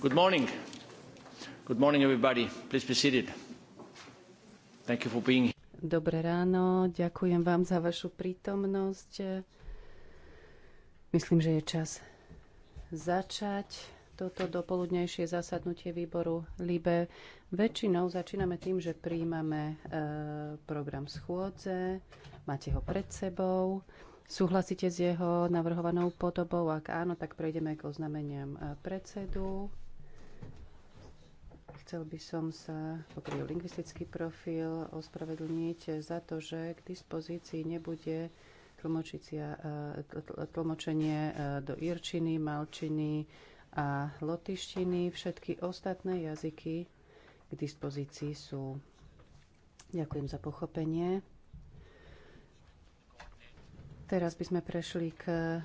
Good morning. Good morning, everybody. Please be seated. Thank you for being here. Dobré ráno, ďakujem vám za vašu prítomnosť. Myslím, že je čas začať toto dopoludnejšie zasadnutie výboru LIBE. Väčšinou začíname tým, že príjmame e, program schôdze, máte ho pred sebou. Súhlasíte s jeho navrhovanou podobou? Ak áno, tak prejdeme k oznameniam e, predsedu. Chcel by som sa, pokiaľ lingvistický profil, ospravedlniť za to, že k dispozícii nebude e, tlmočenie e, do irčiny, malčiny a lotištiny. Všetky ostatné jazyky k dispozícii sú. Ďakujem za pochopenie. Teraz by sme prešli k e,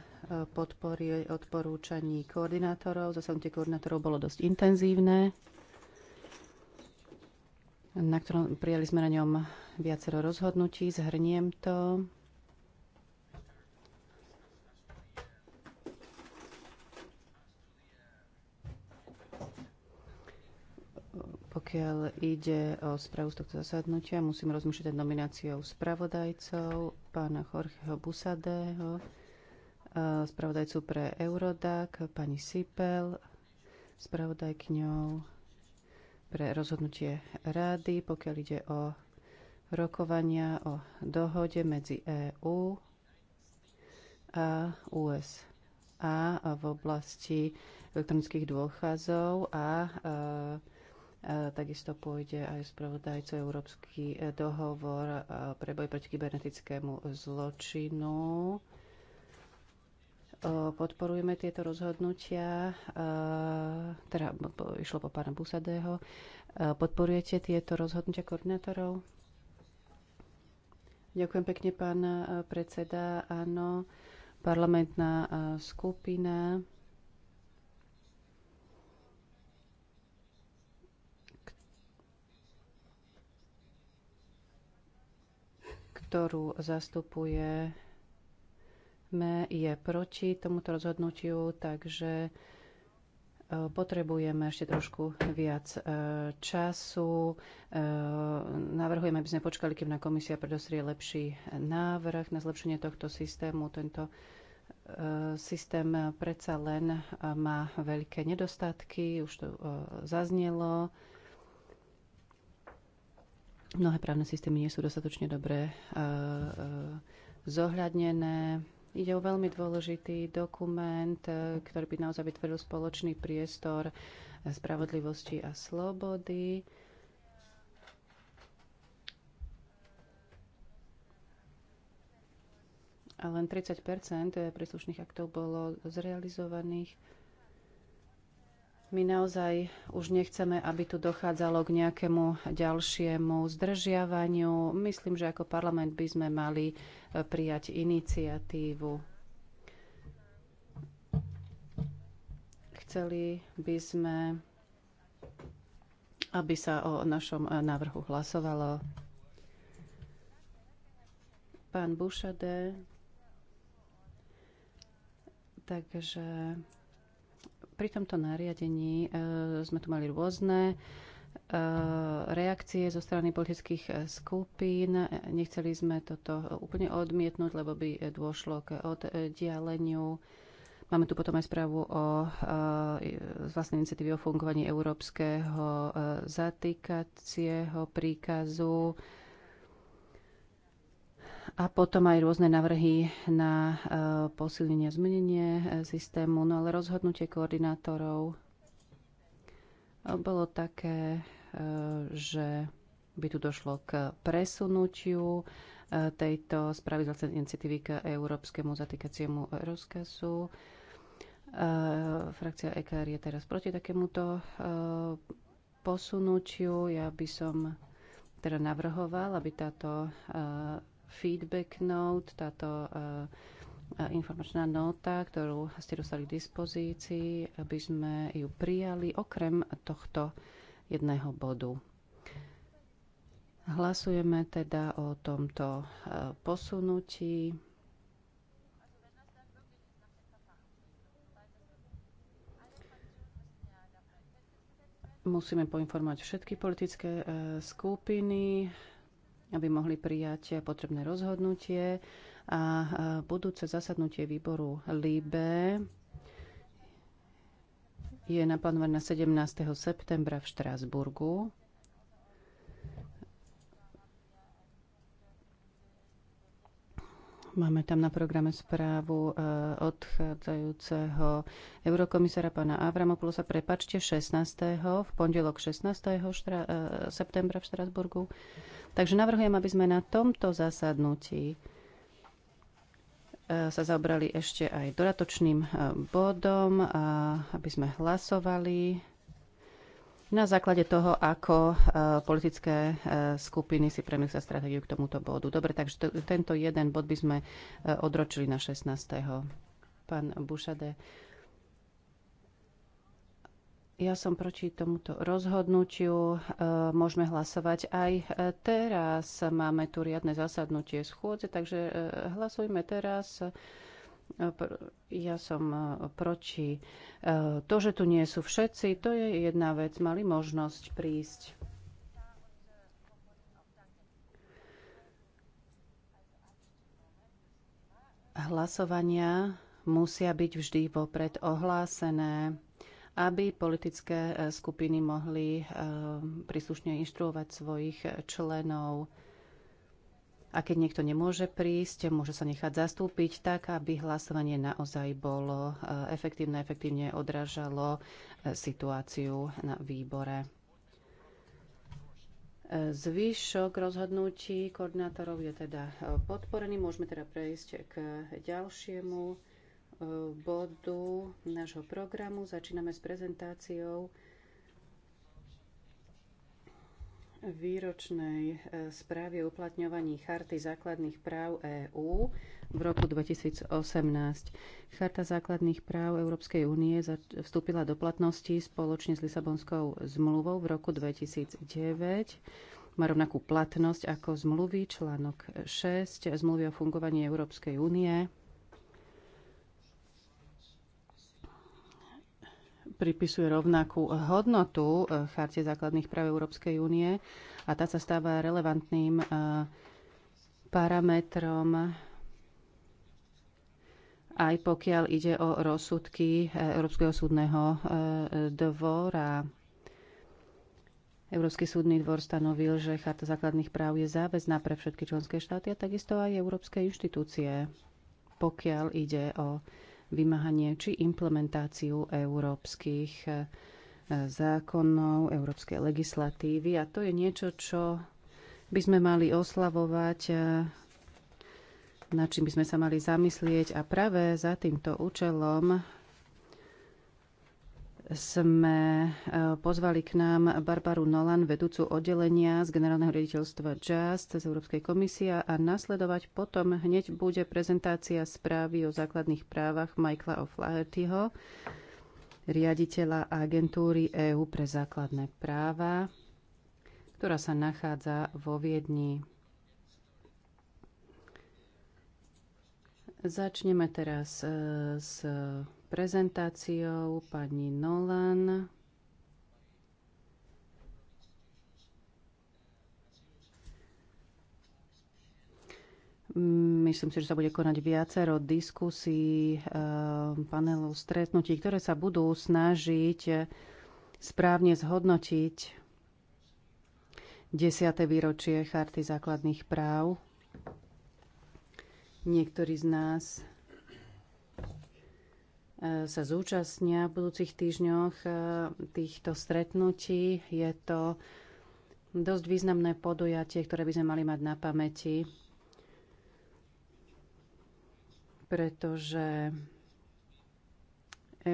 podpory odporúčaní koordinátorov. Zasadnutie koordinátorov bolo dosť intenzívne na ktorom prijali sme na ňom viacero rozhodnutí, zhrniem to. Pokiaľ ide o správu z tohto zasadnutia, musím rozmýšľať nad nomináciou spravodajcov pána Jorgeho Busadého, spravodajcu pre Eurodac, pani Sipel, spravodajkňou pre rozhodnutie rády, pokiaľ ide o rokovania o dohode medzi EÚ a USA v oblasti elektronických dôkazov a, e, e, takisto pôjde aj spravodajco Európsky dohovor e, pre boj proti kybernetickému zločinu podporujeme tieto rozhodnutia, teda išlo po pána Busadého, podporujete tieto rozhodnutia koordinátorov? Ďakujem pekne, pán e, predseda. Áno, parlamentná e, skupina ktorú zastupuje sme, je proti tomuto rozhodnutiu, takže e, potrebujeme ešte trošku viac e, času. E, Navrhujeme, aby sme počkali, kým na komisia predostrie lepší návrh na zlepšenie tohto systému. Tento systém predsa len má veľké nedostatky, už to zaznelo. Mnohé právne systémy nie sú dostatočne dobre zohľadnené Ide o veľmi dôležitý dokument, e, ktorý by naozaj vytvoril spoločný priestor spravodlivosti a slobody. A len 30 e, príslušných aktov bolo zrealizovaných. My naozaj už nechceme, aby tu dochádzalo k nejakému ďalšiemu zdržiavaniu. Myslím, že ako parlament by sme mali e, prijať iniciatívu. Chceli by sme, aby sa o našom e, návrhu hlasovalo. Pán Bušade, takže pri tomto nariadení e, sme tu mali rôzne e, reakcie zo strany politických e, skupín. Nechceli sme toto úplne odmietnúť, lebo by dôšlo k oddialeniu. Máme tu potom aj správu o, z vlastnej iniciatívy o fungovaní európskeho zatýkacieho príkazu a potom aj rôzne navrhy na e, posilnenie a zmenenie e, systému. No ale rozhodnutie koordinátorov e, bolo také, že by tu došlo k presunutiu tejto správy z iniciatívy k európskemu zatýkaciemu rozkazu. Frakcia EKR je teraz proti takémuto posunutiu. Ja by som teda navrhoval, aby táto feedback note, táto eh, eh, informačná nota, ktorú ste dostali k dispozícii, aby sme ju prijali okrem tohto jedného bodu. Hlasujeme teda o tomto eh, posunutí. Musíme poinformovať všetky politické skupiny aby mohli prijať potrebné rozhodnutie. A budúce zasadnutie výboru LIBE je naplánované na 17. septembra v Štrásburgu. Máme tam na programe správu e, odchádzajúceho eurokomisára pána Avramopulosa. Prepačte, 16. v pondelok 16. Štra, e, septembra v Štrasburgu. Takže navrhujem, aby sme na tomto zasadnutí e, sa zaobrali ešte aj dodatočným e, bodom, aby sme hlasovali na základe toho, ako e, politické skupiny si premyslia stratégiu k tomuto bodu. Dobre, takže tento jeden bod by sme odročili na 16. Pán Bušade, ja som proti tomuto rozhodnutiu. E, môžeme hlasovať aj e, teraz. Máme tu riadne zasadnutie schôdze, takže e, hlasujme teraz. Ja som proti. To, že tu nie sú všetci, to je jedna vec. Mali možnosť prísť. Hlasovania musia byť vždy vopred ohlásené aby politické e, skupiny mohli e, príslušne inštruovať svojich členov. A keď niekto nemôže prísť, môže sa nechať zastúpiť tak, aby hlasovanie naozaj bolo e, efektívne, efektívne odrážalo situáciu na výbore. Zvyšok rozhodnutí koordinátorov je teda podporený. Môžeme teda prejsť k ďalšiemu bodu nášho programu. Začíname s prezentáciou výročnej e, správy o uplatňovaní Charty základných práv EÚ v roku 2018. Charta základných práv Európskej únie vstúpila do platnosti spoločne s Lisabonskou zmluvou v roku 2009 má rovnakú platnosť ako zmluvy článok 6 zmluvy o fungovaní Európskej únie pripisuje rovnakú hodnotu eh, Charte základných práv Európskej únie a tá sa stáva relevantným eh, parametrom aj pokiaľ ide o rozsudky eh, Európskeho súdneho dvora. Európsky súdny dvor stanovil, že Charta základných práv je záväzná pre všetky členské štáty a takisto aj európske inštitúcie, pokiaľ ide o vymáhanie či implementáciu európskych eh, zákonov, európskej legislatívy. A to je niečo, čo by sme mali oslavovať, eh, na čím by sme sa mali zamyslieť. A práve za týmto účelom sme e, pozvali k nám Barbaru Nolan, vedúcu oddelenia z generálneho riaditeľstva JAST z Európskej komisie a nasledovať potom hneď bude prezentácia správy o základných právach Michaela O'Flahertyho, riaditeľa agentúry EÚ pre základné práva, ktorá sa nachádza vo Viedni. Začneme teraz e, s prezentáciou pani Nolan. Myslím si, že sa bude konať viacero diskusí, eh, panelov, stretnutí, ktoré sa budú snažiť správne zhodnotiť 10. výročie Charty základných práv. Niektorí z nás E, sa zúčastnia v budúcich týždňoch e, týchto stretnutí. Je to dosť významné podujatie, ktoré by sme mali mať na pamäti, pretože e,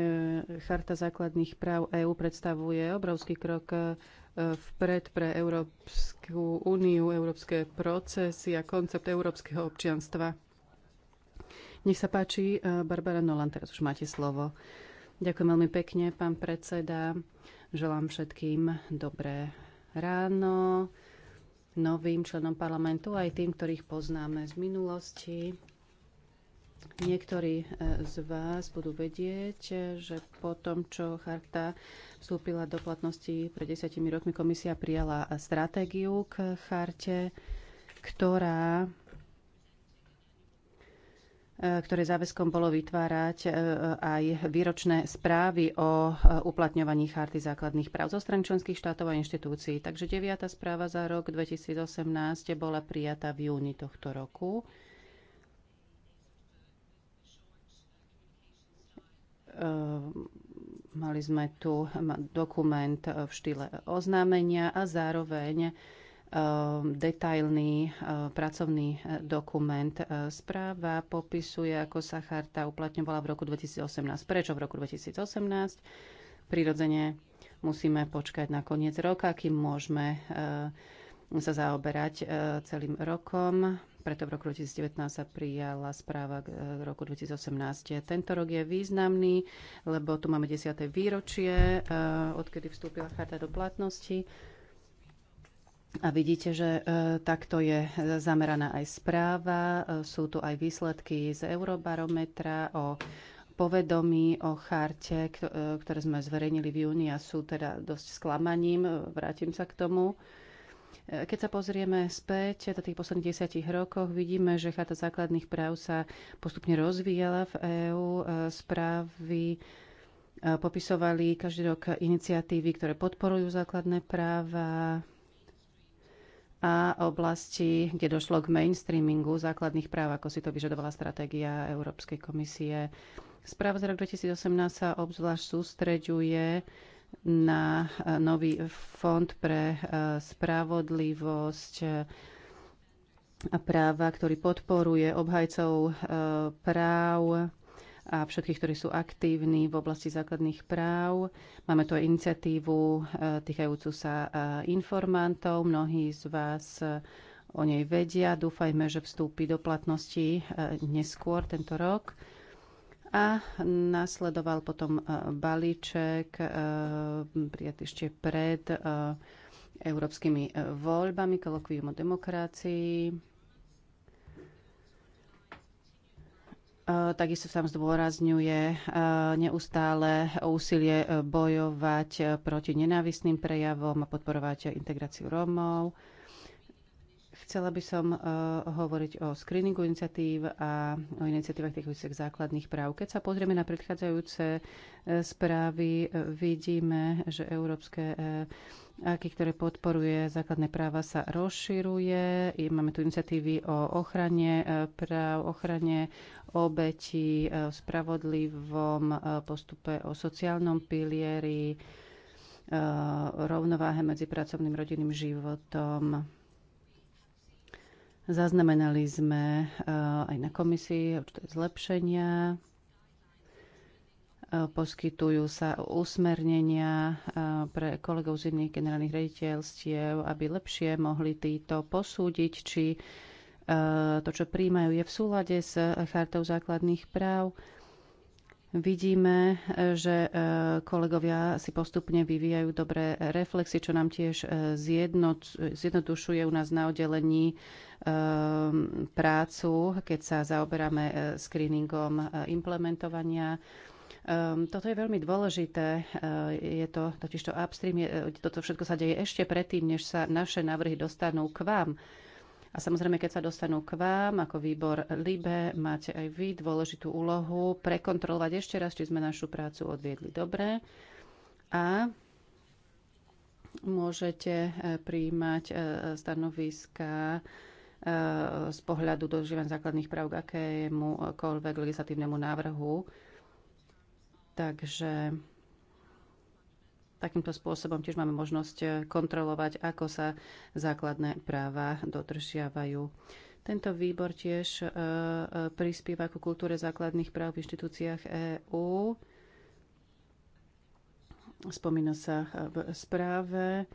Charta základných práv EÚ predstavuje obrovský krok vpred pre Európsku úniu, európske procesy a koncept európskeho občianstva. Nech sa páči, e, Barbara Nolan, teraz už máte slovo. Ďakujem veľmi pekne, pán predseda. Želám všetkým dobré ráno novým členom parlamentu, aj tým, ktorých poznáme z minulosti. Niektorí e, z vás budú vedieť, že po tom, čo charta vstúpila do platnosti pred desiatimi rokmi, komisia prijala stratégiu k charte, ktorá E, ktoré záväzkom bolo vytvárať e, aj výročné správy o e, uplatňovaní charty základných práv zo strany členských štátov a inštitúcií. Takže deviatá správa za rok 2018 bola prijatá v júni tohto roku. Mali sme tu dokument v štýle oznámenia a zároveň Ehm, detailný ehm, pracovný ehm, dokument. Správa popisuje, ako sa charta uplatňovala v roku 2018. Prečo v roku 2018? Prirodzene musíme počkať na koniec roka, kým môžeme sa zaoberať celým rokom. Preto v roku 2019 sa prijala správa k roku 2018. Tento rok je významný, lebo tu máme 10. výročie, odkedy vstúpila charta do platnosti. A vidíte, že e, takto je zameraná aj správa. E, sú tu aj výsledky z Eurobarometra o povedomí o charte, e, ktoré sme zverejnili v júni a sú teda dosť sklamaním. Vrátim sa k tomu. Keď sa pozrieme späť do tých posledných desiatich rokoch, vidíme, že Charta základných práv sa postupne rozvíjala v EÚ. Správy popisovali každý rok iniciatívy, ktoré podporujú základné práva, a oblasti, kde došlo k mainstreamingu základných práv, ako si to vyžadovala stratégia Európskej komisie. Správa z roku 2018 sa obzvlášť sústreďuje na e, nový fond pre e, spravodlivosť e, a práva, ktorý podporuje obhajcov práv a všetkých, ktorí sú aktívni v oblasti základných práv. Máme tu aj iniciatívu e, týkajúcu sa e, informantov. Mnohí z vás e, o nej vedia. Dúfajme, že vstúpi do platnosti neskôr tento rok. A nasledoval potom balíček prijatý ešte pred európskymi voľbami, kolokvium o demokracii E, takisto sa tam zdôrazňuje e, neustále úsilie e, bojovať proti nenávisným prejavom a podporovať integráciu Rómov. Chcela by som eh, hovoriť o screeningu iniciatív a o iniciatívach týchto základných práv. Keď sa pozrieme na predchádzajúce eh, správy, eh, vidíme, že európske aký, ktoré podporuje základné práva, sa rozširuje. I máme tu iniciatívy o ochrane práv, ochrane obetí, spravodlivom postupe o sociálnom pilieri, rovnováhe medzi pracovným rodinným životom, Zaznamenali sme eh, aj na komisii určité zlepšenia. Eh, poskytujú sa usmernenia eh, pre kolegov z iných generálnych rediteľstiev, aby lepšie mohli títo posúdiť, či to, čo príjmajú, je v súlade s chartou základných práv. Vidíme, že e, kolegovia si postupne vyvíjajú dobré reflexy, čo nám tiež e, zjednodušuje u nás na oddelení e, prácu, keď sa zaoberáme screeningom implementovania. Toto je veľmi dôležité. Je to totiž to upstream, je, toto všetko sa deje ešte predtým, než sa naše návrhy dostanú k vám. A samozrejme, keď sa dostanú k vám ako výbor LIBE, máte aj vy dôležitú úlohu prekontrolovať ešte raz, či sme našu prácu odviedli dobre. A môžete e, príjmať e, stanoviska e, z pohľadu dožívan základných práv k akémukoľvek legislatívnemu návrhu. Takže Takýmto spôsobom tiež máme možnosť e, kontrolovať, ako sa základné práva dodržiavajú. Tento výbor tiež e, e, prispieva ku kultúre základných práv v inštitúciách EÚ. Spomína sa v správe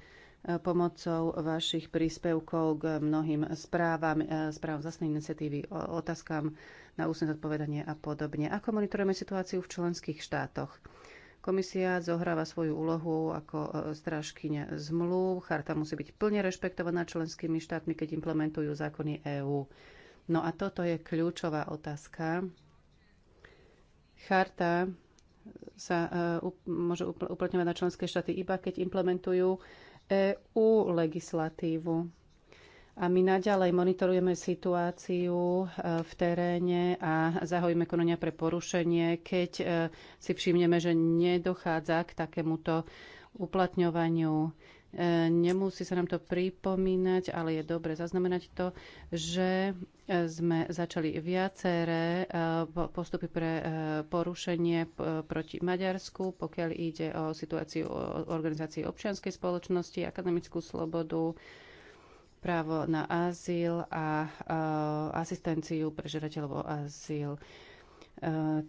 pomocou vašich príspevkov k mnohým správam, správam zasnej iniciatívy, otázkam na ústne zodpovedanie a podobne. Ako monitorujeme situáciu v členských štátoch? Komisia zohráva svoju úlohu ako e, strážkyňa zmluv. Charta musí byť plne rešpektovaná členskými štátmi, keď implementujú zákony EÚ. No a toto je kľúčová otázka. Charta sa e, môže uplatňovať na členské štáty iba, keď implementujú EÚ legislatívu. A my naďalej monitorujeme situáciu e, v teréne a zahojíme konania pre porušenie, keď e, si všimneme, že nedochádza k takémuto uplatňovaniu. E, nemusí sa nám to pripomínať, ale je dobre zaznamenať to, že sme začali viaceré postupy pre porušenie proti Maďarsku, pokiaľ ide o situáciu organizácií občianskej spoločnosti, akademickú slobodu, právo na azyl a eh, asistenciu pre žiadateľov o azyl. Eh,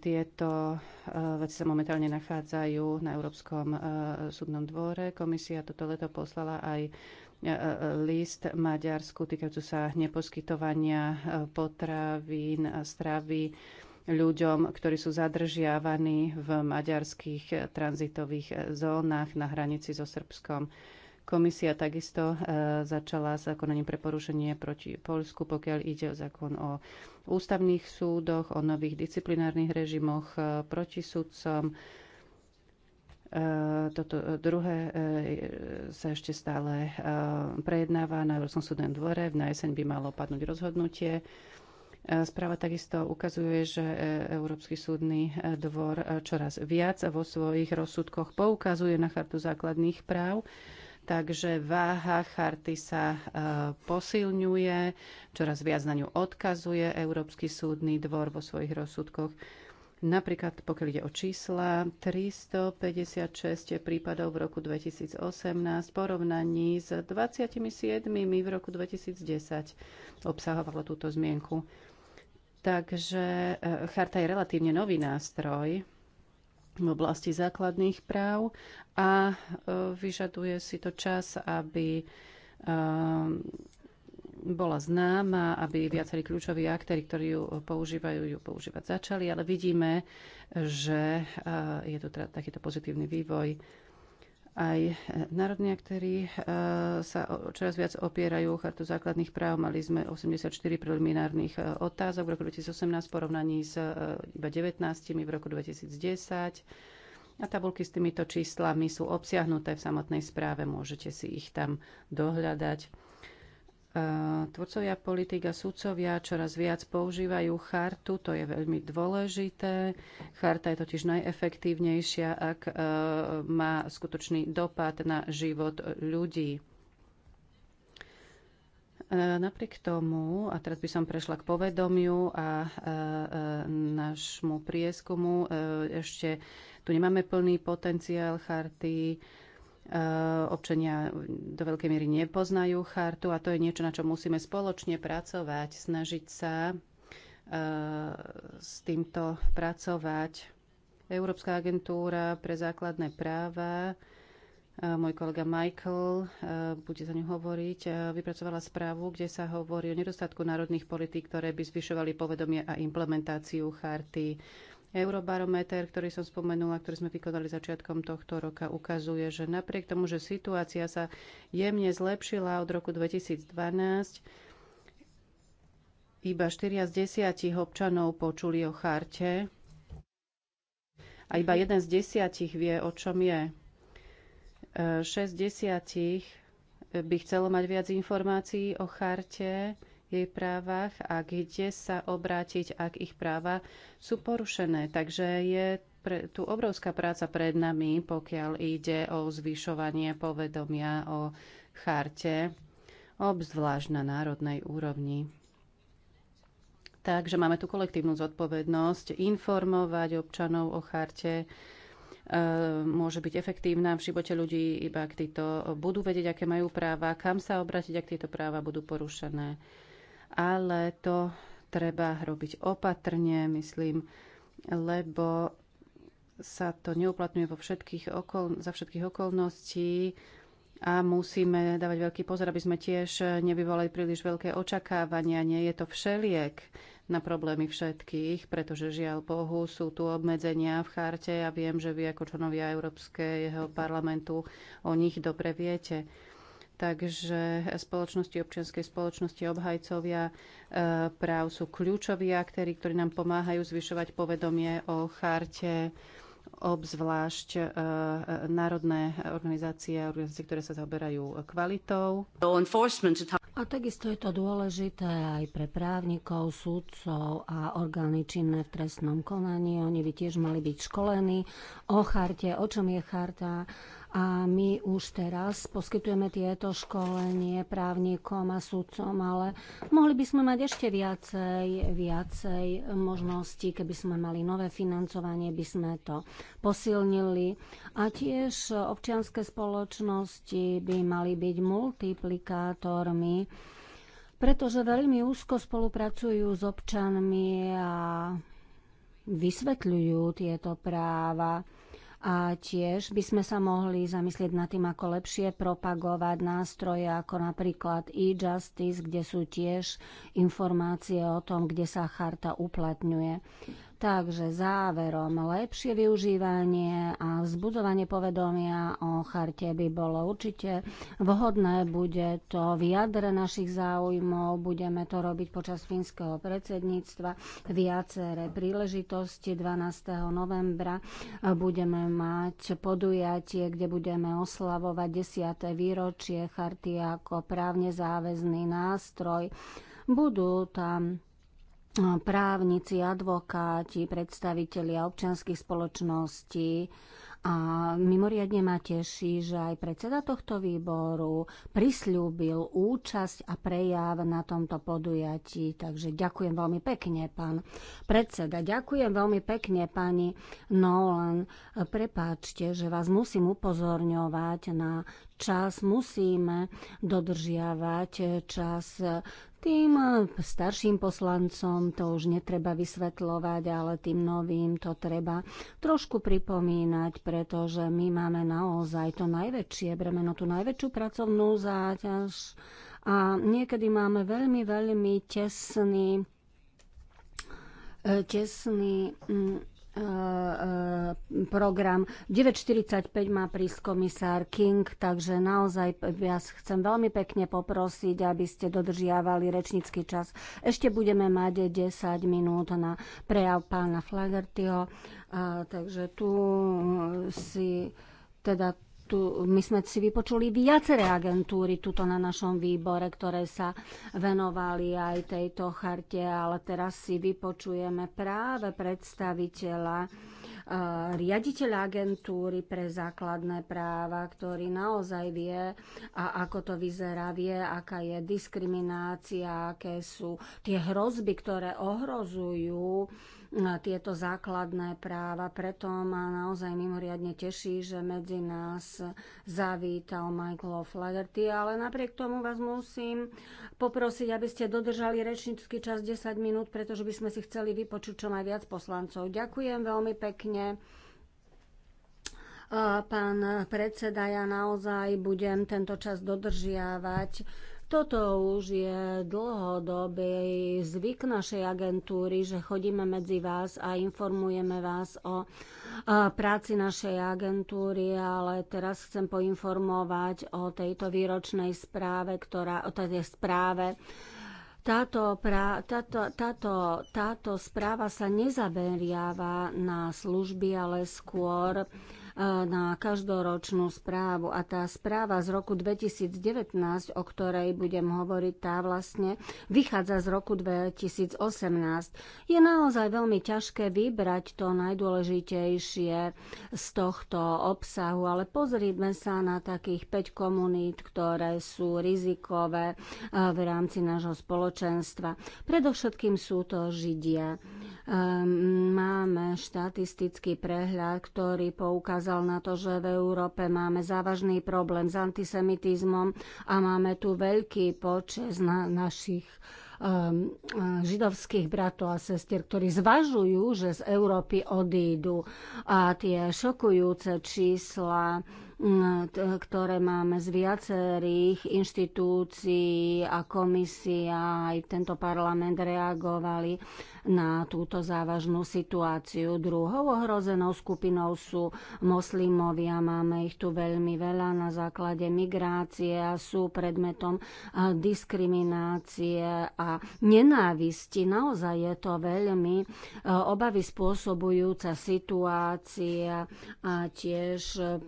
tieto eh, veci sa momentálne nachádzajú na Európskom súdnom dvore. Komisia toto leto poslala aj list Maďarsku týkajúcu sa neposkytovania potravín a stravy ľuďom, ktorí sú zadržiavaní v maďarských tranzitových zónach na hranici so Srbskom. Komisia takisto e, začala s zákonaním pre porušenie proti Polsku, pokiaľ ide o zákon o ústavných súdoch, o nových disciplinárnych režimoch e, proti sudcom. E, toto druhé sa ešte stále prejednáva na Európskom súdnom dvore. V jeseň by malo padnúť rozhodnutie. Správa takisto ukazuje, že Európsky súdny dvor čoraz viac vo svojich rozsudkoch poukazuje na chartu základných práv takže váha charty sa e, posilňuje, čoraz viac na ňu odkazuje Európsky súdny dvor vo svojich rozsudkoch. Napríklad, pokiaľ ide o čísla, 356 prípadov v roku 2018 v porovnaní s 27 v roku 2010 obsahovalo túto zmienku. Takže e, charta je relatívne nový nástroj, v oblasti základných práv a e, vyžaduje si to čas, aby e, bola známa, aby viacerí kľúčoví aktéry, ktorí ju používajú, ju používať začali, ale vidíme, že e, je tu teda takýto pozitívny vývoj aj e, národní aktéry e, sa čoraz viac opierajú o chartu základných práv. Mali sme 84 preliminárnych e, otázok v roku 2018 v porovnaní s iba 19 v roku 2010. A tabulky s týmito číslami sú obsiahnuté v samotnej správe, môžete si ich tam dohľadať. E, tvorcovia politik a sudcovia čoraz viac používajú chartu, to je veľmi dôležité. Charta je totiž najefektívnejšia, ak e, má skutočný dopad na život ľudí. E, napriek tomu, a teraz by som prešla k povedomiu a našmu prieskumu, ešte tu nemáme plný potenciál charty Eh, občania do veľkej miery nepoznajú chartu a to je niečo, na čo musíme spoločne pracovať, snažiť sa eh, s týmto pracovať. Európska agentúra pre základné práva, eh, môj kolega Michael bude za ňu hovoriť, vypracovala správu, kde sa hovorí o nedostatku národných politík, ktoré by zvyšovali povedomie a implementáciu charty Eurobarometer, ktorý som spomenula, ktorý sme vykonali začiatkom tohto roka, ukazuje, že napriek tomu, že situácia sa jemne zlepšila od roku 2012, iba 4 z 10 občanov počuli o charte a iba 1 z desiatich vie, o čom je. 6 desiatich by chcelo mať viac informácií o charte jej právach a kde sa obrátiť, ak ich práva sú porušené. Takže je pre, tu obrovská práca pred nami, pokiaľ ide o zvyšovanie povedomia o charte, obzvlášť na národnej úrovni. Takže máme tu kolektívnu zodpovednosť informovať občanov o charte, e, môže byť efektívna v živote ľudí, iba ak títo budú vedieť, aké majú práva, kam sa obrátiť, ak tieto práva budú porušené ale to treba robiť opatrne, myslím, lebo sa to neuplatňuje vo všetkých okol- za všetkých okolností a musíme dávať veľký pozor, aby sme tiež nevyvolali príliš veľké očakávania. Nie je to všeliek na problémy všetkých, pretože žiaľ Bohu sú tu obmedzenia v charte a ja viem, že vy ako členovia Európskeho parlamentu o nich dobre viete. Takže spoločnosti, občianskej spoločnosti, obhajcovia e, práv sú kľúčoví aktéry, ktorí nám pomáhajú zvyšovať povedomie o charte, obzvlášť e, národné organizácie, organizácie, ktoré sa zaoberajú kvalitou. A takisto je to dôležité aj pre právnikov, súdcov a orgány činné v trestnom konaní. Oni by tiež mali byť školení o charte, o čom je charta a my už teraz poskytujeme tieto školenie právnikom a sudcom, ale mohli by sme mať ešte viacej, viacej možností, keby sme mali nové financovanie, by sme to posilnili. A tiež občianské spoločnosti by mali byť multiplikátormi, pretože veľmi úzko spolupracujú s občanmi a vysvetľujú tieto práva a tiež by sme sa mohli zamyslieť nad tým, ako lepšie propagovať nástroje ako napríklad e-justice, kde sú tiež informácie o tom, kde sa charta uplatňuje. Takže záverom, lepšie využívanie a vzbudovanie povedomia o charte by bolo určite vhodné, bude to v jadre našich záujmov, budeme to robiť počas fínskeho predsedníctva, viaceré príležitosti 12. novembra budeme mať podujatie, kde budeme oslavovať 10. výročie charty ako právne záväzný nástroj. Budú tam právnici, advokáti, predstavitelia občianských spoločností. A mimoriadne ma teší, že aj predseda tohto výboru prislúbil účasť a prejav na tomto podujatí. Takže ďakujem veľmi pekne, pán predseda. Ďakujem veľmi pekne, pani Nolan. Prepáčte, že vás musím upozorňovať na čas. Musíme dodržiavať čas tým e, starším poslancom to už netreba vysvetľovať, ale tým novým to treba trošku pripomínať, pretože my máme naozaj to najväčšie bremeno, tú najväčšiu pracovnú záťaž a niekedy máme veľmi, veľmi tesný e, tesný E, e, program. 9.45 má prísť komisár King, takže naozaj ja chcem veľmi pekne poprosiť, aby ste dodržiavali rečnícky čas. Ešte budeme mať 10 minút na prejav pána Flagertyho, takže tu e, si teda tu, my sme si vypočuli viaceré agentúry tuto na našom výbore, ktoré sa venovali aj tejto charte, ale teraz si vypočujeme práve predstaviteľa eh, riaditeľa agentúry pre základné práva, ktorý naozaj vie, a ako to vyzerá, vie, aká je diskriminácia, aké sú tie hrozby, ktoré ohrozujú uh, tieto základné práva. Preto ma naozaj mimoriadne teší, že medzi nás zavítal Michael O'Flaherty, ale napriek tomu vás musím poprosiť, aby ste dodržali rečnícky čas 10 minút, pretože by sme si chceli vypočuť čo najviac poslancov. Ďakujem veľmi pekne. Pán predseda, ja naozaj budem tento čas dodržiavať toto už je dlhodobý zvyk našej agentúry, že chodíme medzi vás a informujeme vás o práci našej agentúry, ale teraz chcem poinformovať o tejto výročnej správe, ktorá, o tej správe, táto, pra, táto, táto, táto správa sa nezaberiava na služby, ale skôr na každoročnú správu. A tá správa z roku 2019, o ktorej budem hovoriť, tá vlastne vychádza z roku 2018. Je naozaj veľmi ťažké vybrať to najdôležitejšie z tohto obsahu, ale pozrime sa na takých 5 komunít, ktoré sú rizikové v rámci nášho spoločenstva. Predovšetkým sú to Židia. Ehm, máme štatistický prehľad, ktorý poukazuje poukázal na to, že v Európe máme závažný problém s antisemitizmom a máme tu veľký počet na našich ehm, eh, židovských bratov a sestier, ktorí zvažujú, že z Európy odídu. A tie šokujúce čísla Mm, ktoré máme z viacerých inštitúcií a komisia, aj tento parlament reagovali na túto závažnú situáciu. Druhou ohrozenou skupinou sú moslimovia, máme ich tu veľmi veľa na základe migrácie a sú predmetom diskriminácie a nenávisti. Naozaj je to veľmi e, obavy spôsobujúca situácia a tiež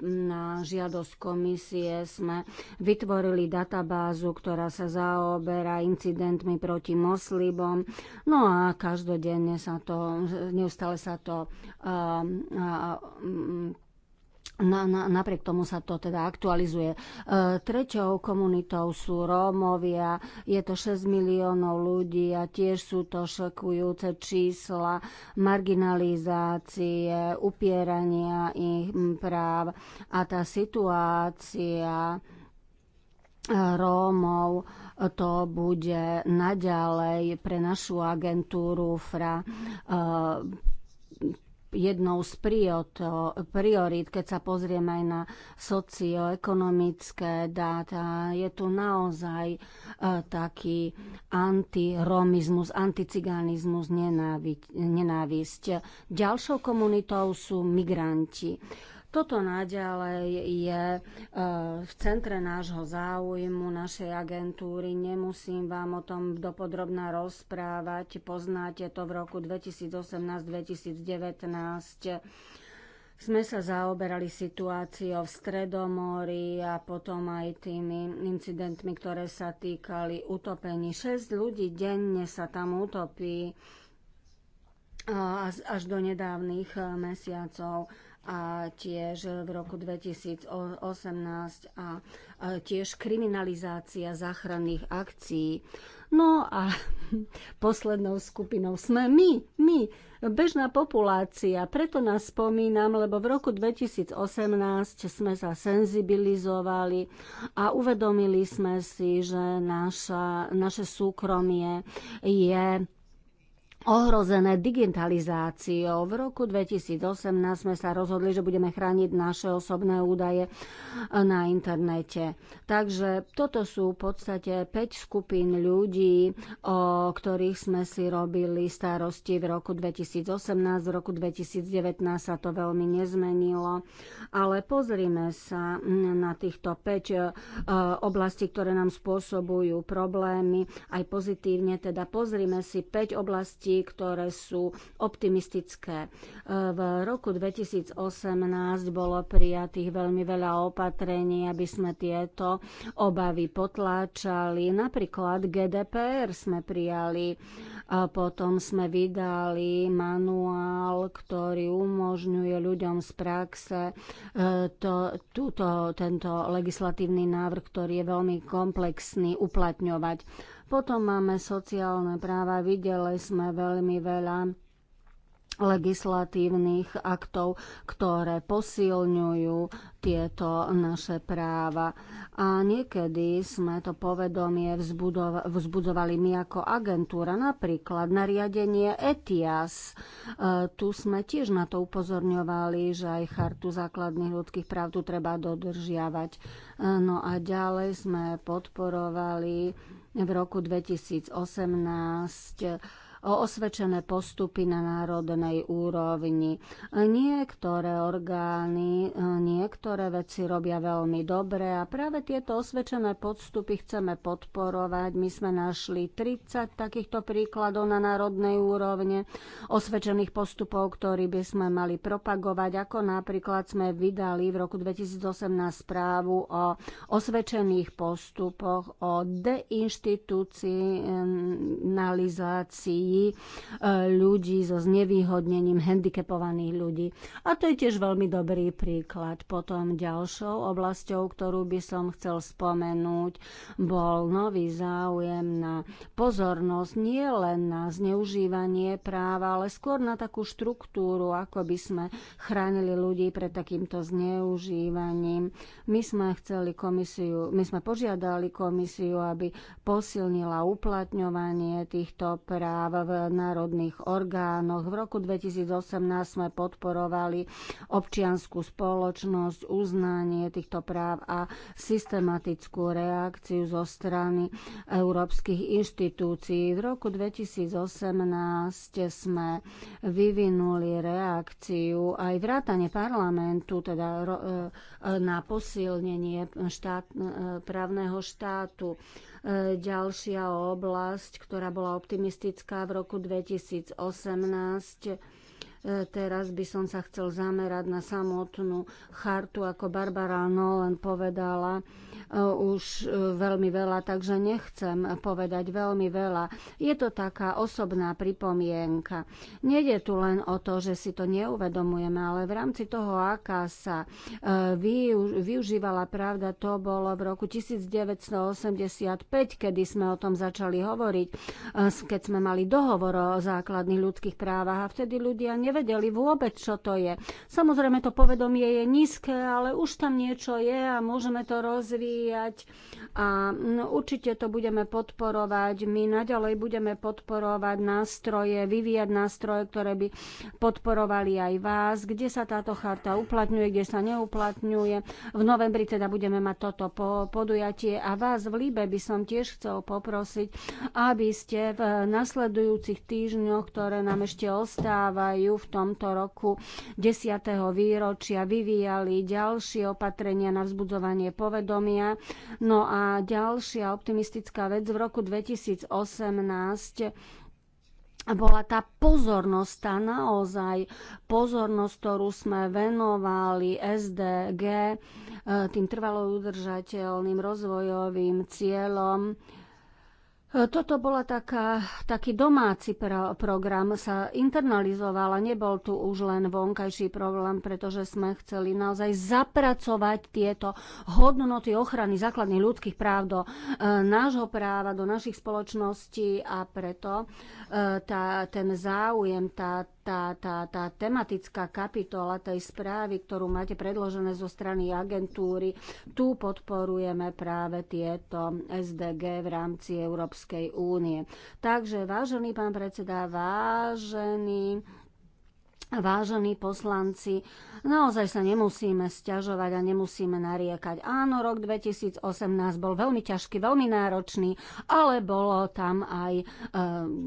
na žiadosť komisie sme vytvorili databázu, ktorá sa zaoberá incidentmi proti moslibom. No a každodenne sa to, neustále sa to uh, uh, na, na, napriek tomu sa to teda aktualizuje. E, treťou komunitou sú Rómovia, je to 6 miliónov ľudí a tiež sú to šokujúce čísla marginalizácie, upierania ich práv a tá situácia e, Rómov to bude naďalej pre našu agentúru FRA e, jednou z priorít, keď sa pozrieme aj na socioekonomické dáta. Je tu naozaj e, taký antiromizmus, anticiganizmus, nenávisť. Ďalšou komunitou sú migranti toto naďalej je e, v centre nášho záujmu, našej agentúry. Nemusím vám o tom dopodrobná rozprávať. Poznáte to v roku 2018-2019 sme sa zaoberali situáciou v Stredomori a potom aj tými incidentmi, ktoré sa týkali utopení. 6 ľudí denne sa tam utopí e, až do nedávnych e, mesiacov a tiež v roku 2018 a tiež kriminalizácia záchranných akcií. No a poslednou skupinou sme my, my, bežná populácia. Preto nás spomínam, lebo v roku 2018 sme sa senzibilizovali a uvedomili sme si, že naša, naše súkromie je ohrozené digitalizáciou. V roku 2018 sme sa rozhodli, že budeme chrániť naše osobné údaje na internete. Takže toto sú v podstate 5 skupín ľudí, o ktorých sme si robili starosti v roku 2018. V roku 2019 sa to veľmi nezmenilo. Ale pozrime sa na týchto 5 e, oblastí, ktoré nám spôsobujú problémy, aj pozitívne. Teda pozrime si 5 oblastí, udalostí, ktoré sú optimistické. E, v roku 2018 bolo prijatých veľmi veľa opatrení, aby sme tieto obavy potláčali. Napríklad GDPR sme prijali, a e, potom sme vydali manuál, ktorý umožňuje ľuďom z praxe e, to, túto, tento legislatívny návrh, ktorý je veľmi komplexný, uplatňovať. Potom máme sociálne práva. Videli sme veľmi veľa legislatívnych aktov, ktoré posilňujú tieto naše práva. A niekedy sme to povedomie vzbudzovali my ako agentúra, napríklad nariadenie ETIAS. E, tu sme tiež na to upozorňovali, že aj chartu základných ľudských práv tu treba dodržiavať. E, no a ďalej sme podporovali v roku 2018 osvedčené postupy na národnej úrovni. Niektoré orgány, niektoré veci robia veľmi dobre a práve tieto osvedčené postupy chceme podporovať. My sme našli 30 takýchto príkladov na národnej úrovne osvedčených postupov, ktorí by sme mali propagovať, ako napríklad sme vydali v roku 2018 správu o osvedčených postupoch, o deinstitucionalizácii E, ľudí so znevýhodnením handicapovaných ľudí. A to je tiež veľmi dobrý príklad. Potom ďalšou oblasťou, ktorú by som chcel spomenúť, bol nový záujem na pozornosť nie len na zneužívanie práva, ale skôr na takú štruktúru, ako by sme chránili ľudí pred takýmto zneužívaním. My sme chceli komisiu, my sme požiadali komisiu, aby posilnila uplatňovanie týchto práv v národných orgánoch. V roku 2018 sme podporovali občianskú spoločnosť, uznanie týchto práv a systematickú reakciu zo strany európskych inštitúcií. V roku 2018 sme vyvinuli reakciu aj vrátane parlamentu, teda e, na posilnenie štát, e, právneho štátu. E, ďalšia oblasť, ktorá bola optimistická v roku 2018, E, teraz by som sa chcel zamerať na samotnú chartu, ako Barbara Nolan povedala e, už e, veľmi veľa, takže nechcem povedať veľmi veľa. Je to taká osobná pripomienka. Nede tu len o to, že si to neuvedomujeme, ale v rámci toho, aká sa využívala pravda, to bolo v roku 1985, kedy sme o tom začali hovoriť, keď sme mali dohovor o základných ľudských právach a vtedy ľudia ne nevedeli vôbec, čo to je. Samozrejme, to povedomie je nízke, ale už tam niečo je a môžeme to rozvíjať a no, určite to budeme podporovať. My naďalej budeme podporovať nástroje, vyvíjať nástroje, ktoré by podporovali aj vás, kde sa táto charta uplatňuje, kde sa neuplatňuje. V novembri teda budeme mať toto podujatie a vás v Líbe by som tiež chcel poprosiť, aby ste v nasledujúcich týždňoch, ktoré nám ešte ostávajú, v tomto roku 10. výročia vyvíjali ďalšie opatrenia na vzbudzovanie povedomia. No a ďalšia optimistická vec v roku 2018 bola tá pozornosť, tá naozaj pozornosť, ktorú sme venovali SDG, eh, tým trvalo udržateľným rozvojovým cieľom E, toto bola taká, taký domáci pro, program, sa internalizoval a nebol tu už len vonkajší problém, pretože sme chceli naozaj zapracovať tieto hodnoty ochrany základných ľudských práv do e, nášho práva, do našich spoločností a preto e, tá, ten záujem, tá, tá, tá, tá tematická kapitola tej správy, ktorú máte predložené zo strany agentúry, tu podporujeme práve tieto SDG v rámci Európskej Európskej únie. Takže, vážený pán predseda, vážený Vážení poslanci, naozaj sa nemusíme sťažovať a nemusíme nariekať. Áno, rok 2018 bol veľmi ťažký, veľmi náročný, ale bolo tam aj, e,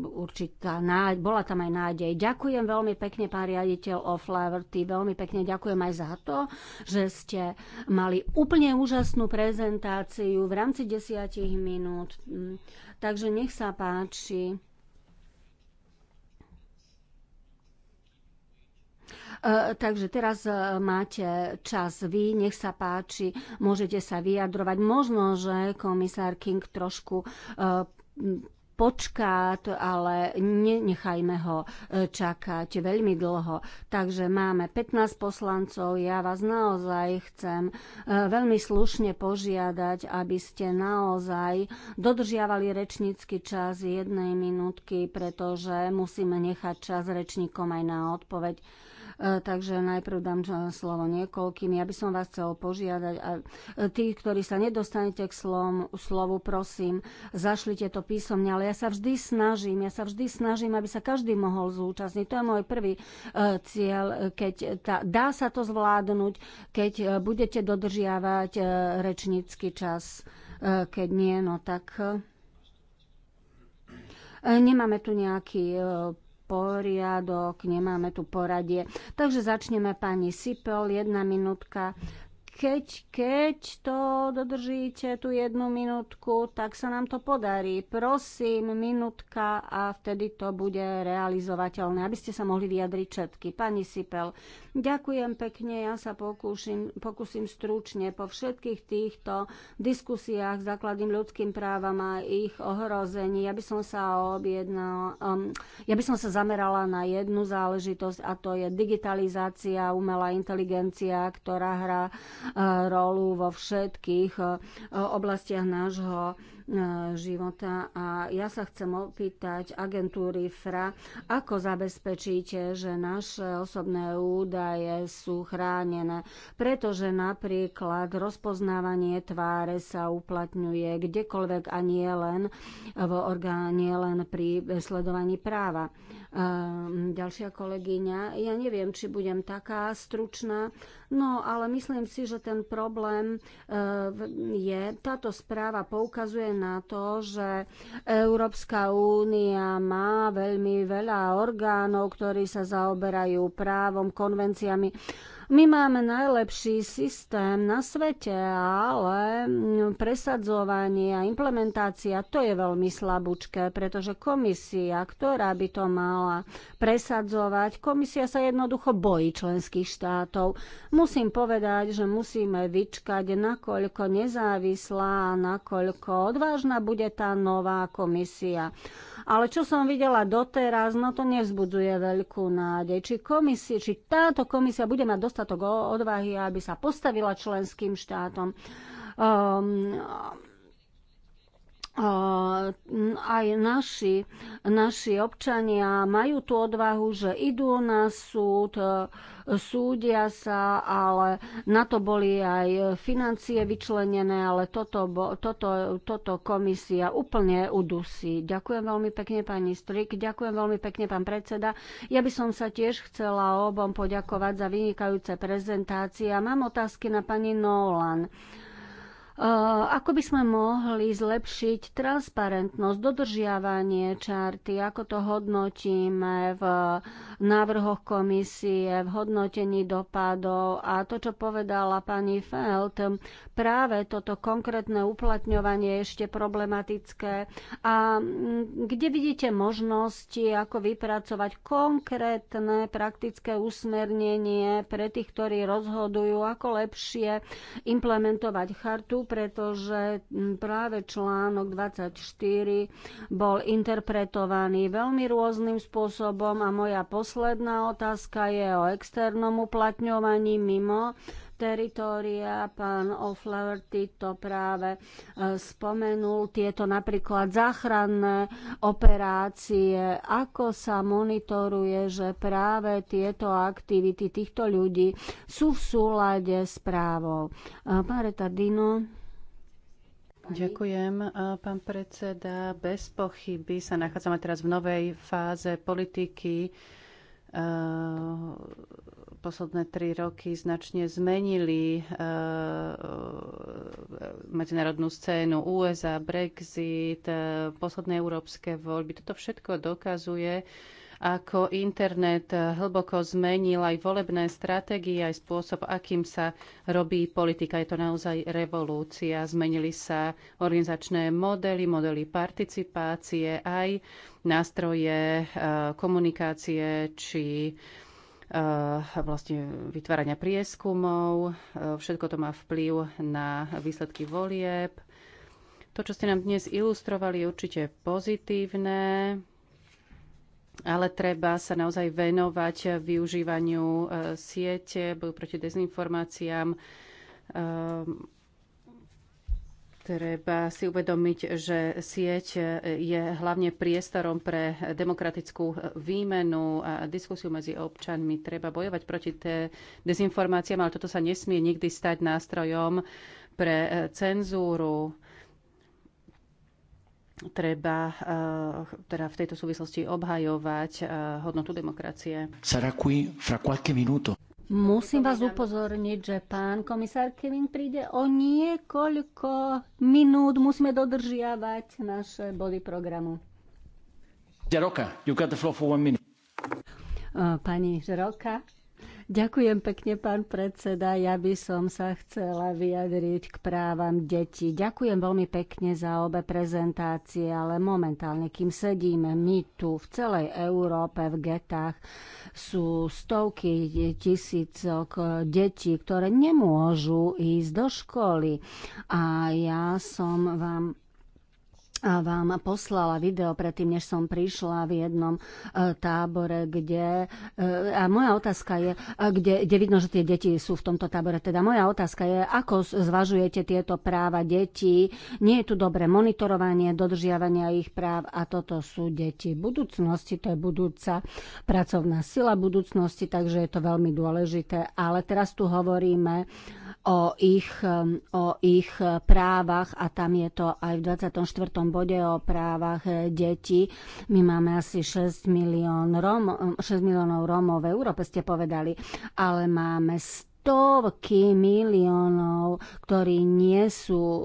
určitá nádej, bola tam aj nádej. Ďakujem veľmi pekne, pán riaditeľ Oflaverty, veľmi pekne ďakujem aj za to, že ste mali úplne úžasnú prezentáciu v rámci desiatich minút. Takže nech sa páči. E, takže teraz e, máte čas vy, nech sa páči, môžete sa vyjadrovať. Možno, že komisár King trošku e, počká, ale nenechajme ho e, čakať veľmi dlho. Takže máme 15 poslancov. Ja vás naozaj chcem e, veľmi slušne požiadať, aby ste naozaj dodržiavali rečnícky čas jednej minútky, pretože musíme nechať čas rečníkom aj na odpoveď. E, takže najprv dám slovo niekoľkým. Ja by som vás chcel požiadať, a e, tí, ktorí sa nedostanete k slom, slovu, prosím, zašlite to písomne, ale ja sa vždy snažím, ja sa vždy snažím, aby sa každý mohol zúčastniť. To je môj prvý e, cieľ, keď tá, dá sa to zvládnuť, keď budete dodržiavať rečnícky čas. Keď nie, no tak Nemáme tu nejaký poriadok, nemáme tu poradie. Takže začneme pani Sipel, jedna minútka keď, keď to dodržíte tú jednu minútku, tak sa nám to podarí. Prosím, minútka a vtedy to bude realizovateľné, aby ste sa mohli vyjadriť všetky. Pani Sipel, ďakujem pekne, ja sa pokúšim, pokúsim stručne po všetkých týchto diskusiách s základným ľudským právam a ich ohrození. Ja by som sa objednala, um, ja by som sa zamerala na jednu záležitosť a to je digitalizácia, umelá inteligencia, ktorá hrá rolu vo všetkých eh, oblastiach nášho E, života. A ja sa chcem opýtať agentúry FRA, ako zabezpečíte, že naše osobné údaje sú chránené, pretože napríklad rozpoznávanie tváre sa uplatňuje kdekoľvek a nie len v orgáne, len pri sledovaní práva. E, ďalšia kolegyňa, ja neviem, či budem taká stručná, no ale myslím si, že ten problém e, je, táto správa poukazuje na to, že Európska únia má veľmi veľa orgánov, ktorí sa zaoberajú právom, konvenciami my máme najlepší systém na svete, ale presadzovanie a implementácia to je veľmi slabúčké, pretože komisia, ktorá by to mala presadzovať, komisia sa jednoducho bojí členských štátov. Musím povedať, že musíme vyčkať, nakoľko nezávislá a nakoľko odvážna bude tá nová komisia. Ale čo som videla doteraz, no to nevzbudzuje veľkú nádej. Či, komisie, či táto komisia bude mať dostatok odvahy, aby sa postavila členským štátom. Um, aj naši, naši občania majú tú odvahu, že idú na súd, e, súdia sa, ale na to boli aj financie vyčlenené, ale toto, toto, toto komisia úplne udusí. Ďakujem veľmi pekne pani Strik, ďakujem veľmi pekne pán predseda. Ja by som sa tiež chcela obom poďakovať za vynikajúce prezentácie a mám otázky na pani Nolan. Eh, ako by sme mohli zlepšiť transparentnosť, dodržiavanie čarty, ako to hodnotíme v návrhoch komisie, v hodnotení dopadov a to, čo povedala pani Felt, práve toto konkrétne uplatňovanie je ešte problematické. A mm, kde vidíte možnosti, ako vypracovať konkrétne praktické usmernenie pre tých, ktorí rozhodujú, ako lepšie implementovať chartu, pretože práve článok 24 bol interpretovaný veľmi rôznym spôsobom a moja posledná otázka je o externom uplatňovaní mimo teritória. Pán O'Flaherty to práve e, spomenul. Tieto napríklad záchranné operácie. Ako sa monitoruje, že práve tieto aktivity týchto ľudí sú v súlade s právou? E, pán Retardino. Ďakujem, e, pán predseda. Bez pochyby sa nachádzame teraz v novej fáze politiky posledné tri roky značne zmenili e, e, medzinárodnú scénu USA, Brexit, e, posledné európske voľby. Toto všetko dokazuje, ako internet hlboko zmenil aj volebné stratégie, aj spôsob, akým sa robí politika. Je to naozaj revolúcia. Zmenili sa organizačné modely, modely participácie, aj nástroje komunikácie či vlastne vytvárania prieskumov. Eh, všetko to má vplyv na výsledky volieb. To, čo ste nám dnes ilustrovali, je určite pozitívne, ale treba sa naozaj venovať využívaniu eh, siete, boju proti dezinformáciám Treba si uvedomiť, že sieť je hlavne priestorom pre demokratickú výmenu a diskusiu medzi občanmi. Treba bojovať proti dezinformáciám, ale toto sa nesmie nikdy stať nástrojom pre e, cenzúru. Treba e, teda v tejto súvislosti obhajovať e, hodnotu demokracie. Sarà qui fra qualche minuto. Musím vás upozorniť, že pán komisár Kevin príde o niekoľko minút. Musíme dodržiavať naše body programu. Žeroka, you got the floor for one minute. Pani Žeroka, Ďakujem pekne, pán predseda. Ja by som sa chcela vyjadriť k právam detí. Ďakujem veľmi pekne za obe prezentácie, ale momentálne, kým sedíme my tu v celej Európe v getách, sú stovky tisícok detí, ktoré nemôžu ísť do školy. A ja som vám a vám poslala video predtým, než som prišla v jednom e, tábore, kde... E, a moja otázka je, e, kde, kde vidno, že tie deti sú v tomto tábore. Teda moja otázka je, ako zvažujete tieto práva detí? Nie je tu dobré monitorovanie, dodržiavania ich práv a toto sú deti budúcnosti, to je budúca pracovná sila budúcnosti, takže je to veľmi dôležité. Ale teraz tu hovoríme o ich, o ich právach a tam je to aj v 24 bode o právach eh, detí. My máme asi 6, milión Rom, 6 eh, miliónov Rómov v Európe, ste povedali, ale máme stovky miliónov, ktorí nie sú e, eh,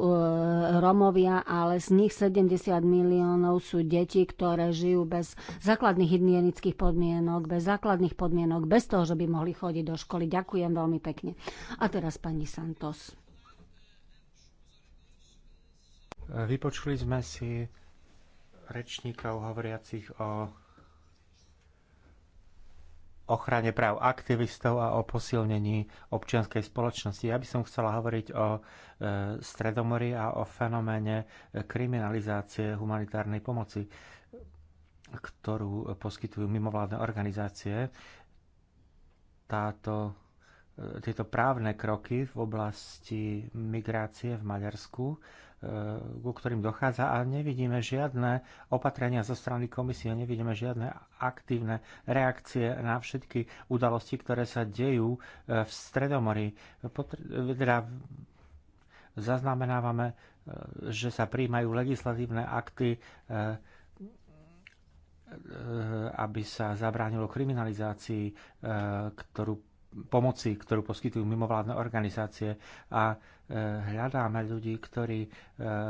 Romovia, ale z nich 70 miliónov sú deti, ktoré žijú bez základných hygienických podmienok, bez základných podmienok, bez toho, že by mohli chodiť do školy. Ďakujem veľmi pekne. A teraz pani Santos. Vypočuli sme si rečníkov hovoriacich o ochrane práv aktivistov a o posilnení občianskej spoločnosti. Ja by som chcela hovoriť o e, Stredomori a o fenoméne kriminalizácie humanitárnej pomoci, ktorú poskytujú mimovládne organizácie. Táto, e, tieto právne kroky v oblasti migrácie v Maďarsku Eh, ku ktorým dochádza a nevidíme žiadne opatrenia zo strany komisie, nevidíme žiadne aktívne reakcie na všetky udalosti, ktoré sa dejú eh, v Stredomorí. Teda zaznamenávame, eh, že sa príjmajú legislatívne akty, aby sa zabránilo kriminalizácii, ktorú pomoci, ktorú poskytujú mimovládne organizácie a e, hľadáme ľudí, ktorí e,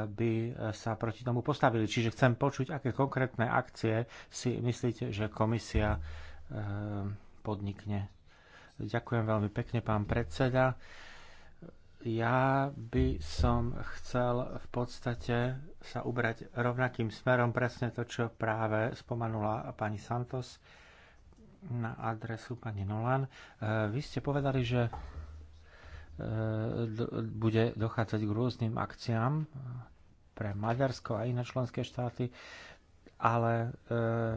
by sa proti tomu postavili. Čiže chcem počuť, aké konkrétne akcie si myslíte, že komisia e, podnikne. Ďakujem veľmi pekne, pán predseda. Ja by som chcel v podstate sa ubrať rovnakým smerom, presne to, čo práve spomenula pani Santos na adresu pani Nolan. E, vy ste povedali, že e, bude dochádzať k rôznym akciám pre Maďarsko a iné členské štáty, ale e,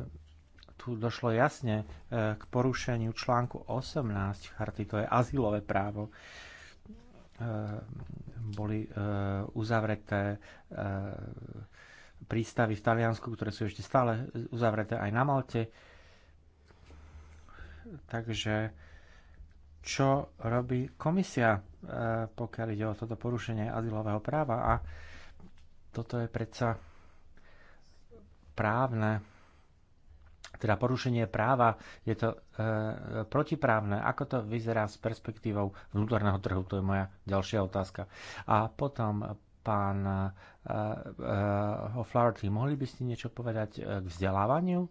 tu došlo jasne k porušeniu článku 18 charty, to je azylové právo. Boli uzavreté prístavy v Taliansku, ktoré sú ešte stále uzavreté aj na Malte Takže čo robí komisia, e, pokiaľ ide o toto porušenie azylového práva? A toto je predsa právne, teda porušenie práva, je to e, protiprávne. Ako to vyzerá s perspektívou vnútorného trhu? To je moja ďalšia otázka. A potom pán e, e, O'Flaherty, mohli by ste niečo povedať k vzdelávaniu, e,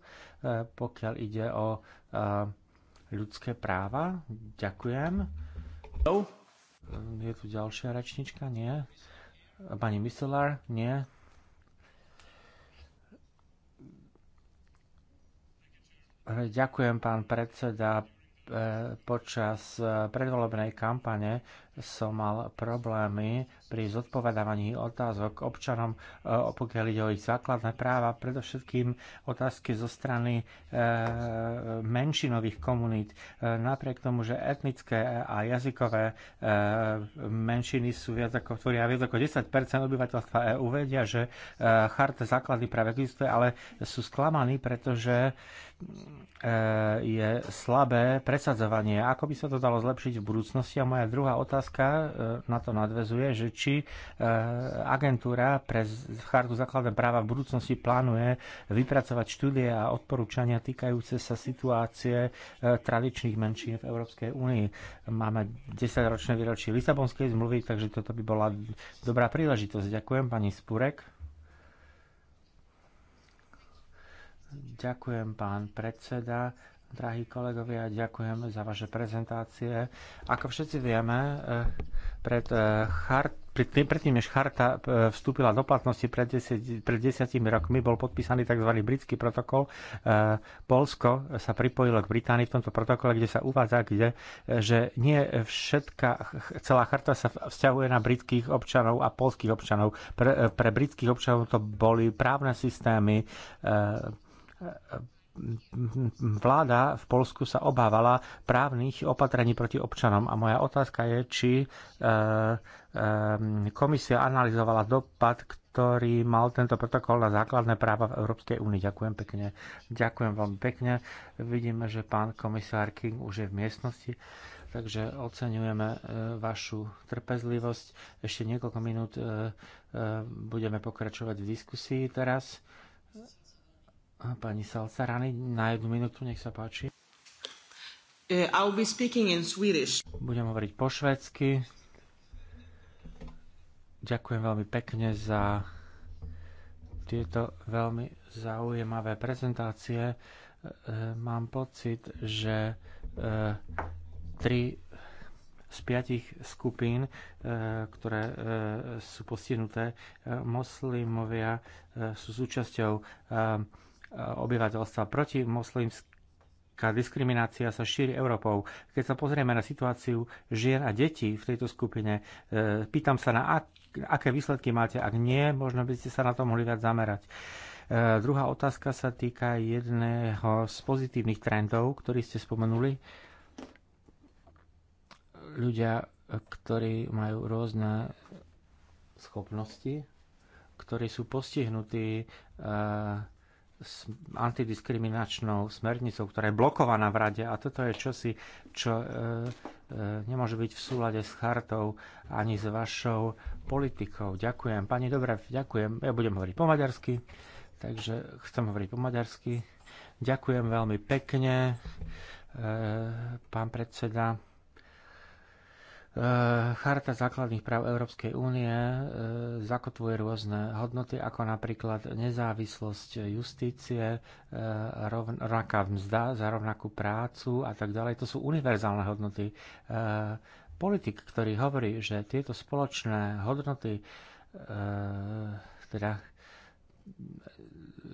pokiaľ ide o E, ľudské práva. Ďakujem. No. Je tu ďalšia rečnička? Nie. Pani Miselár? Nie. Ďakujem, pán predseda. E, počas e, predvolebnej kampane som mal problémy pri zodpovedávaní otázok občanom, e, pokiaľ ide o ich základné práva, predovšetkým otázky zo strany e, menšinových komunít. E, napriek tomu, že etnické a jazykové menšiny sú viac ako, tvoria viac ako 10 obyvateľstva EU, vedia, že charta základný práv existuje, ale sú sklamaní, pretože je slabé presadzovanie. Ako by sa to dalo zlepšiť v budúcnosti? A moja druhá otázka otázka e, na to nadvezuje, že či e, agentúra pre chartu základné práva v budúcnosti plánuje vypracovať štúdie a odporúčania týkajúce sa situácie e, tradičných menšín v Európskej únii. Máme 10-ročné výročie Lisabonskej zmluvy, takže toto by bola dobrá príležitosť. Ďakujem pani Spurek. Ďakujem, pán predseda. Drahí kolegovia, ďakujem za vaše prezentácie. Ako všetci vieme, eh, pred eh, chart, predtým, než charta eh, vstúpila do platnosti pred, desiat, pred desiatimi rokmi, bol podpísaný tzv. britský protokol. Polsko sa pripojilo k Británii v tomto protokole, kde sa uvádza, kde, že nie všetká, celá charta sa vzťahuje na britských občanov a polských občanov. Pre, pre britských občanov to boli právne systémy, vláda v Polsku sa obávala právnych opatrení proti občanom a moja otázka je, či e, e, komisia analyzovala dopad, ktorý mal tento protokol na základné práva v Európskej únii. Ďakujem pekne. Ďakujem veľmi pekne. Vidíme, že pán komisár King už je v miestnosti, takže oceňujeme e, vašu trpezlivosť. Ešte niekoľko minút budeme pokračovať v diskusii teraz pani Salcarani, na jednu minútu, nech sa páči. Uh, I'll be speaking in Swedish. Budem hovoriť po švedsky. Ďakujem veľmi pekne za tieto veľmi zaujímavé prezentácie. Uh, mám pocit, že uh, tri z piatich skupín, ktoré sú postihnuté, moslimovia sú súčasťou obyvateľstva proti moslimská diskriminácia sa šíri Európou. Keď sa pozrieme na situáciu žien a detí v tejto skupine, e, pýtam sa, na aké výsledky máte. Ak nie, možno by ste sa na to mohli viac zamerať. E, druhá otázka sa týka jedného z pozitívnych trendov, ktorý ste spomenuli. Ľudia, ktorí majú rôzne schopnosti, ktorí sú postihnutí e, antidiskriminačnou smernicou, ktorá je blokovaná v rade a toto je čosi, čo e, e, nemôže byť v súlade s chartou ani s vašou politikou. Ďakujem. Pani Dobre, ďakujem. Ja budem hovoriť po maďarsky, takže chcem hovoriť po maďarsky. Ďakujem veľmi pekne, e, pán predseda. E, Charta základných práv Európskej únie e, zakotvuje rôzne hodnoty, ako napríklad nezávislosť justície, e, rovnaká mzda za rovnakú prácu a tak ďalej. To sú univerzálne hodnoty. Politik, ktorý hovorí, že tieto spoločné hodnoty teda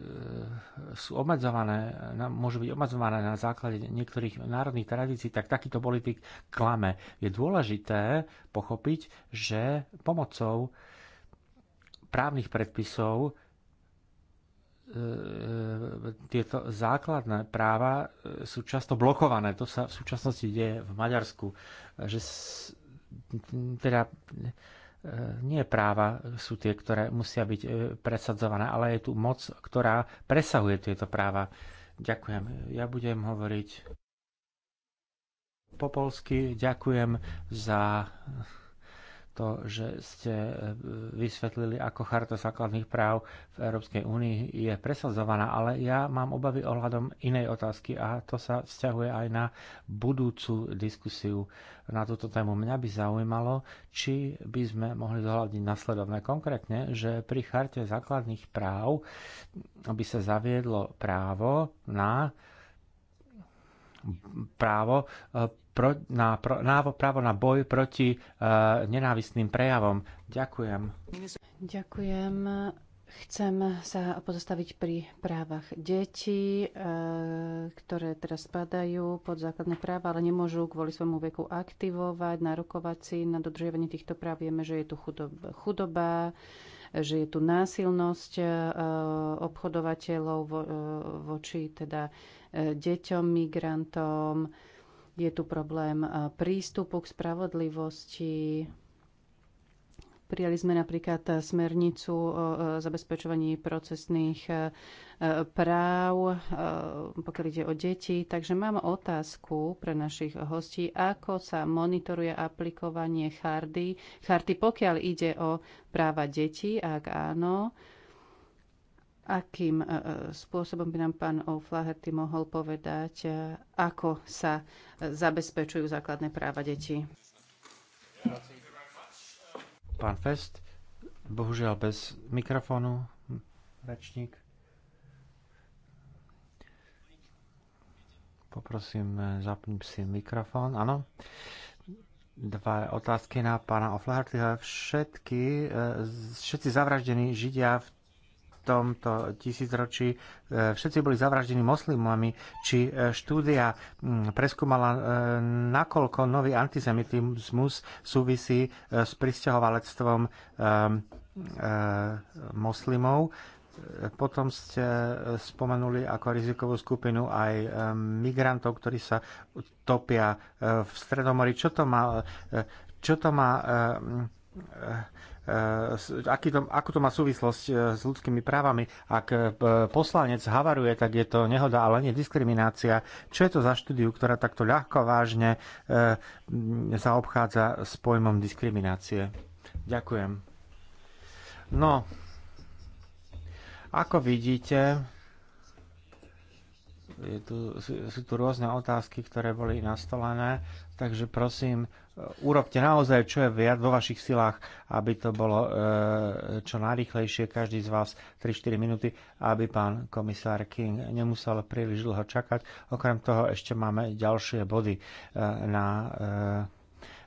E, sú obmedzované, môžu byť obmedzované na základe niektorých národných tradícií, tak takýto politik klame. Je dôležité pochopiť, že pomocou právnych predpisov e, e, tieto základné práva sú často blokované. To sa v súčasnosti deje v Maďarsku. Že teda E, nie práva sú tie, ktoré musia byť e, presadzované, ale je tu moc, ktorá presahuje tieto práva. Ďakujem. Ja budem hovoriť po polsky. Ďakujem za to, že ste e, vysvetlili, ako Charta základných práv v Európskej únii je presadzovaná, ale ja mám obavy ohľadom inej otázky a to sa vzťahuje aj na budúcu diskusiu na túto tému. Mňa by zaujímalo, či by sme mohli zohľadniť nasledovné konkrétne, že pri Charte základných práv by sa zaviedlo právo na právo e, pro, na, pro, na, právo na boj proti uh, nenávistným prejavom. Ďakujem. Ďakujem. Chcem sa pozastaviť pri právach detí, e, ktoré teraz spadajú pod základné práva, ale nemôžu kvôli svojmu veku aktivovať, narokovať si na dodržiavanie týchto práv. Vieme, že je tu chudoba, že je tu násilnosť e, obchodovateľov voči teda deťom, migrantom, je tu problém prístupu k spravodlivosti. Prijali sme napríklad smernicu o zabezpečovaní procesných práv, pokiaľ ide o deti. Takže mám otázku pre našich hostí, ako sa monitoruje aplikovanie charty, charty pokiaľ ide o práva detí, ak áno, akým e, e, spôsobom by nám pán O'Flaherty mohol povedať, e, ako sa zabezpečujú základné práva detí. Pán Fest, bohužiaľ bez mikrofónu, rečník. Poprosím, zapním si mikrofón. Áno. Dva otázky na pána O'Flahertyho. Všetky, všetci zavraždení Židia v tomto tisícročí e, všetci boli zavraždení moslimami, či e, štúdia preskúmala, e, nakoľko nový antisemitizmus súvisí s pristahovalectvom moslimov. Potom ste spomenuli ako rizikovú skupinu aj migrantov, ktorí sa topia v Stredomori. Čo to má, čo to má Eh, aký to, akú to má súvislosť eh, s ľudskými právami. Ak eh, poslanec havaruje, tak je to nehoda, ale nie diskriminácia. Čo je to za štúdiu, ktorá takto ľahko vážne zaobchádza s pojmom diskriminácie? Ďakujem. No, ako vidíte, je tu, sú, sú tu rôzne otázky, ktoré boli nastolené, takže prosím, e, urobte naozaj, čo je viac vo vašich silách, aby to bolo e, čo najrychlejšie, každý z vás 3-4 minúty, aby pán komisár King nemusel príliš dlho čakať. Okrem toho ešte máme ďalšie body e, na e,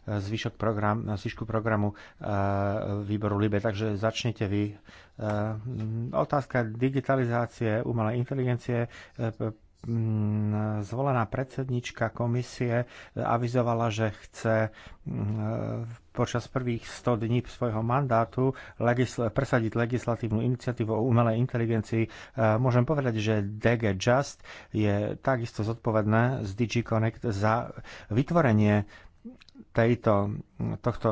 zvyšok program, na zvyšku programu e, výboru LIBE. Takže začnete vy. E, otázka digitalizácie, umelej inteligencie, zvolená predsednička komisie avizovala, že chce počas prvých 100 dní svojho mandátu legisl- presadiť legislatívnu iniciatívu o umelej inteligencii. E, môžem povedať, že DG Just je takisto zodpovedné z Digiconnect za vytvorenie tejto, tohto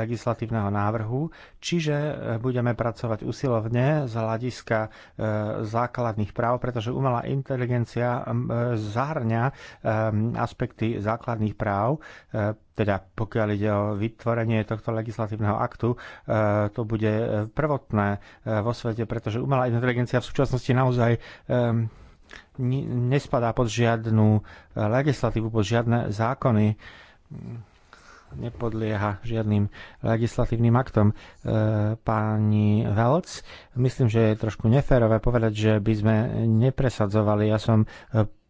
legislatívneho návrhu, čiže e, budeme pracovať usilovne z hľadiska e, základných práv, pretože umelá inteligencia e, zahrňa aspekty základných práv, teda pokiaľ ide o vytvorenie tohto legislatívneho aktu, to bude prvotné vo svete, pretože umelá inteligencia v súčasnosti naozaj nespadá pod žiadnu legislatívu, pod žiadne zákony nepodlieha žiadnym legislatívnym aktom. E, Páni Velc, myslím, že je trošku neférové povedať, že by sme nepresadzovali. Ja som e,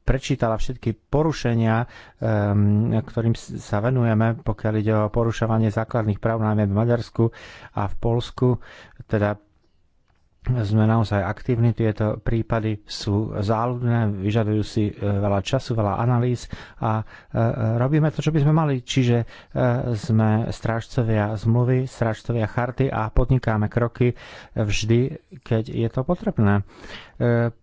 prečítala všetky porušenia, e, ktorým sa venujeme, pokiaľ ide o porušovanie základných práv najmä v Maďarsku a v Polsku, teda sme naozaj aktívni. Tieto prípady sú záľudné, vyžadujú si e, veľa času, veľa analýz a e, e, robíme to, čo by sme mali. Čiže sme strážcovia zmluvy, strážcovia charty a podnikáme kroky vždy, keď je to potrebné.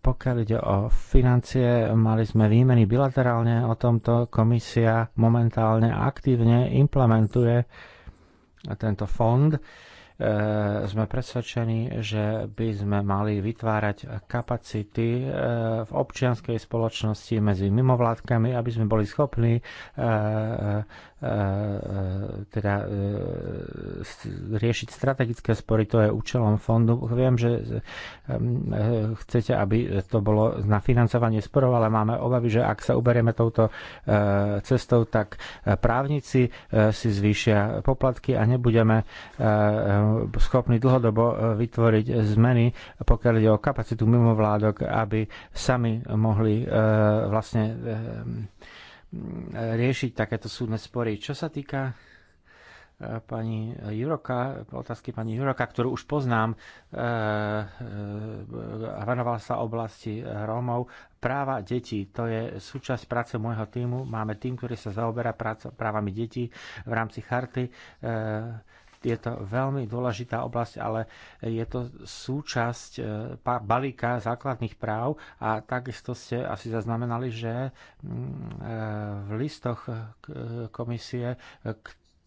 Pokiaľ ide o financie, mali sme výmeny bilaterálne o tomto. Komisia momentálne aktívne implementuje tento fond Eh, sme presvedčení, že by sme mali vytvárať kapacity eh, v občianskej spoločnosti medzi mimovládkami, aby sme boli schopní eh, E, e, teda e, riešiť strategické spory, to je účelom fondu. Viem, že chcete, aby to bolo na financovanie sporov, ale máme obavy, že ak sa uberieme touto cestou, tak právnici si zvýšia poplatky a nebudeme schopní dlhodobo vytvoriť zmeny, pokiaľ ide o kapacitu mimovládok, aby sami mohli vlastne Mm, riešiť takéto súdne spory. Čo sa týka e, pani Juroka, otázky pani Juroka, ktorú už poznám, e, e, venovala sa oblasti Rómov. Práva detí, to je súčasť práce môjho týmu. Máme tým, ktorý sa zaoberá právami detí v rámci charty. E, je to veľmi dôležitá oblasť, ale je to súčasť e, balíka základných práv a takisto ste asi zaznamenali, že mm, e, v listoch komisie,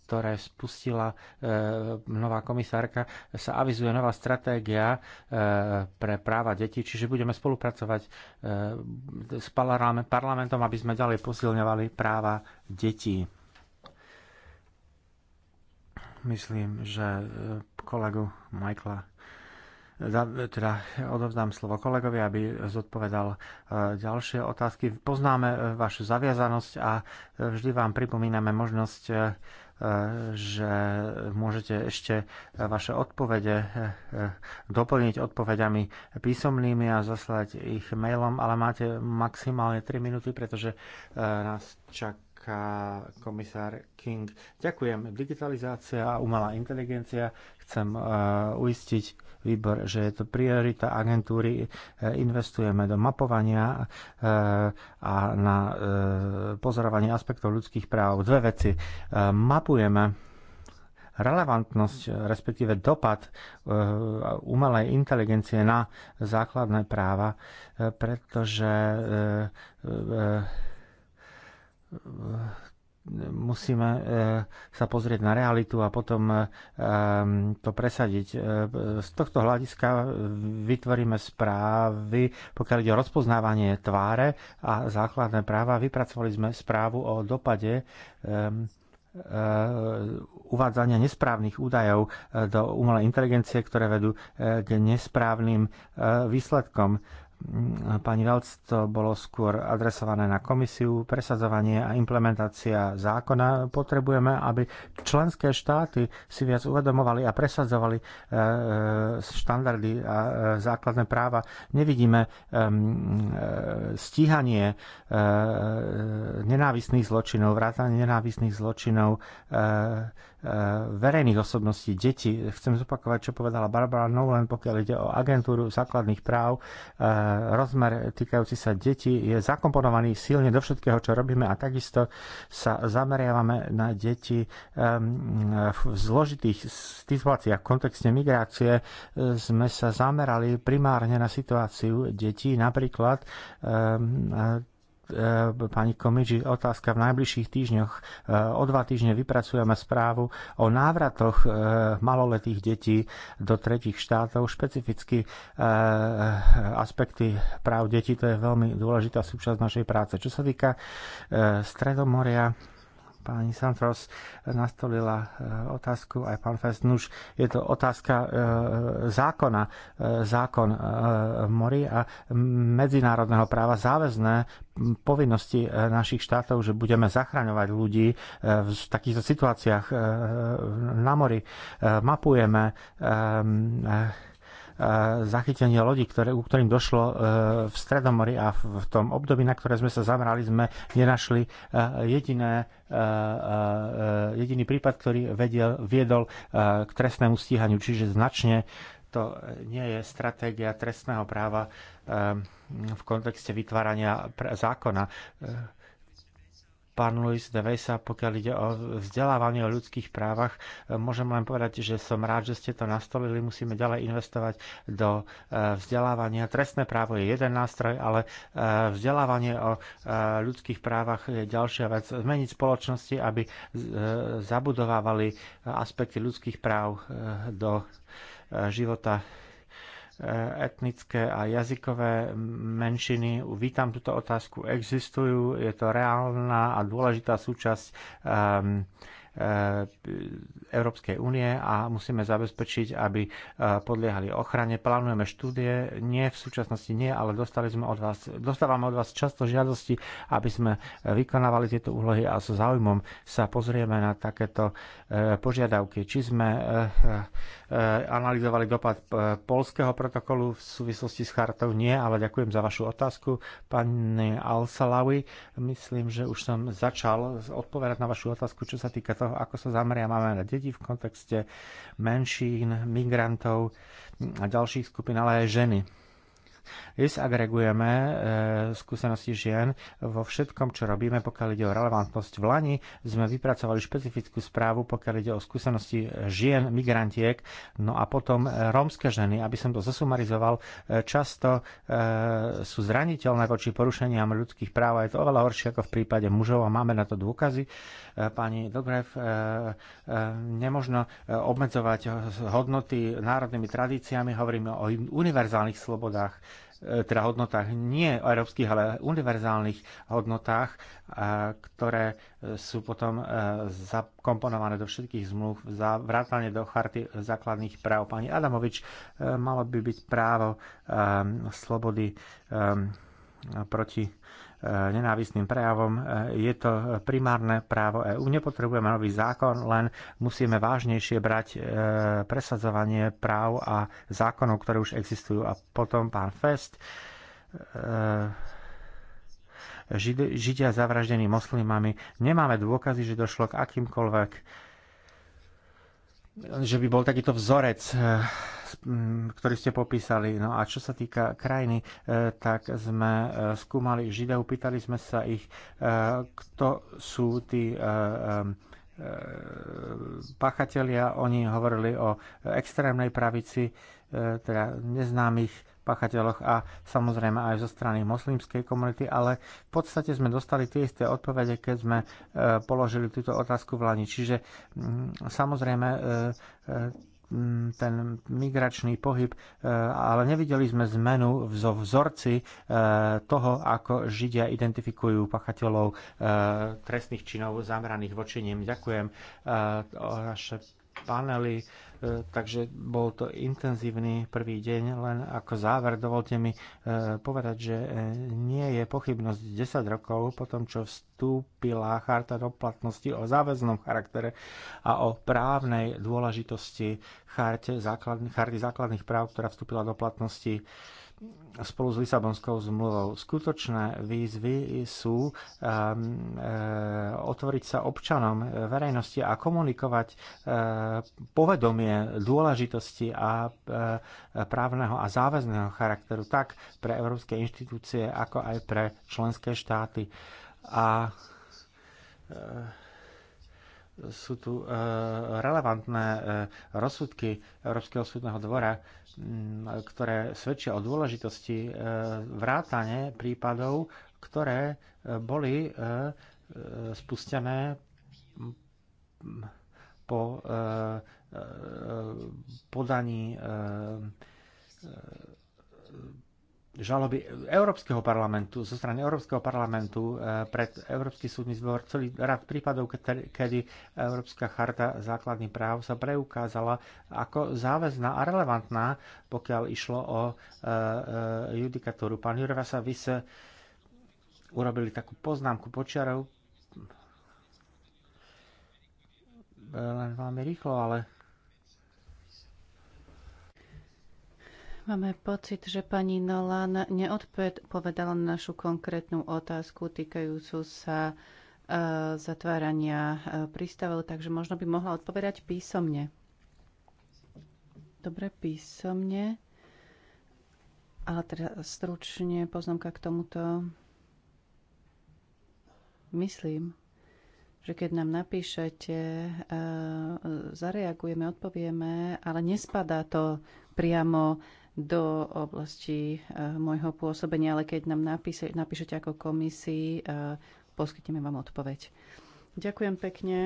ktoré spustila e, nová komisárka, sa avizuje nová stratégia pre práva detí, čiže budeme spolupracovať s parlamentom, aby sme ďalej posilňovali práva detí myslím, že e, kolegu Michaela e, e, teda odovzdám slovo kolegovi, aby zodpovedal ďalšie otázky. Poznáme vašu zaviazanosť a vždy vám pripomíname možnosť, že môžete ešte vaše odpovede doplniť odpovediami písomnými a zaslať ich mailom, ale máte maximálne 3 minúty, pretože nás čak Ká, komisár King. Ďakujem. Digitalizácia a umelá inteligencia. Chcem uh, uistiť výbor, že je to priorita agentúry. E, investujeme do mapovania uh, a na uh, pozorovanie aspektov ľudských práv. Dve veci. Uh, mapujeme relevantnosť, respektíve dopad umelej inteligencie na základné práva, pretože musíme eh, sa pozrieť na realitu a potom eh, eh, to presadiť. Z tohto hľadiska vytvoríme správy, pokiaľ ide o rozpoznávanie tváre a základné práva. Vypracovali sme správu o dopade uvádzania nesprávnych údajov do umelej inteligencie, ktoré vedú k nesprávnym výsledkom pani Velc, to bolo skôr adresované na komisiu, presadzovanie a implementácia zákona. Potrebujeme, aby členské štáty si viac uvedomovali a presadzovali e, e, štandardy a e, základné práva. Nevidíme stíhanie nenávistných zločinov, vrátanie nenávistných zločinov Eh, verejných osobností deti. Chcem zopakovať, čo povedala Barbara Nolan, pokiaľ ide o agentúru základných práv. Eh, rozmer týkajúci sa detí je zakomponovaný silne do všetkého, čo robíme a takisto sa zameriavame na deti eh, v zložitých situáciách. V kontexte migrácie sme sa zamerali primárne na situáciu detí, napríklad Eh, pani Komiči, otázka v najbližších týždňoch. Eh, o dva týždne vypracujeme správu o návratoch eh, maloletých detí do tretich štátov. Špecificky aspekty práv detí, to je veľmi dôležitá súčasť našej práce. Čo sa týka Stredomoria, pani Santros nastolila e, otázku, aj pán Fest, je to otázka e, zákona, e, zákon mori a medzinárodného práva záväzné povinnosti našich štátov, že budeme zachraňovať ľudí v takýchto situáciách na mori. Mapujeme zachytenie lodí, ktoré, u ktorým došlo e, v Stredomori a v tom období, na ktoré sme sa zamrali, sme nenašli e, jediné e, jediný prípad, ktorý vedel, viedol k trestnému stíhaniu. Čiže značne to nie je stratégia trestného práva v kontexte vytvárania zákona pán Luis de Vesa, pokiaľ ide o vzdelávanie o ľudských právach. E, môžem len povedať, že som rád, že ste to nastolili. Musíme ďalej investovať do e, vzdelávania. Trestné právo je jeden nástroj, ale e, vzdelávanie o ľudských právach je ďalšia vec. Zmeniť spoločnosti, aby zabudovávali aspekty ľudských práv do života E, etnické a jazykové menšiny. Vítam túto otázku, existujú, je to reálna a dôležitá súčasť um, Eh, Európskej únie a musíme zabezpečiť, aby eh, podliehali ochrane. Plánujeme štúdie, nie v súčasnosti nie, ale dostali sme od vás, dostávame od vás často žiadosti, aby sme vykonávali tieto úlohy a s záujmom sa pozrieme na takéto eh, požiadavky. Či sme analyzovali dopad polského protokolu v súvislosti s chartou, nie, ale ďakujem za vašu otázku, pani Alsalawi, Myslím, že už som začal odpovedať na vašu otázku, čo sa týka toho, toho, ako sa zameriavame na deti v kontexte menšín, migrantov a ďalších skupín, ale aj ženy. Disagregujeme e, skúsenosti žien vo všetkom, čo robíme, pokiaľ ide o relevantnosť. V Lani sme vypracovali špecifickú správu, pokiaľ ide o skúsenosti žien, migrantiek, no a potom e, rómske ženy, aby som to zasumarizoval, e, často e, sú zraniteľné voči porušeniam ľudských práv a je to oveľa horšie ako v prípade mužov a máme na to dôkazy. E, pani Dobrev, e, e nemožno obmedzovať hodnoty národnými tradíciami, hovoríme o univerzálnych slobodách. Eh, teda hodnotách nie európskych, ale univerzálnych hodnotách, eh, ktoré eh, sú potom zakomponované do všetkých zmluv, za vrátanie do charty základných práv. Pani Adamovič, malo by byť právo slobody proti nenávistným prejavom. E, je to primárne právo EÚ. Nepotrebujeme nový zákon, len musíme vážnejšie brať e, presadzovanie práv a zákonov, ktoré už existujú. A potom pán Fest. E, židia zavraždení moslimami. Nemáme dôkazy, že došlo k akýmkoľvek že by bol takýto vzorec ktorý ste popísali. No a čo sa týka krajiny, e, tak sme e, skúmali Židov, pýtali sme sa ich, e, kto sú tí pachatelia, oni hovorili o extrémnej pravici, teda neznámych pachateľoch a samozrejme aj zo strany moslimskej komunity, ale v podstate sme dostali tie isté odpovede, keď sme položili túto otázku v Lani. Čiže samozrejme ten migračný pohyb, e, ale nevideli sme zmenu vo vzorci e, toho, ako Židia identifikujú pachateľov e, trestných činov zameraných voči nim. Ďakujem. Naše panely E, takže bol to intenzívny prvý deň. Len ako záver dovolte mi e, povedať, že e, nie je pochybnosť 10 rokov po tom, čo vstúpila charta do platnosti o záväznom charaktere a o právnej dôležitosti charty základných práv, ktorá vstúpila do platnosti spolu s Lisabonskou zmluvou. Skutočné výzvy sú um, e, otvoriť sa občanom e, verejnosti a komunikovať e, povedomie dôležitosti a e, právneho a záväzného charakteru tak pre európske inštitúcie, ako aj pre členské štáty. A e, sú tu e, relevantné e, rozsudky Európskeho súdneho dvora, ktoré svedčia o dôležitosti e, vrátane prípadov, ktoré boli spustené po podaní žaloby Európskeho parlamentu, zo strany Európskeho parlamentu eh, pred Európsky súdny zbor celý rad prípadov, kedy Európska charta základných práv sa preukázala ako záväzná a relevantná, pokiaľ išlo o eh, eh, judikatúru. Pán Jureva sa vy sa urobili takú poznámku počiarov, len veľmi rýchlo, ale Máme pocit, že pani Nolan neodpovedala na našu konkrétnu otázku týkajúcu sa e, zatvárania e, prístavov, takže možno by mohla odpovedať písomne. Dobre, písomne. Ale teda stručne poznámka k tomuto. Myslím, že keď nám napíšete, e, zareagujeme, odpovieme, ale nespadá to priamo do oblasti eh, môjho pôsobenia, ale keď nám napíše, napíšete ako komisii, eh, poskytneme vám odpoveď. Ďakujem pekne.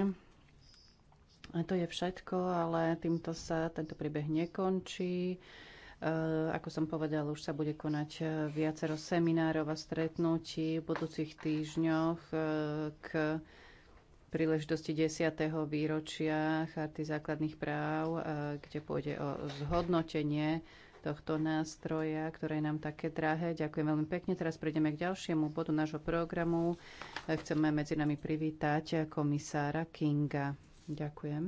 A to je všetko, ale týmto sa tento príbeh nekončí. Eh, ako som povedal, už sa bude konať viacero seminárov a stretnutí v budúcich týždňoch k príležitosti 10. výročia Charty základných práv, kde pôjde o zhodnotenie tohto nástroja, ktoré je nám také drahé. Ďakujem veľmi pekne. Teraz prejdeme k ďalšiemu bodu nášho programu. Chceme medzi nami privítať komisára Kinga. Ďakujem.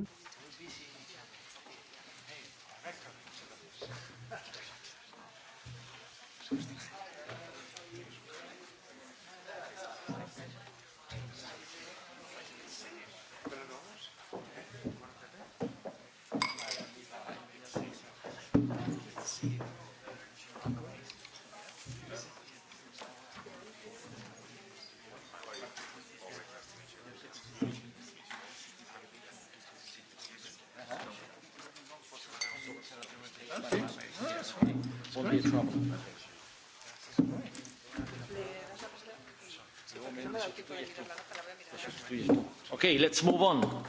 Okay, let's move on.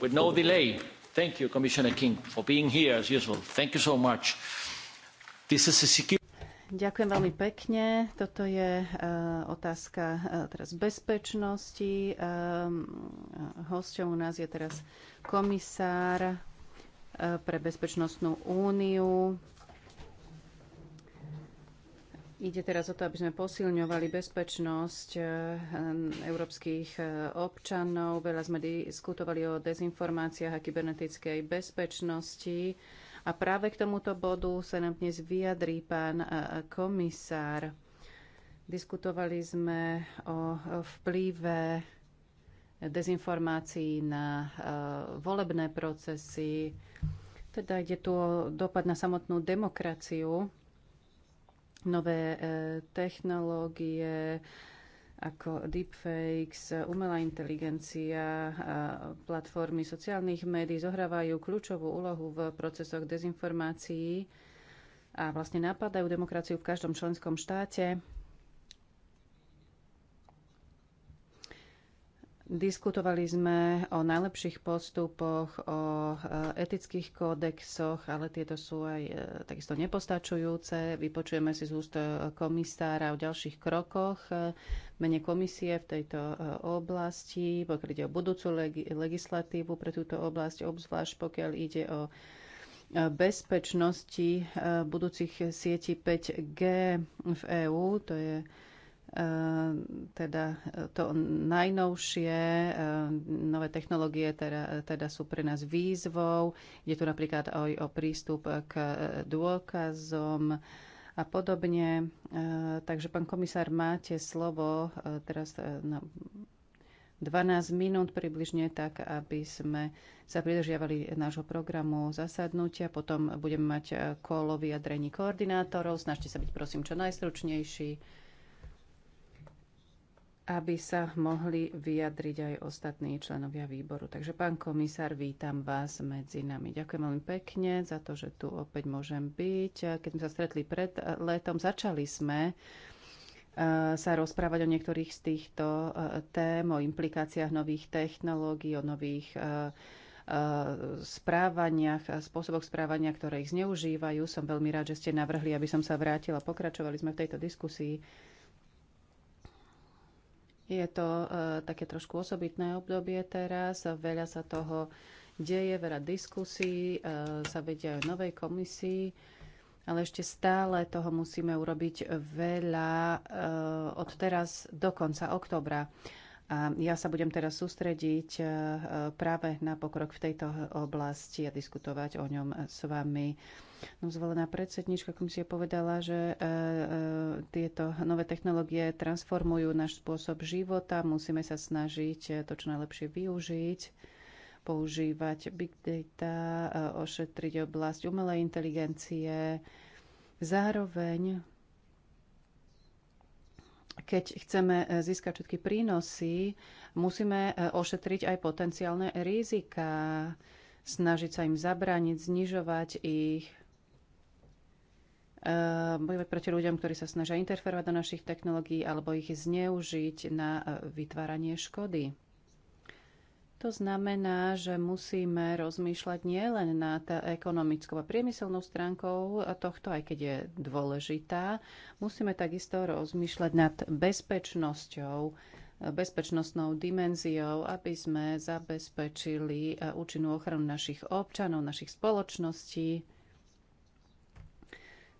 With no delay. Thank you, Commissioner King, for being here as usual. Thank you so much. This is a Ďakujem veľmi pekne. Toto je uh, otázka uh, teraz bezpečnosti. Um, hosťom u nás je teraz komisár uh, pre bezpečnostnú úniu Ide teraz o to, aby sme posilňovali bezpečnosť eh, európskych eh, občanov. Veľa sme diskutovali o dezinformáciách a kybernetickej bezpečnosti. A práve k tomuto bodu sa nám dnes vyjadrí pán eh, komisár. Diskutovali sme o vplyve dezinformácií na volebné procesy. Teda ide tu o dopad na samotnú demokraciu nové e, technológie ako deepfakes, umelá inteligencia, platformy sociálnych médií zohrávajú kľúčovú úlohu v procesoch dezinformácií a vlastne napadajú demokraciu v každom členskom štáte Diskutovali sme o najlepších postupoch, o e, etických kódexoch, ale tieto sú aj e, takisto nepostačujúce. Vypočujeme si z úst e, komisára o ďalších krokoch mene komisie v tejto oblasti, pokiaľ ide o budúcu legislatívu pre túto oblasť, obzvlášť pokiaľ ide o bezpečnosti budúcich sietí 5G v EÚ. To je Ehm, teda e, to najnovšie, ehm, nové technológie teda, e, teda sú pre nás výzvou. Je tu napríklad aj o prístup k e, dôkazom a podobne. Ehm, takže, pán komisár, máte slovo teraz na 12 minút približne, tak aby sme sa pridržiavali nášho programu zasadnutia. Potom budeme mať kolo vyjadrení koordinátorov. Snažte sa byť, prosím, čo najstručnejší aby sa mohli vyjadriť aj ostatní členovia výboru. Takže pán komisár, vítam vás medzi nami. Ďakujem veľmi pekne za to, že tu opäť môžem byť. Keď sme sa stretli pred letom, začali sme eh, sa rozprávať o niektorých z týchto eh, tém, o implikáciách nových technológií, o nových eh, správaniach, spôsoboch správania, ktoré ich zneužívajú. Som veľmi rád, že ste navrhli, aby som sa vrátila. Pokračovali sme v tejto diskusii. Je to e, také trošku osobitné obdobie teraz, veľa sa toho deje, veľa diskusí, e, sa vedia aj novej komisii, ale ešte stále toho musíme urobiť veľa e, od teraz do konca oktobra. A ja sa budem teraz sústrediť e, práve na pokrok v tejto oblasti a diskutovať o ňom s vami. No, zvolená predsednička komisie povedala, že e, e, tieto nové technológie transformujú náš spôsob života, musíme sa snažiť to čo najlepšie využiť používať big data, ošetriť oblasť umelej inteligencie. Zároveň keď chceme e, získať všetky prínosy, musíme e, ošetriť aj potenciálne rizika, snažiť sa im zabrániť, znižovať ich, e, bojovať proti ľuďom, ktorí sa snažia interferovať do našich technológií alebo ich zneužiť na vytváranie škody. To znamená, že musíme rozmýšľať nielen nad ekonomickou a priemyselnou stránkou tohto, aj keď je dôležitá. Musíme takisto rozmýšľať nad bezpečnosťou, bezpečnostnou dimenziou, aby sme zabezpečili účinnú ochranu našich občanov, našich spoločností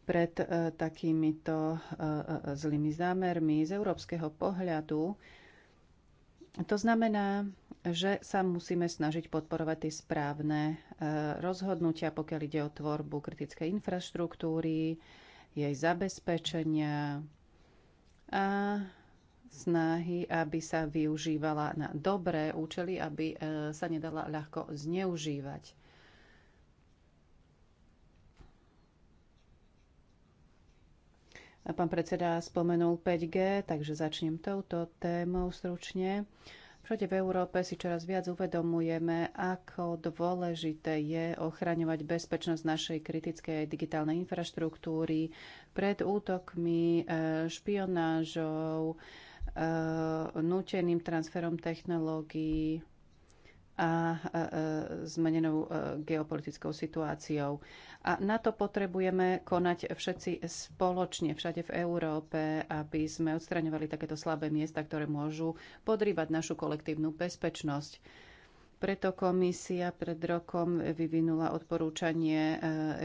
pred e, takýmito e, e, zlými zámermi z európskeho pohľadu. To znamená, že sa musíme snažiť podporovať tie správne e, rozhodnutia, pokiaľ ide o tvorbu kritickej infraštruktúry, jej zabezpečenia a snahy, aby sa využívala na dobré účely, aby e, sa nedala ľahko zneužívať. Pán predseda spomenul 5G, takže začnem touto témou stručne. Všade v Európe si čoraz viac uvedomujeme, ako dôležité je ochraňovať bezpečnosť našej kritickej digitálnej infraštruktúry pred útokmi, e, špionážou, e, nuteným transferom technológií a zmenenou e, geopolitickou situáciou. A na to potrebujeme konať všetci spoločne, všade v Európe, aby sme odstraňovali takéto slabé miesta, ktoré môžu podrývať našu kolektívnu bezpečnosť. Preto komisia pred rokom vyvinula odporúčanie e,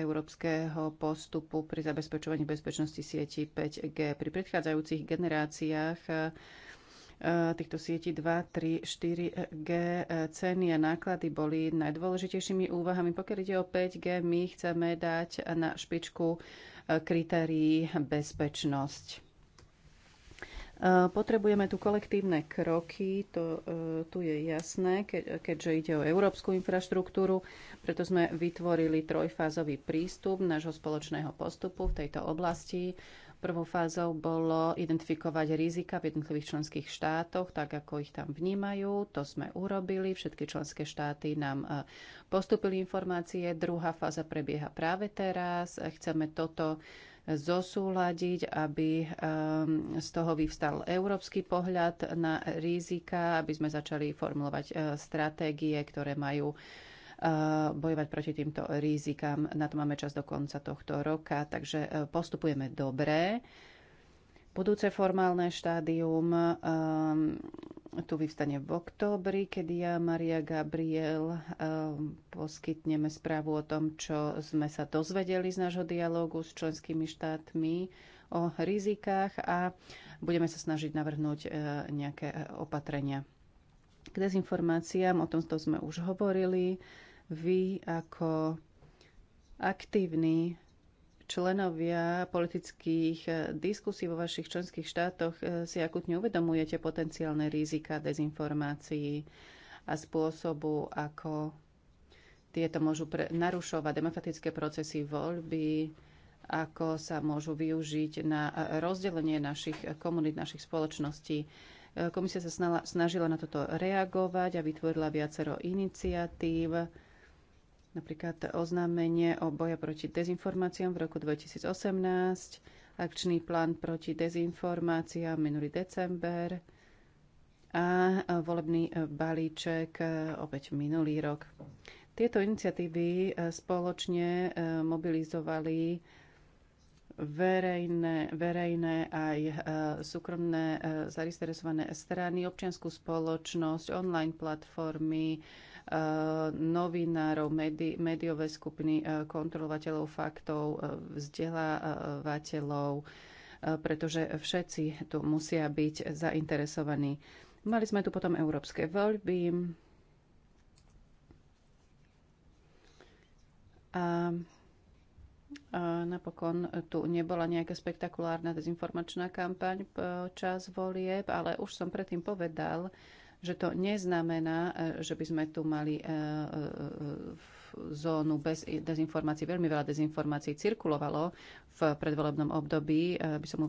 európskeho postupu pri zabezpečovaní bezpečnosti sieti 5G. Pri predchádzajúcich generáciách e, Eh, týchto sietí 2, 3, 4G ceny a náklady boli najdôležitejšími úvahami. Pokiaľ ide o 5G, my chceme dať na špičku eh, kritérií bezpečnosť. Eh, potrebujeme tu kolektívne kroky, to tu je jasné, keďže ide o európsku infraštruktúru, preto sme vytvorili trojfázový prístup nášho spoločného postupu v tejto oblasti. Prvou fázou bolo identifikovať rizika v jednotlivých členských štátoch, tak ako ich tam vnímajú. To sme urobili, všetky členské štáty nám e, postupili informácie. Druhá fáza prebieha práve teraz. Chceme toto zosúľadiť, aby e, z toho vyvstal európsky pohľad na rizika, aby sme začali formulovať e, stratégie, ktoré majú Eh, bojovať proti týmto rizikám. Na to máme čas do konca tohto roka, takže eh, postupujeme dobre. Budúce formálne štádium um, tu vyvstane v októbri, kedy ja, Maria Gabriel, um, poskytneme správu o tom, čo sme sa dozvedeli z nášho dialógu s členskými štátmi o rizikách a budeme sa snažiť navrhnúť uh, nejaké opatrenia. K dezinformáciám, o tom sme už hovorili. Uh, vy ako aktívni členovia politických diskusí vo vašich členských štátoch eh, si akutne uvedomujete potenciálne rizika dezinformácií a spôsobu, ako tieto môžu pre- narušovať demokratické procesy voľby, ako sa môžu využiť na eh, rozdelenie našich komunít, našich spoločností. Eh, komisia sa snažila na toto reagovať a vytvorila viacero iniciatív Napríklad oznámenie o boja proti dezinformáciám v roku 2018, akčný plán proti dezinformáciám minulý december a volebný balíček e, opäť minulý rok. Tieto iniciatívy e, spoločne e, mobilizovali verejné, verejné aj súkromné zainteresované strany, občianskú spoločnosť, online platformy, novinárov, medi, médiové skupiny e, kontrolovateľov faktov, e, vzdelávateľov, e, pretože všetci tu musia byť zainteresovaní. Mali sme tu potom európske voľby. A napokon tu nebola nejaká spektakulárna dezinformačná kampaň počas volieb, ale už som predtým povedal, že to neznamená, e, že by sme tu mali e, e, zónu bez dezinformácií. Veľmi veľa dezinformácií cirkulovalo v predvolebnom období. By som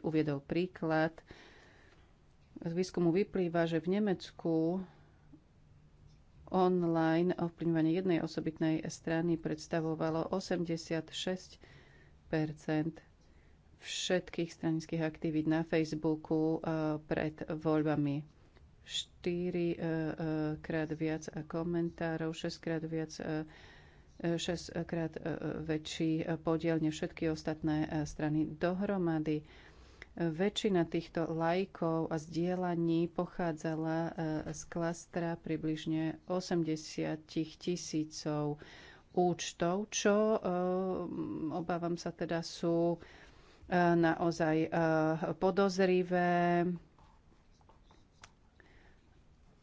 uviedol príklad. Z výskumu vyplýva, že v Nemecku online ovplyvňovanie jednej osobitnej strany predstavovalo 86 všetkých stranických aktivít na Facebooku pred voľbami. 4 e, e, krát viac e, komentárov, 6 krát viac 6 krát väčší podiel než všetky ostatné strany dohromady. Väčšina týchto lajkov a zdieľaní pochádzala z klastra približne 80 tisícov účtov, čo obávam sa teda sú naozaj podozrivé,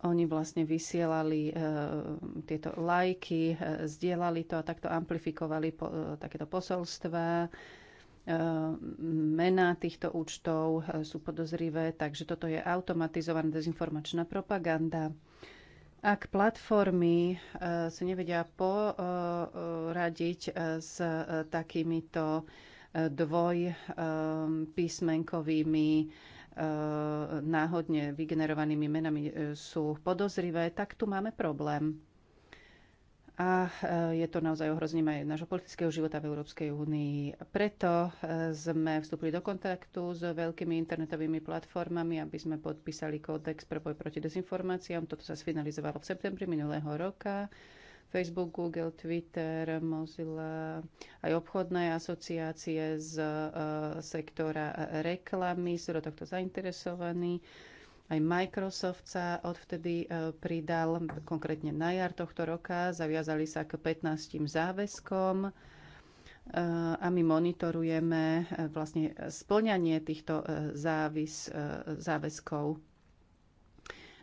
oni vlastne vysielali e, tieto lajky, e, zdieľali to a takto amplifikovali po, e, takéto posolstva. E, mená týchto účtov e, sú podozrivé, takže toto je automatizovaná dezinformačná propaganda. Ak platformy e, sa nevedia poradiť e, s e, takýmito dvojpísmenkovými E, náhodne vygenerovanými menami e, sú podozrivé, tak tu máme problém. A e, je to naozaj ohrozným aj nášho politického života v Európskej únii. Preto sme vstúpili do kontaktu s veľkými internetovými platformami, aby sme podpísali kódex pre boj proti dezinformáciám. Toto sa sfinalizovalo v septembri minulého roka. Facebook, Google, Twitter, Mozilla, aj obchodné asociácie z e, sektora reklamy sú do tohto zainteresovaní. Aj Microsoft sa odvtedy e, pridal, konkrétne na jar tohto roka, zaviazali sa k 15 záväzkom e, a my monitorujeme vlastne splňanie týchto závis, záväzkov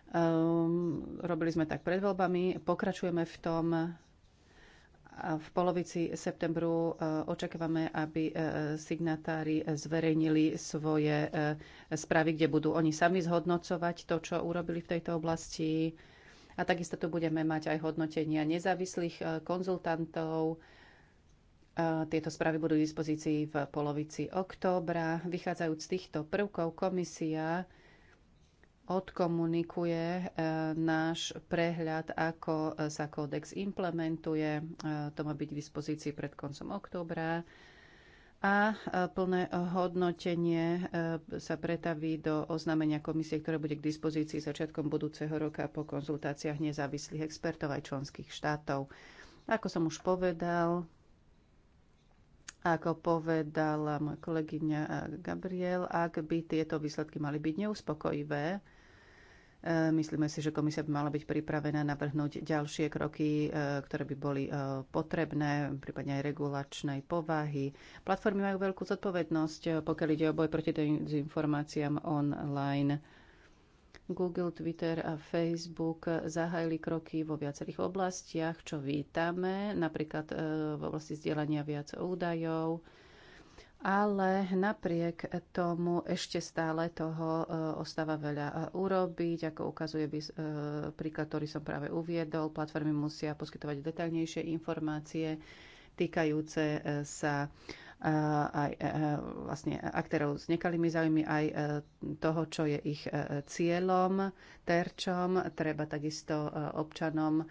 Um, robili sme tak pred voľbami, pokračujeme v tom. A v polovici septembru eh, očakávame, aby eh, signatári zverejnili svoje eh, správy, kde budú oni sami zhodnocovať to, čo urobili v tejto oblasti. A takisto tu budeme mať aj hodnotenia nezávislých konzultantov. Tieto správy budú k dispozícii v polovici októbra. Vychádzajúc z týchto prvkov, komisia odkomunikuje e, náš prehľad, ako e, sa kódex implementuje. E, to má byť v dispozícii pred koncom októbra. A plné hodnotenie sa pretaví do oznámenia komisie, ktoré bude k dispozícii začiatkom budúceho roka po konzultáciách nezávislých expertov aj členských štátov. Ako som už povedal, ako povedala moja kolegyňa Gabriel, ak by tieto výsledky mali byť neuspokojivé, E, myslíme si, že komisia by mala byť pripravená navrhnúť ďalšie kroky, e, ktoré by boli e, potrebné, prípadne aj regulačnej povahy. Platformy majú veľkú zodpovednosť, pokiaľ ide o boj proti dezinformáciám online. Google, Twitter a Facebook zahájili kroky vo viacerých oblastiach, čo vítame, napríklad v oblasti zdieľania viac údajov, ale napriek tomu ešte stále toho eh, ostáva veľa eh, urobiť, ako ukazuje by, eh, príklad, ktorý som práve uviedol. Platformy musia poskytovať detaľnejšie informácie týkajúce sa aj vlastne aktérov s nekalými záujmy, aj toho, čo je ich cieľom, terčom. Treba takisto občanom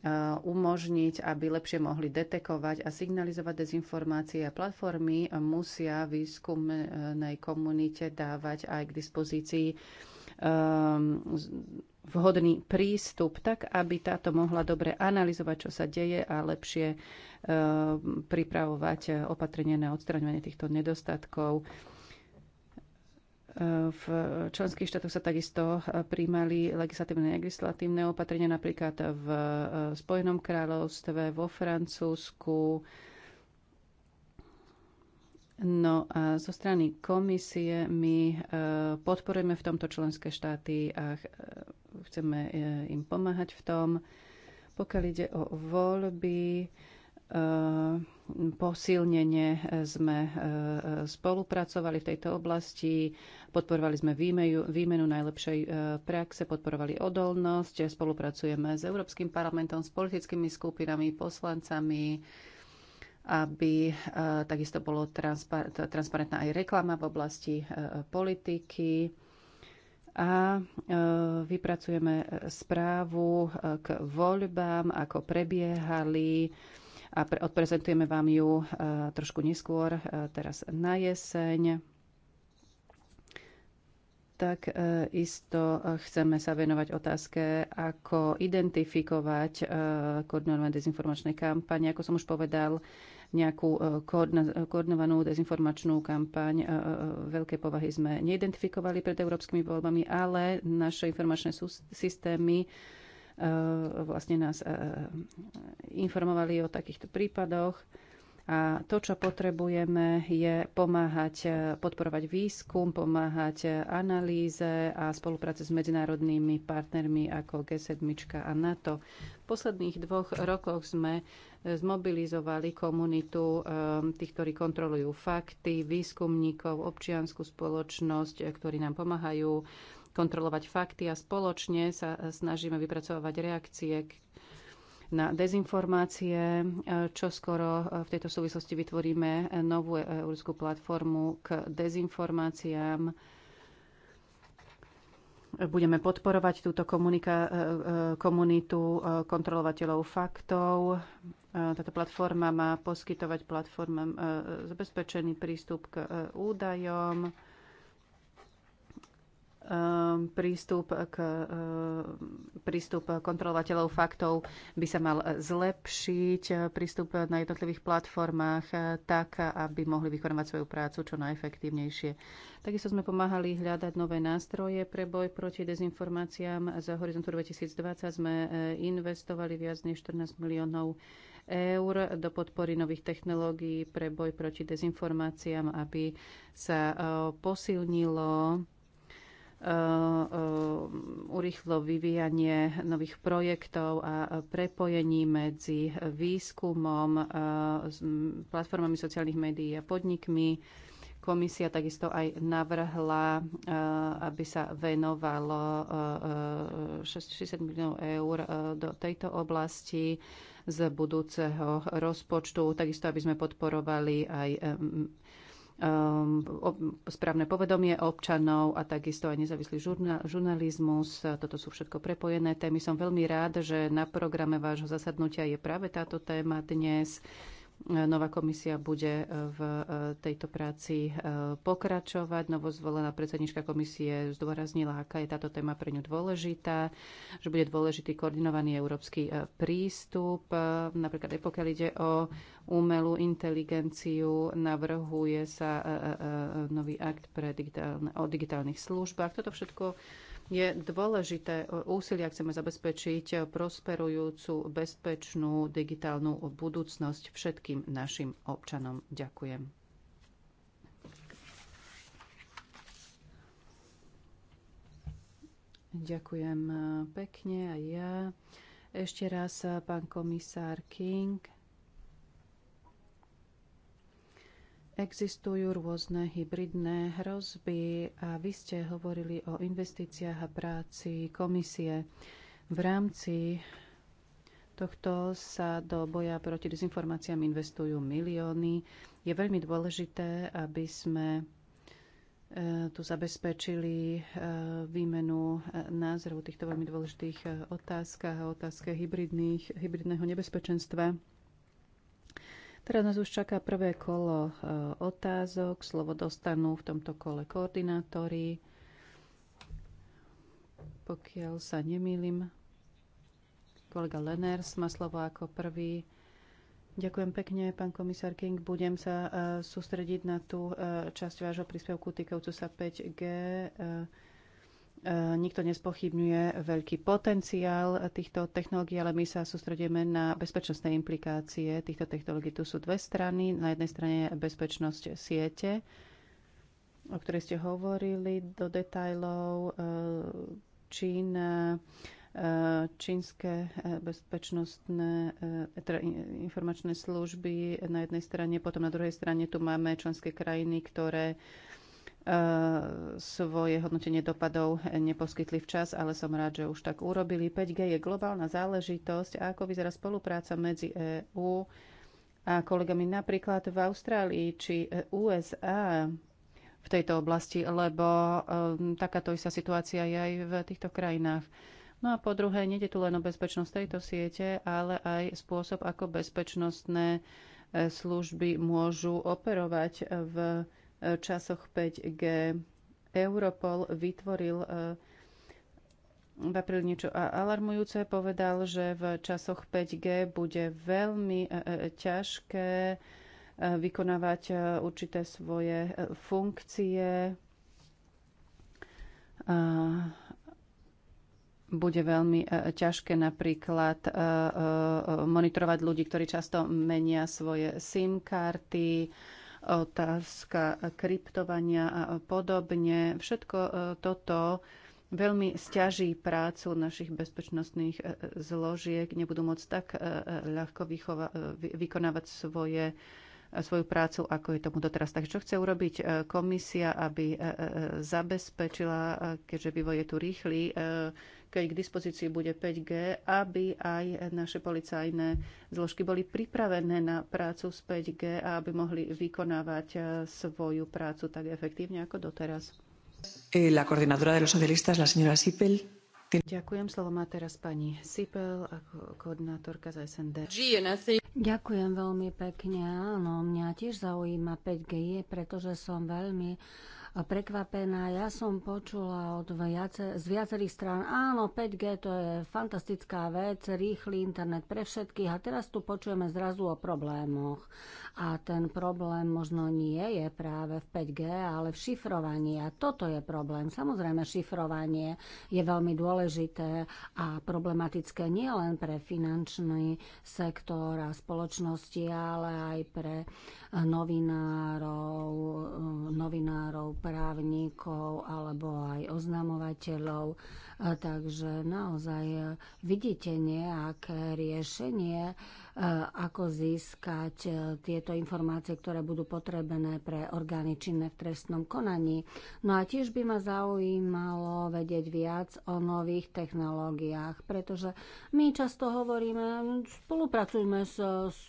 Eh, umožniť, aby lepšie mohli detekovať a signalizovať dezinformácie a platformy musia výskumnej komunite dávať aj k dispozícii ehm, vhodný prístup, tak aby táto mohla dobre analyzovať, čo sa deje a lepšie eh, pripravovať opatrenia na odstraňovanie týchto nedostatkov. V členských štátoch sa takisto príjmali legislatívne legislatívne opatrenia napríklad v e, Spojenom kráľovstve, vo Francúzsku. No a zo strany komisie my e, podporujeme v tomto členské štáty a e, chceme im pomáhať v tom. Pokiaľ ide o voľby, Eh, posilnenie eh, sme eh, spolupracovali v tejto oblasti, podporovali sme výmenu, výmenu najlepšej praxe, podporovali odolnosť, spolupracujeme s Európskym parlamentom, s politickými skupinami, poslancami, aby takisto bolo transparentná aj reklama v oblasti politiky a vypracujeme správu k voľbám, ako prebiehali a pre, odprezentujeme vám ju e, trošku neskôr, e, teraz na jeseň tak e, isto chceme sa venovať otázke, ako identifikovať koordinované dezinformačné kampane. Ako som už povedal, nejakú koordinovanú dezinformačnú kampaň veľké povahy sme neidentifikovali pred európskymi voľbami, ale naše informačné systémy E, vlastne nás e, informovali o takýchto prípadoch. A to, čo potrebujeme, je pomáhať, e, podporovať výskum, pomáhať analýze a spolupráce s medzinárodnými partnermi ako G7 a NATO. V posledných dvoch rokoch sme zmobilizovali komunitu tých, ktorí kontrolujú fakty, výskumníkov, občianskú spoločnosť, ktorí nám pomáhajú kontrolovať fakty a spoločne sa snažíme vypracovať reakcie na dezinformácie. E, čo skoro e, v tejto súvislosti vytvoríme e, novú európsku platformu k dezinformáciám. Budeme podporovať túto komunitu kontrolovateľov faktov. Táto platforma má poskytovať platformám zabezpečený prístup k údajom Ehm, prístup, k, ehm, prístup kontrolovateľov faktov by sa mal zlepšiť, eh, prístup na jednotlivých platformách eh, tak, aby mohli vykonávať svoju prácu čo najefektívnejšie. Takisto sme pomáhali hľadať nové nástroje pre boj proti dezinformáciám. Za Horizontu 2020 sme eh, investovali viac než 14 miliónov eur do podpory nových technológií pre boj proti dezinformáciám, aby sa posilnilo Eh, eh, urýchlo vyvíjanie nových projektov a prepojení medzi výskumom, eh, platformami sociálnych médií a podnikmi. Komisia takisto aj navrhla, aby sa venovalo 60 miliónov eur do tejto oblasti z budúceho rozpočtu. Takisto, aby sme podporovali aj Ehm, správne povedomie občanov a takisto aj nezávislý žurnalizmus. Toto sú všetko prepojené témy. Som veľmi rád, že na programe vášho zasadnutia je práve táto téma dnes. Nová komisia bude e, v e, tejto práci e, pokračovať. Novozvolená predsednička komisie zdôraznila, aká je táto téma pre ňu dôležitá, že bude dôležitý koordinovaný európsky prístup. Napríklad aj pokiaľ ide o umelú inteligenciu, navrhuje sa nový akt pre digitálne, o digitálnych službách. Toto všetko je dôležité e, úsilie, ak chceme zabezpečiť e, prosperujúcu, bezpečnú digitálnu budúcnosť všetkým našim občanom. Ďakujem. Ďakujem e, pekne aj ja. Ešte raz pán komisár King. Existujú rôzne hybridné hrozby a vy ste hovorili o investíciách a práci komisie. V rámci tohto sa do boja proti dezinformáciám investujú milióny. Je veľmi dôležité, aby sme e, tu zabezpečili e, výmenu e, názorov týchto veľmi dôležitých otázkach a otázke hybridného nebezpečenstva. Teraz nás už čaká prvé kolo e, otázok. Slovo dostanú v tomto kole koordinátori. Pokiaľ sa nemýlim, kolega Lenners má slovo ako prvý. Ďakujem pekne, pán komisár King. Budem sa e, sústrediť na tú e, časť vášho príspevku týkajúcu sa 5G E, nikto nespochybňuje veľký potenciál týchto technológií, ale my sa sústredíme na bezpečnostné implikácie týchto technológií. Tu sú dve strany. Na jednej strane je bezpečnosť siete, o ktorej ste hovorili do detajlov. E, Čína, e, čínske bezpečnostné teda informačné služby na jednej strane, potom na druhej strane tu máme členské krajiny, ktoré Eh, svoje hodnotenie dopadov neposkytli včas, ale som rád, že už tak urobili. 5G je globálna záležitosť a ako vyzerá spolupráca medzi EÚ a kolegami napríklad v Austrálii či USA v tejto oblasti, lebo um, takáto istá situácia je aj v týchto krajinách. No a po druhé, nejde tu len o bezpečnosť tejto siete, ale aj spôsob, ako bezpečnostné eh, služby môžu operovať v časoch 5G. Europol vytvoril e, v apríli niečo alarmujúce. Povedal, že v časoch 5G bude veľmi e, e, ťažké vykonávať určité svoje funkcie. Bude veľmi ťažké napríklad monitorovať ľudí, ktorí často menia svoje SIM karty, otázka kryptovania a podobne. Všetko e, toto veľmi stiaží prácu našich bezpečnostných e, zložiek, nebudú môcť tak e, ľahko vykonávať svoje svoju prácu, ako je tomu doteraz. Takže čo chce urobiť e, komisia, aby e, e, zabezpečila, keďže vývoj je tu rýchly, keď k dispozícii bude 5G, aby aj naše policajné zložky boli pripravené na prácu s 5G a aby mohli vykonávať svoju prácu tak efektívne ako doteraz. Eh, la coordinadora de los socialistas, la señora Sipel. Ďakujem, slovo má teraz pani Sipel, ako koordinátorka za SND. Ďakujem veľmi pekne. Áno, mňa tiež zaujíma 5G, pretože som veľmi prekvapená. Ja som počula od viace, z viacerých strán, áno, 5G to je fantastická vec, rýchly internet pre všetkých a teraz tu počujeme zrazu o problémoch. A ten problém možno nie je práve v 5G, ale v šifrovaní. A toto je problém. Samozrejme, šifrovanie je veľmi dôležité a problematické nielen pre finančný sektor a spoločnosti, ale aj pre uh, novinárov, novinárov, právnikov alebo aj oznamovateľov Takže naozaj e, vidíte nejaké riešenie, e, ako získať e, tieto informácie, ktoré budú potrebné pre orgány činné v trestnom konaní. No a tiež by ma zaujímalo vedieť viac o nových technológiách, pretože my často hovoríme, spolupracujme s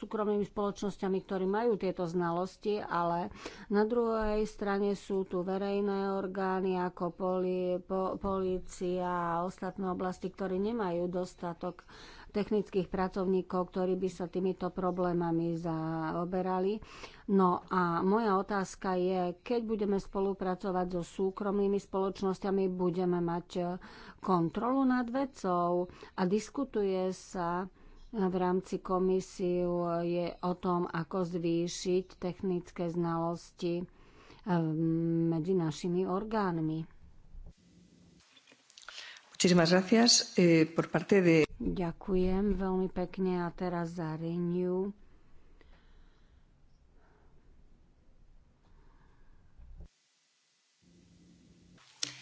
súkromnými spoločnosťami, ktorí majú tieto znalosti, ale na druhej strane sú tu verejné orgány ako poli, po, policia, a ostatné oblasti, ktoré nemajú dostatok technických pracovníkov, ktorí by sa týmito problémami zaoberali. No a moja otázka je, keď budeme spolupracovať so súkromnými spoločnosťami, budeme mať e, kontrolu nad vecou a diskutuje sa e, v rámci komisie je o tom, ako zvýšiť technické znalosti e, medzi našimi orgánmi. Eh, ďakujem veľmi pekne a teraz za Renew.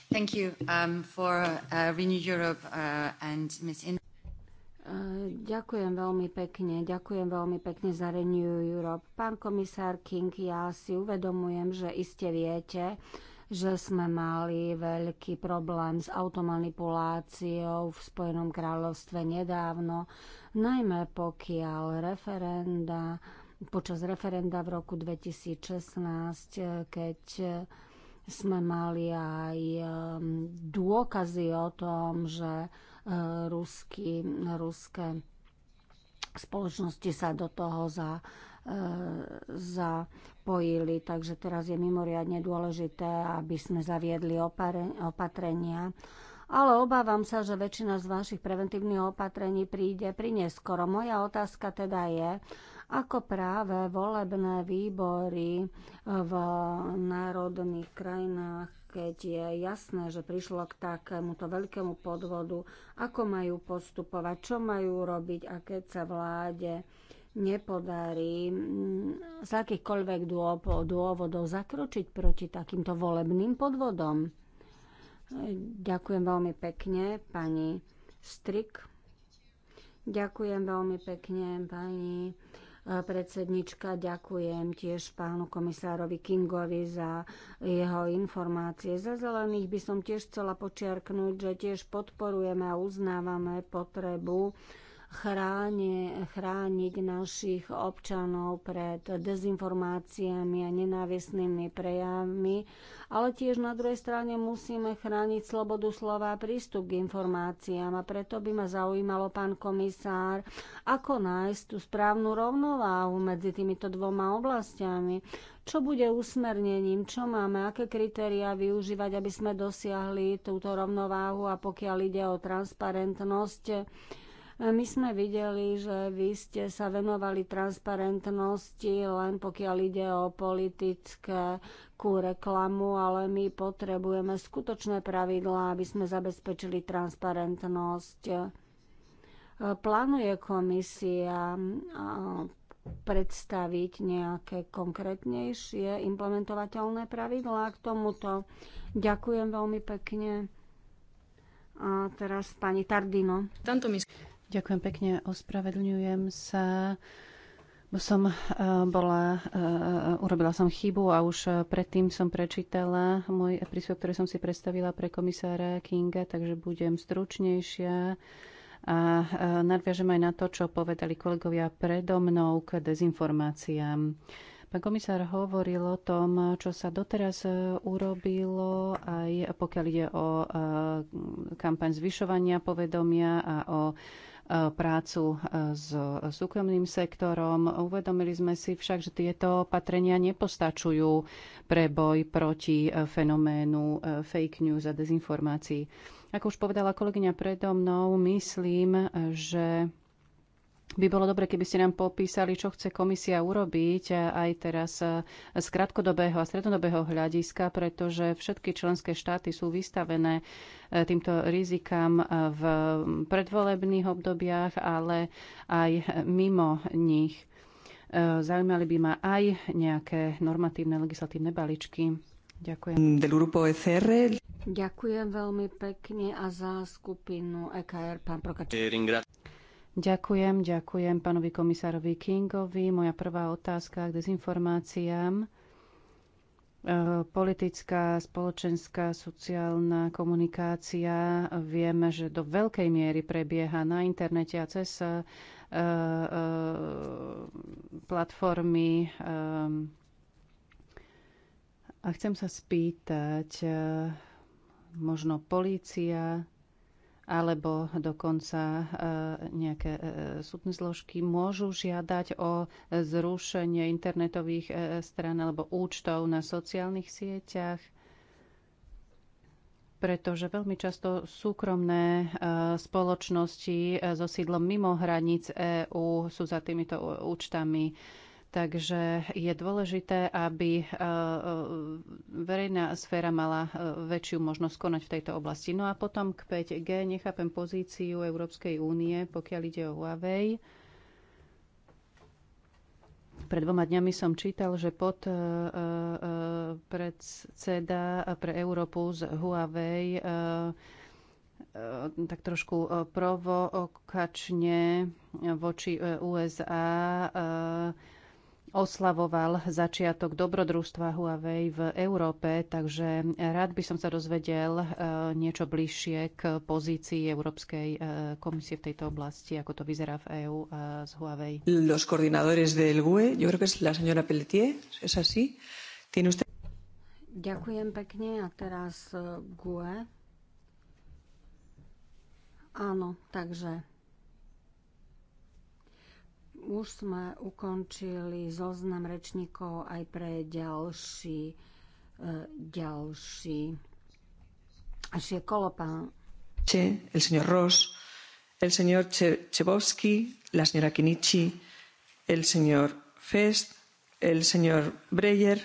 Thank you um, for uh, Renew Europe uh, and Ms. In- uh, Ďakujem veľmi pekne, ďakujem veľmi pekne za Renew Europe. Pán komisár King, ja si uvedomujem, že iste viete, že sme mali veľký problém s automanipuláciou v Spojenom kráľovstve nedávno, najmä pokiaľ referenda, počas referenda v roku 2016, keď sme mali aj um, dôkazy o tom, že uh, rusky, ruské spoločnosti sa do toho za, uh, za spojili, takže teraz je mimoriadne dôležité, aby sme zaviedli opatrenia. Ale obávam sa, že väčšina z vašich preventívnych opatrení príde pri neskoro. Moja otázka teda je, ako práve volebné výbory v národných krajinách keď je jasné, že prišlo k takémuto veľkému podvodu, ako majú postupovať, čo majú robiť a keď sa vláde nepodarí mm, z akýchkoľvek dôvodov zakročiť proti takýmto volebným podvodom. Ďakujem veľmi pekne, pani Strik. Ďakujem veľmi pekne, pani e, predsednička. Ďakujem tiež pánu komisárovi Kingovi za jeho informácie. Za zelených by som tiež chcela počiarknúť, že tiež podporujeme a uznávame potrebu chráni, chrániť našich občanov pred dezinformáciami a nenávisnými prejavmi, ale tiež na druhej strane musíme chrániť slobodu slova a prístup k informáciám a preto by ma zaujímalo, pán komisár, ako nájsť tú správnu rovnováhu medzi týmito dvoma oblastiami, čo bude usmernením, čo máme, aké kritériá využívať, aby sme dosiahli túto rovnováhu a pokiaľ ide o transparentnosť, my sme videli, že vy ste sa venovali transparentnosti len pokiaľ ide o politické ku reklamu, ale my potrebujeme skutočné pravidlá, aby sme zabezpečili transparentnosť. E, plánuje komisia e, predstaviť nejaké konkrétnejšie implementovateľné pravidlá k tomuto. Ďakujem veľmi pekne. A teraz pani Tardino. Ďakujem pekne, ospravedlňujem sa. Som eh, bola, eh, urobila som chybu a už eh, predtým som prečítala môj príspevok, ktorý som si predstavila pre komisára Kinga, takže budem stručnejšia a nadviažem aj na to, čo povedali kolegovia predo mnou k dezinformáciám. Pán komisár hovoril o tom, čo sa doteraz urobilo, aj pokiaľ ide o kampaň zvyšovania povedomia a o prácu e, s súkromným sektorom. Uvedomili sme si však, že tieto opatrenia nepostačujú pre boj proti e, fenoménu e, fake news a dezinformácií. Ako už povedala kolegyňa predo mnou, myslím, že by bolo dobre, keby ste nám popísali, čo chce komisia urobiť e, aj teraz e, z krátkodobého a strednodobého hľadiska, pretože všetky členské štáty sú vystavené e, týmto rizikám v predvolebných obdobiach, ale aj mimo nich. Zaujímali by ma aj nejaké normatívne legislatívne baličky. Ďakujem. Del grupo ECR. Ďakujem veľmi pekne a za skupinu EKR, pán Prokač. Eh, Ďakujem, ďakujem pánovi komisárovi Kingovi. Moja prvá otázka k dezinformáciám. E, politická, spoločenská, sociálna komunikácia. Vieme, že do veľkej miery prebieha na internete a cez e, e, platformy. A chcem sa spýtať, možno polícia alebo dokonca e, nejaké e, súdne zložky môžu žiadať o zrušenie internetových e, strán alebo účtov na sociálnych sieťach, pretože veľmi často súkromné spoločnosti so sídlom mimo hraníc EÚ sú za týmito účtami Takže je dôležité, aby e, e, verejná sféra mala e, väčšiu možnosť konať v tejto oblasti. No a potom k 5G nechápem pozíciu Európskej únie, pokiaľ ide o Huawei. Pred dvoma dňami som čítal, že pod predseda pre Európu z Huawei tak trošku provokačne voči USA oslavoval začiatok dobrodružstva Huawei v Európe, takže rád by som sa dozvedel e, niečo bližšie k pozícii Európskej e, komisie v tejto oblasti, ako to vyzerá v EÚ e, s Huawei. Los coordinadores del UE, yo creo que es la señora Pelletier, es así. Tiene usted... Ďakujem pekne a teraz GUE. Áno, takže už sme ukončili zoznam rečníkov aj pre ďalší, e, ďalší. Až je kolo pán. El señor Ross, el señor Čebovský, la señora Kinichi, el señor Fest, el señor Breyer,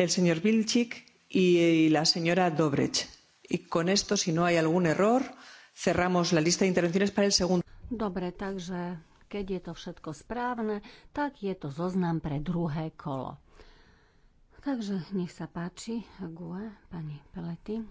el señor Vilchik y la señora Dobrech. Y con esto, si no hay algún error, cerramos la lista de intervenciones para el segundo. Dobre, takže keď je to všetko správne, tak je to zoznam pre druhé kolo. Takže nech sa páči, Gue, pani Pelety.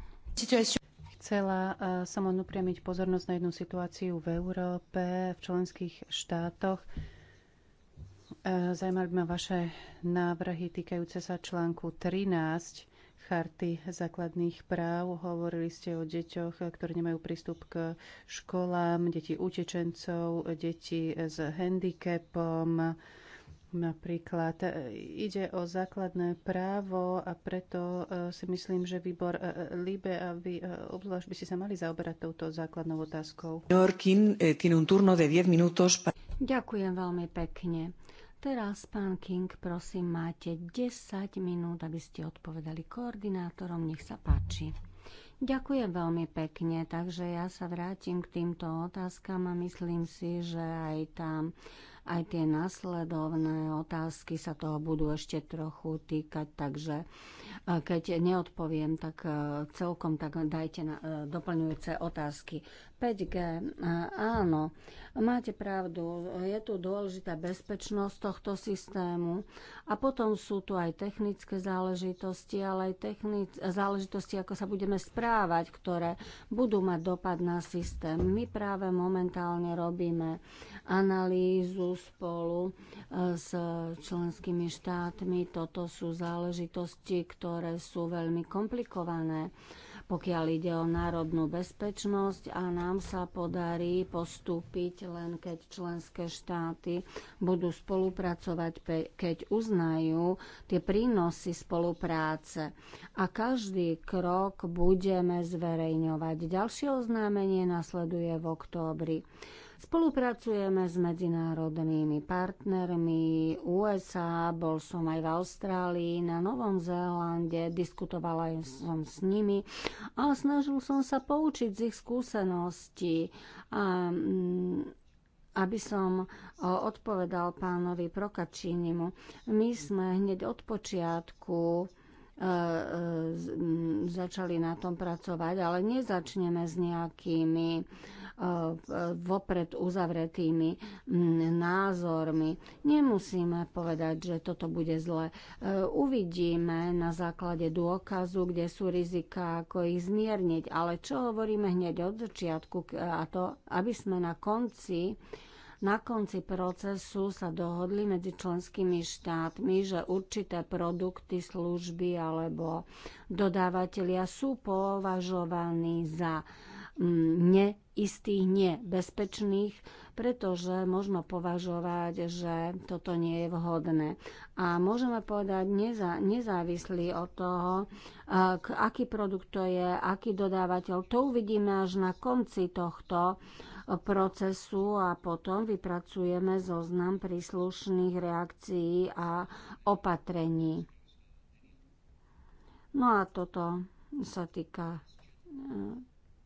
Chcela e, som upriamiť pozornosť na jednu situáciu v Európe, v členských štátoch. E, Zajímali by ma vaše návrhy týkajúce sa článku 13 charty základných práv. Hovorili ste o deťoch, ktoré nemajú prístup k školám, deti utečencov, deti s handicapom. Napríklad e, ide o základné právo a preto e, si myslím, že výbor e, Libe aby obzvlášť by ste sa mali zaoberať touto základnou otázkou. Eh, Ďakujem veľmi pekne. Teraz, pán King, prosím, máte 10 minút, aby ste odpovedali koordinátorom. Nech sa páči. Ďakujem veľmi pekne, takže ja sa vrátim k týmto otázkam a myslím si, že aj tam aj tie následovné otázky sa toho budú ešte trochu týkať, takže keď neodpoviem, tak e, celkom tak dajte na e, doplňujúce otázky. 5G, e, áno, máte pravdu, je tu dôležitá bezpečnosť tohto systému a potom sú tu aj technické záležitosti, ale aj technic- záležitosti, ako sa budeme správať, ktoré budú mať dopad na systém. My práve momentálne robíme analýzu spolu s členskými štátmi. Toto sú záležitosti, ktoré ktoré sú veľmi komplikované, pokiaľ ide o národnú bezpečnosť a nám sa podarí postúpiť len keď členské štáty budú spolupracovať, keď uznajú tie prínosy spolupráce. A každý krok budeme zverejňovať. Ďalšie oznámenie nasleduje v októbri. Spolupracujeme s medzinárodnými partnermi USA, bol som aj v Austrálii, na Novom Zélande, diskutovala som s nimi a snažil som sa poučiť z ich skúseností. Mm, aby som odpovedal pánovi Prokačínimu. My sme hneď od počiatku e, e, začali na tom pracovať, ale nezačneme s nejakými Eh, vopred uzavretými mm, názormi. Nemusíme povedať, že toto bude zle. Eh, uvidíme na základe dôkazu, kde sú rizika, ako ich zmierniť. Ale čo hovoríme hneď od začiatku, a to, aby sme na konci na konci procesu sa dohodli medzi členskými štátmi, že určité produkty, služby alebo dodávateľia sú považovaní za neistých, nebezpečných, pretože možno považovať, že toto nie je vhodné. A môžeme povedať nezá, nezávislí od toho, k, aký produkt to je, aký dodávateľ. To uvidíme až na konci tohto procesu a potom vypracujeme zoznam príslušných reakcií a opatrení. No a toto sa týka e,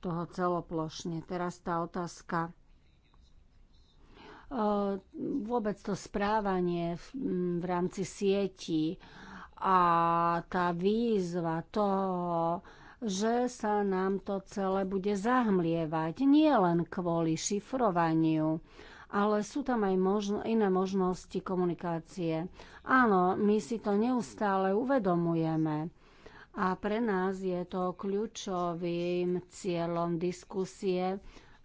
toho celoplošne. Teraz tá otázka e, vôbec to správanie v, rámci sieti a tá výzva toho, že sa nám to celé bude zahmlievať, nie len kvôli šifrovaniu, ale sú tam aj možno, iné možnosti komunikácie. Áno, my si to neustále uvedomujeme. A pre nás je to kľúčovým cieľom diskusie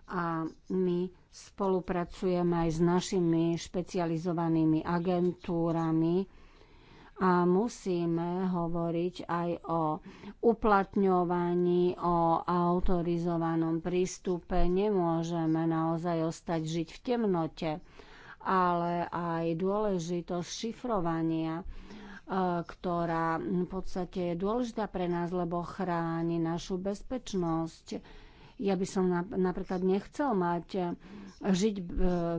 a my spolupracujeme aj s našimi špecializovanými agentúrami a musíme hovoriť aj o uplatňovaní, o autorizovanom prístupe. Nemôžeme naozaj ostať žiť v temnote, ale aj dôležitosť šifrovania E, ktorá v podstate je dôležitá pre nás, lebo chráni našu bezpečnosť. Ja by som napríklad nechcel mať e, žiť e,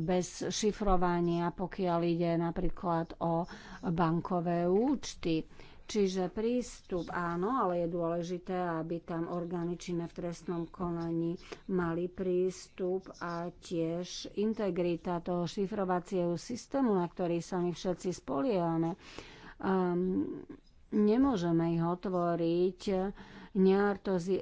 bez šifrovania, pokiaľ ide napríklad o bankové účty. Čiže prístup áno, ale je dôležité, aby tam orgány činné v trestnom konaní mali prístup a tiež integrita toho šifrovacieho systému, na ktorý sa my všetci spoliehame. Um, nemôžeme ich otvoriť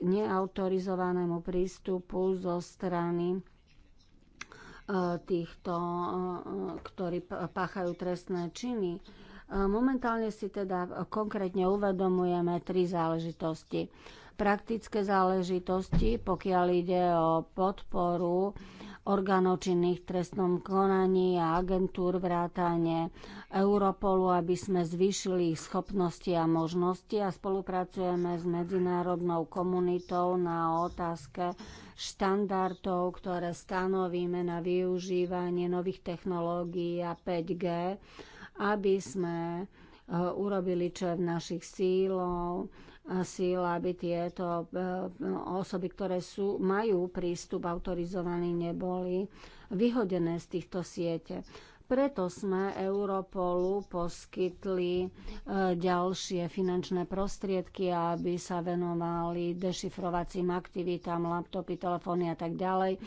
neautorizovanému prístupu zo strany eh, týchto, eh, ktorí páchajú trestné činy. Ehm, momentálne si teda konkrétne uvedomujeme tri záležitosti. Praktické záležitosti, pokiaľ ide o podporu orgánov činných trestnom konaní a agentúr vrátane Europolu, aby sme zvýšili ich schopnosti a možnosti a spolupracujeme s medzinárodnou komunitou na otázke štandardov, ktoré stanovíme na využívanie nových technológií a 5G, aby sme eh, urobili čo je v našich sílov síl, aby tieto e, osoby, ktoré sú, majú prístup autorizovaný, neboli vyhodené z týchto siete. Preto sme Europolu poskytli e, ďalšie finančné prostriedky, aby sa venovali dešifrovacím aktivitám, laptopy, telefóny a tak ďalej. E,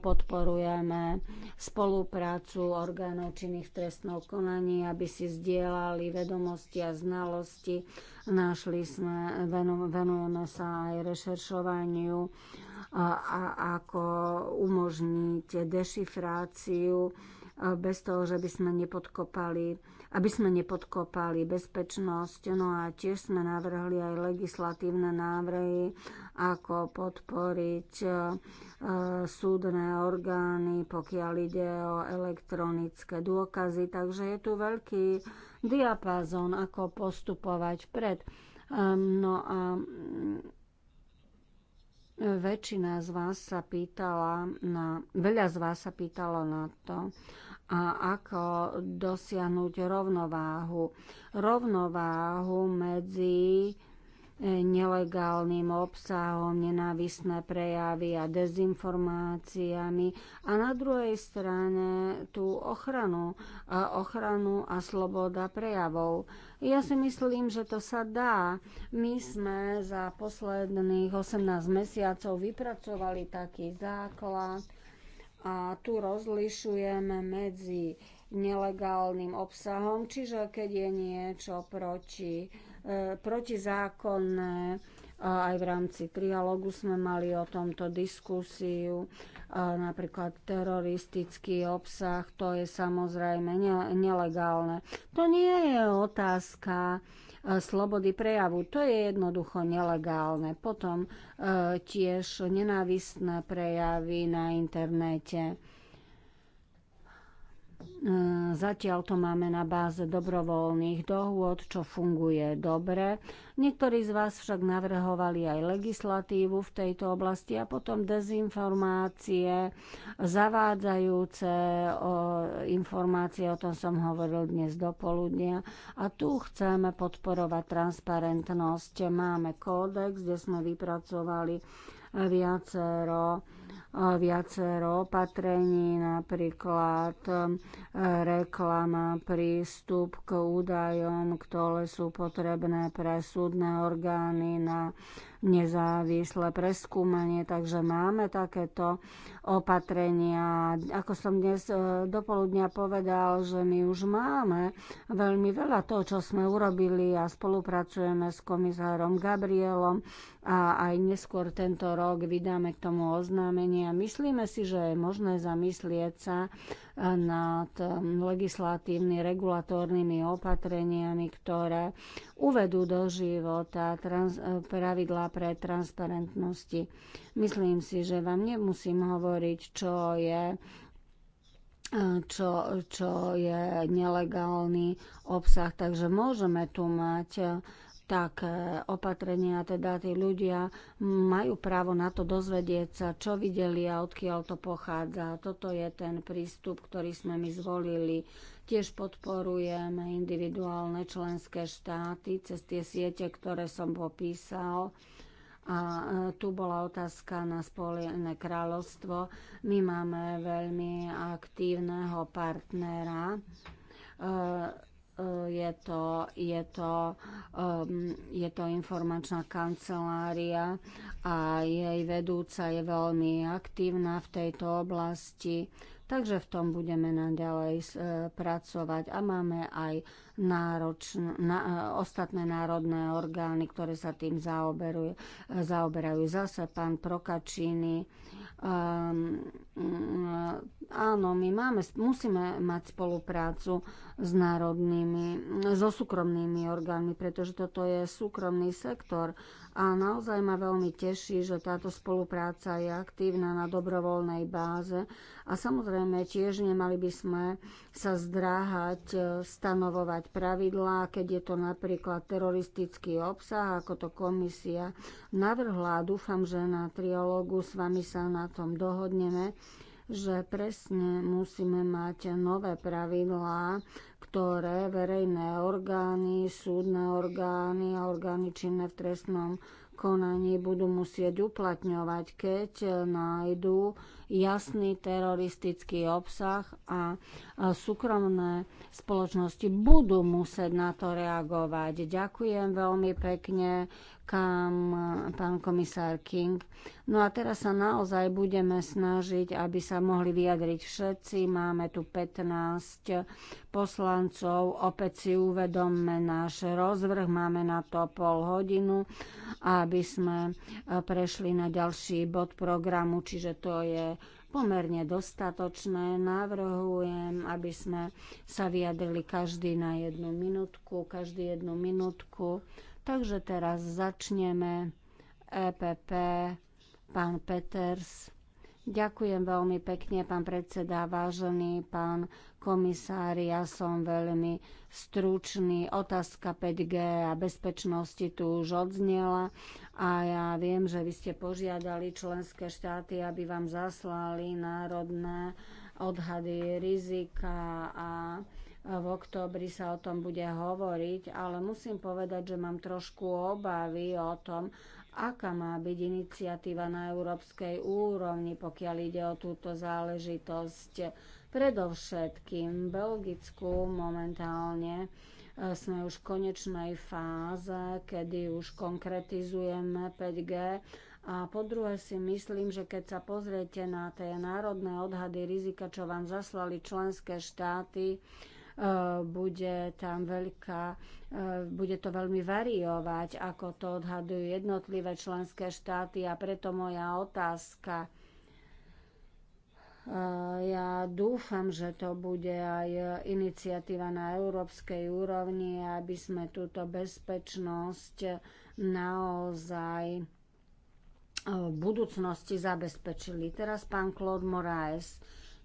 podporujeme spoluprácu orgánov činných trestnou trestnom konaní, aby si zdieľali vedomosti a znalosti. Našli sme, venujeme sa aj rešeršovaniu a ako umožniť dešifráciu bez toho, že by sme nepodkopali, aby sme nepodkopali bezpečnosť. No a tiež sme navrhli aj legislatívne návrhy, ako podporiť e, súdne orgány, pokiaľ ide o elektronické dôkazy. Takže je tu veľký diapázon, ako postupovať pred. No a mm, väčšina z vás sa pýtala na, veľa z vás sa pýtalo na to, a ako dosiahnuť rovnováhu. Rovnováhu medzi e, nelegálnym obsahom, nenávisné prejavy a dezinformáciami a na druhej strane tú ochranu, a ochranu a sloboda prejavov. Ja si myslím, že to sa dá. My sme za posledných 18 mesiacov vypracovali taký základ, a tu rozlišujeme medzi nelegálnym obsahom, čiže keď je niečo proti, e, protizákonné, a aj v rámci trialogu sme mali o tomto diskusiu, a napríklad teroristický obsah, to je samozrejme ne- nelegálne. To nie je otázka E, slobody prejavu. To je jednoducho nelegálne. Potom e, tiež nenávistné prejavy na internete E, zatiaľ to máme na báze dobrovoľných dohôd, čo funguje dobre. Niektorí z vás však navrhovali aj legislatívu v tejto oblasti a potom dezinformácie, zavádzajúce o informácie, o tom som hovoril dnes do poludnia. A tu chceme podporovať transparentnosť. Máme kódex, kde sme vypracovali viacero viacero opatrení, napríklad e, reklama, prístup k údajom, ktoré sú potrebné pre súdne orgány na nezávislé preskúmanie, takže máme takéto opatrenia. Ako som dnes e, dopoludnia povedal, že my už máme veľmi veľa toho, čo sme urobili a spolupracujeme s komisárom Gabrielom a aj neskôr tento rok vydáme k tomu oznámenie a myslíme si, že je možné zamyslieť sa e, nad legislatívnymi regulatórnymi opatreniami, ktoré uvedú do života trans- e, pravidlá pre transparentnosti. Myslím si, že vám nemusím hovoriť, čo je e, čo, čo je nelegálny obsah. Takže môžeme tu mať e, také opatrenia, teda tí ľudia majú právo na to dozvedieť sa, čo videli a odkiaľ to pochádza. Toto je ten prístup, ktorý sme my zvolili Tiež podporujem individuálne členské štáty cez tie siete, ktoré som popísal. A e, tu bola otázka na Spojené kráľovstvo. My máme veľmi aktívneho partnera. E, e, je to, je to, um, je to informačná kancelária a jej vedúca je veľmi aktívna v tejto oblasti Takže v tom budeme naďalej e, pracovať a máme aj náročné, na, e, ostatné národné orgány, ktoré sa tým zaoberujú, e, zaoberajú. Zase pán Prokačíny um, Mm, e, áno, my máme, musíme mať spoluprácu s národnými, so súkromnými orgánmi, pretože toto je súkromný sektor. A naozaj ma veľmi teší, že táto spolupráca je aktívna na dobrovoľnej báze. A samozrejme tiež nemali by sme sa zdráhať e, stanovovať pravidlá, keď je to napríklad teroristický obsah, ako to komisia navrhla. Dúfam, že na triologu s vami sa na tom dohodneme že presne musíme mať nové pravidlá, ktoré verejné orgány, súdne orgány a orgány činné v trestnom konaní budú musieť uplatňovať, keď nájdú jasný teroristický obsah a súkromné spoločnosti budú musieť na to reagovať. Ďakujem veľmi pekne kam pán komisár King. No a teraz sa naozaj budeme snažiť, aby sa mohli vyjadriť všetci. Máme tu 15 poslancov. Opäť si uvedomme náš rozvrh. Máme na to pol hodinu, aby sme eh, prešli na ďalší bod programu, čiže to je pomerne dostatočné. Navrhujem, aby sme sa vyjadrili každý na jednu minútku, každý jednu minútku. Takže teraz začneme. EPP, pán Peters. Ďakujem veľmi pekne, pán predseda, vážený pán komisár. Ja som veľmi stručný. Otázka 5G a bezpečnosti tu už odznela a ja viem, že vy ste požiadali členské štáty, aby vám zaslali národné odhady rizika a v oktobri sa o tom bude hovoriť, ale musím povedať, že mám trošku obavy o tom, aká má byť iniciatíva na európskej úrovni, pokiaľ ide o túto záležitosť. Predovšetkým V Belgicku momentálne e, sme už v konečnej fáze, kedy už konkretizujeme 5G a po druhé si myslím, že keď sa pozriete na tie národné odhady rizika, čo vám zaslali členské štáty, Eh, bude tam veľká, eh, bude to veľmi variovať, ako to odhadujú jednotlivé členské štáty a preto moja otázka. Eh, ja dúfam, že to bude aj iniciatíva na európskej úrovni, aby sme túto bezpečnosť naozaj v budúcnosti zabezpečili. Teraz pán Claude Moraes.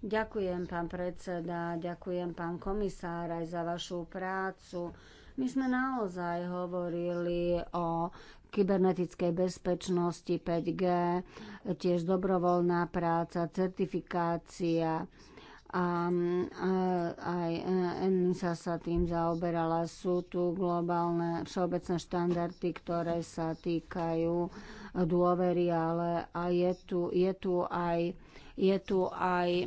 Ďakujem, pán predseda, ďakujem, pán komisár, aj za vašu prácu. My sme naozaj hovorili o kybernetickej bezpečnosti 5G, tiež dobrovoľná práca, certifikácia a, aj e, ENISA sa tým zaoberala. Sú tu globálne všeobecné štandardy, ktoré sa týkajú dôvery, ale a je, tu, je tu aj je tu aj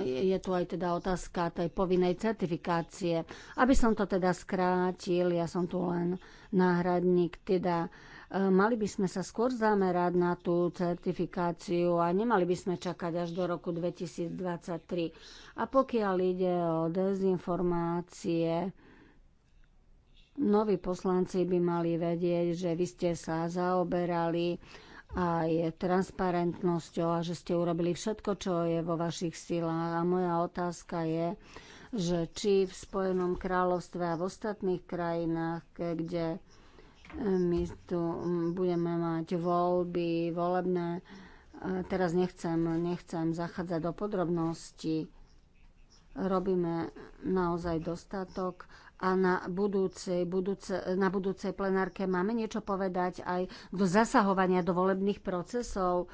je tu aj teda otázka tej povinnej certifikácie. Aby som to teda skrátil, ja som tu len náhradník, teda e, mali by sme sa skôr zamerať na tú certifikáciu a nemali by sme čakať až do roku 2023. A pokiaľ ide o dezinformácie, noví poslanci by mali vedieť, že vy ste sa zaoberali aj transparentnosťou a že ste urobili všetko, čo je vo vašich silách. A moja otázka je, že či v Spojenom kráľovstve a v ostatných krajinách, kde e, my tu budeme mať voľby, volebné, e, teraz nechcem, nechcem zachádzať do podrobností, robíme naozaj dostatok a na budúcej, budúce, na budúcej plenárke máme niečo povedať aj do zasahovania do volebných procesov.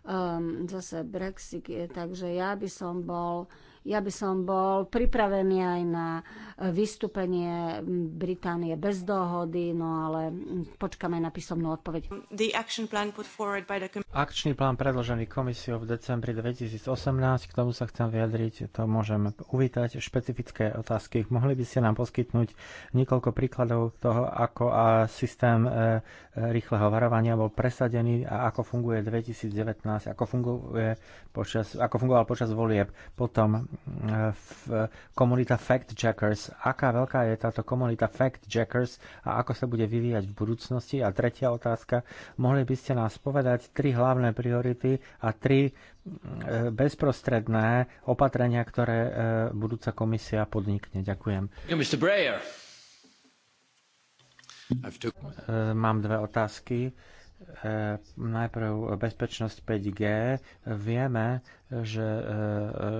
Um, zase Brexit je, takže ja by som bol ja by som bol pripravený aj na vystúpenie Británie bez dohody, no ale počkáme na písomnú odpoveď. The action plan put forward by the Akčný plán predložený komisiou v decembri 2018, k tomu sa chcem vyjadriť, to môžem uvítať. Špecifické otázky. Mohli by ste nám poskytnúť niekoľko príkladov toho, ako a systém e, e rýchleho varovania bol presadený a ako funguje 2019, ako, funguje počas, ako fungoval počas volieb. Potom e, v, komunita Fact Checkers. Aká veľká je táto komunita Fact Checkers a ako sa bude vyvíjať v budúcnosti? A tretia otázka. Mohli by ste nás povedať tri hlavné priority a tri e, bezprostredné opatrenia, ktoré e, budúca komisia podnikne. Ďakujem. E, mám dve otázky. Najprv bezpečnosť 5G. Vieme, že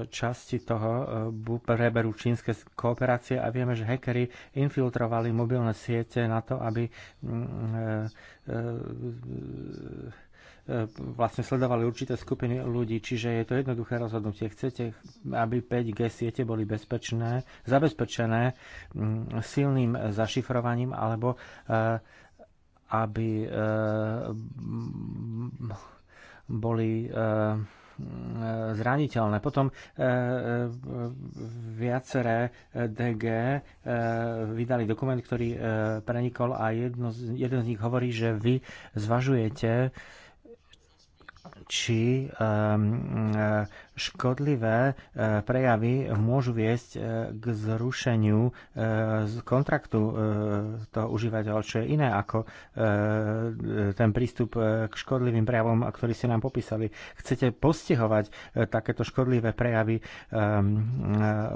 časti toho preberú čínske kooperácie a vieme, že hackeri infiltrovali mobilné siete na to, aby mm, E, vlastne sledovali určité skupiny ľudí, čiže je to jednoduché rozhodnutie. Chcete, aby 5G siete boli bezpečné, zabezpečené mm, silným zašifrovaním alebo e, aby e, boli zraniteľné. Potom viaceré DG vydali dokument, ktorý prenikol a jedno, jeden z nich hovorí, že vy zvažujete či ehm, škodlivé e, prejavy môžu viesť e, k zrušeniu e, kontraktu toho užívateľa, čo je iné ako ten prístup k škodlivým prejavom, ktorý ste nám popísali. Chcete postihovať takéto škodlivé prejavy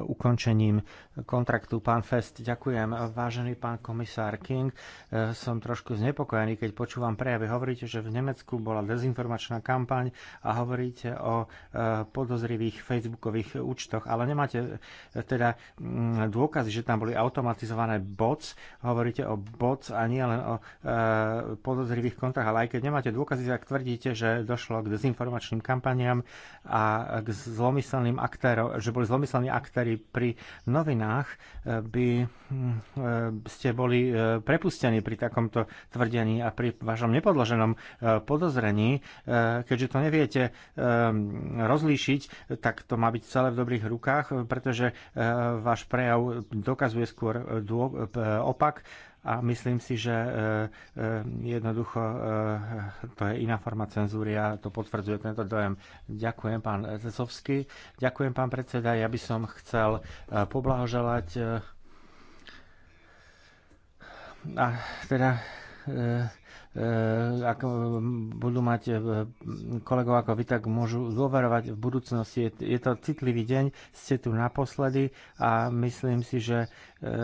ukončením kontraktu. Pán Fest, ďakujem. Vážený pán komisár King, som trošku znepokojený, keď počúvam prejavy. Hovoríte, že v Nemecku bola dezinformačná kampaň a hovoríte o pod podozrivých facebookových účtoch, ale nemáte e, teda mm, dôkazy, že tam boli automatizované bots. Hovoríte o bots a nie len o e, podozrivých kontách, ale aj keď nemáte dôkazy, ak tvrdíte, že došlo k dezinformačným kampaniám a k zlomyselným aktérom, že boli zlomyselní aktéry pri novinách, e, by mm, ste boli prepustení pri takomto tvrdení a pri vašom nepodloženom podozrení, keďže to neviete rozlíšiť, tak to má byť celé v dobrých rukách, pretože e, váš prejav dokazuje skôr e, e, opak a myslím si, že jednoducho to je iná forma cenzúry a to potvrdzuje tento dojem. Ďakujem pán Zesovský, ďakujem pán predseda, ja by som chcel poblahoželať a teda E, ak budú mať e, kolegov ako vy, tak môžu zoverovať v budúcnosti. Je to citlivý deň, ste tu naposledy a myslím si, že e,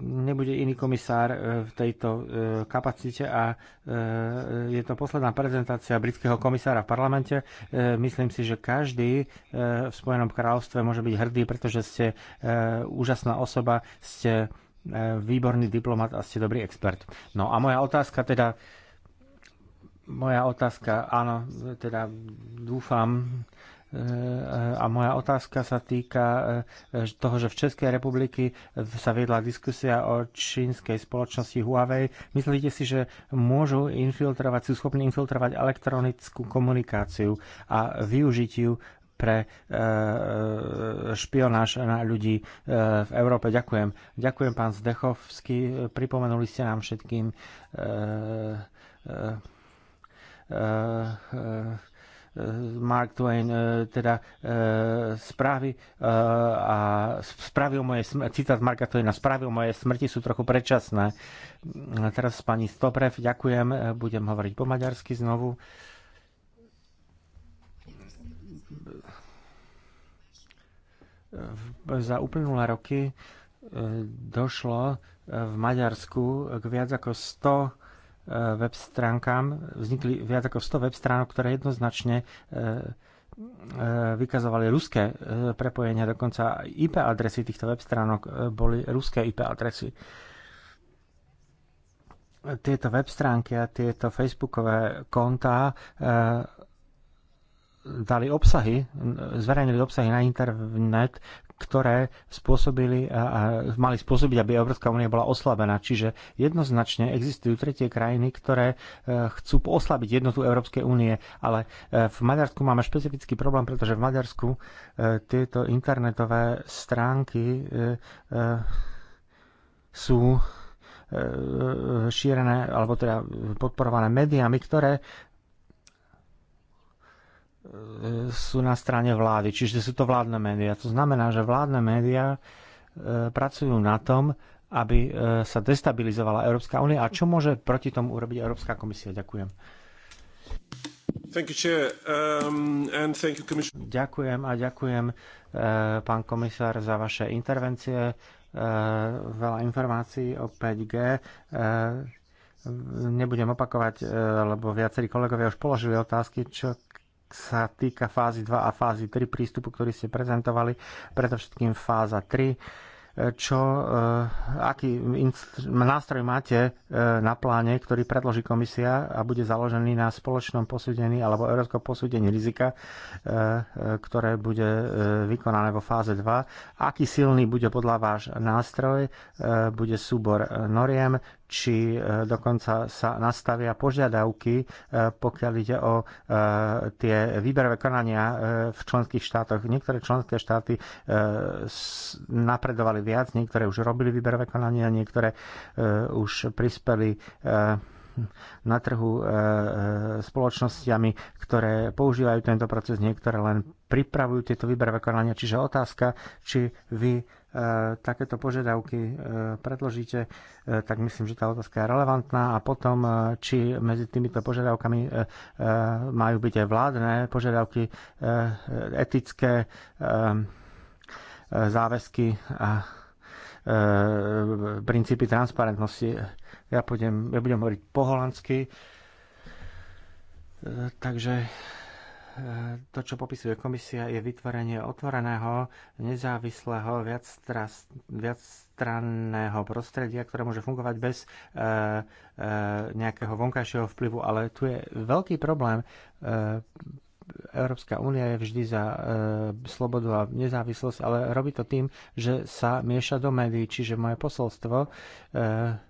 nebude iný komisár e, v tejto e, kapacite a e, je to posledná prezentácia britského komisára v parlamente. Myslím si, že každý v Spojenom kráľovstve môže byť hrdý, pretože ste úžasná osoba, ste výborný diplomat a ste dobrý expert. No a moja otázka teda, moja otázka, áno, teda dúfam, a moja otázka sa týka e, e, toho, že v Českej republiky sa viedla diskusia o čínskej spoločnosti Huawei. Myslíte si, že môžu infiltrovať, sú schopní infiltrovať elektronickú komunikáciu a využiť ju pre e, špionáž na ľudí v Európe. Ďakujem. Ďakujem, pán Zdechovský. Pripomenuli ste nám všetkým Eh, Mark Twain eh, teda eh, správy a spravil moje citát Marka Twaina, spravil moje smrti sú trochu predčasné. Mm, a teraz pani Stoprev, ďakujem, budem hovoriť po maďarsky znovu. Za uplynulé roky došlo v Maďarsku k viac ako 100 Eh, web stránkám. Vznikli viac ako 100 web stránok, ktoré jednoznačne eh, eh, vykazovali ruské prepojenia, dokonca IP adresy týchto web stránok boli ruské IP adresy. Tieto web stránky a tieto facebookové konta dali obsahy, zverejnili obsahy na internet, ktoré spôsobili mali spôsobiť, aby Európska únia bola oslabená. Čiže jednoznačne existujú tretie krajiny, ktoré e, chcú oslabiť jednotu Európskej únie, ale e, v Maďarsku máme špecifický problém, pretože v Maďarsku e, tieto internetové stránky sú šírené alebo teda podporované médiami, ktoré E, sú na strane vlády, čiže sú to vládne médiá. To znamená, že vládne médiá e, pracujú na tom, aby e, sa destabilizovala Európska únia. A čo môže proti tomu urobiť Európska komisia? Ďakujem. You, um, you, ďakujem a ďakujem, pán komisár, za vaše intervencie. Veľa informácií o 5G. Nebudem opakovať, lebo viacerí kolegovia už položili otázky, čo sa týka fázy 2 a fázy 3 prístupu, ktorý ste prezentovali, predovšetkým fáza 3. Čo, eh, aký nástroj máte eh, na pláne, ktorý predloží komisia a bude založený na spoločnom posúdení alebo európskom posúdení rizika, eh, ktoré bude vykonané vo fáze 2. Aký silný bude podľa váš nástroj, bude súbor noriem, či e, dokonca sa nastavia požiadavky, e, pokiaľ ide o e, tie výberové konania v členských štátoch. Niektoré členské štáty napredovali viac, niektoré už robili výberové konania, niektoré už prispeli na trhu e, e, spoločnosťami, ktoré používajú tento proces, niektoré len pripravujú tieto výberové konania. Čiže otázka, či vy e, takéto požiadavky predložíte, tak myslím, že tá otázka je relevantná a potom, či medzi týmito požiadavkami majú byť aj vládne požiadavky etické záväzky a princípy transparentnosti ja, pôjdem, ja budem hovoriť po holandsky. E, takže e, to, čo popisuje komisia, je vytvorenie otvoreného, nezávislého, viacstranného prostredia, ktoré môže fungovať bez e, e, nejakého vonkajšieho vplyvu. Ale tu je veľký problém. E, Európska únia je vždy za e, slobodu a nezávislosť, ale robí to tým, že sa mieša do médií. Čiže moje posolstvo e,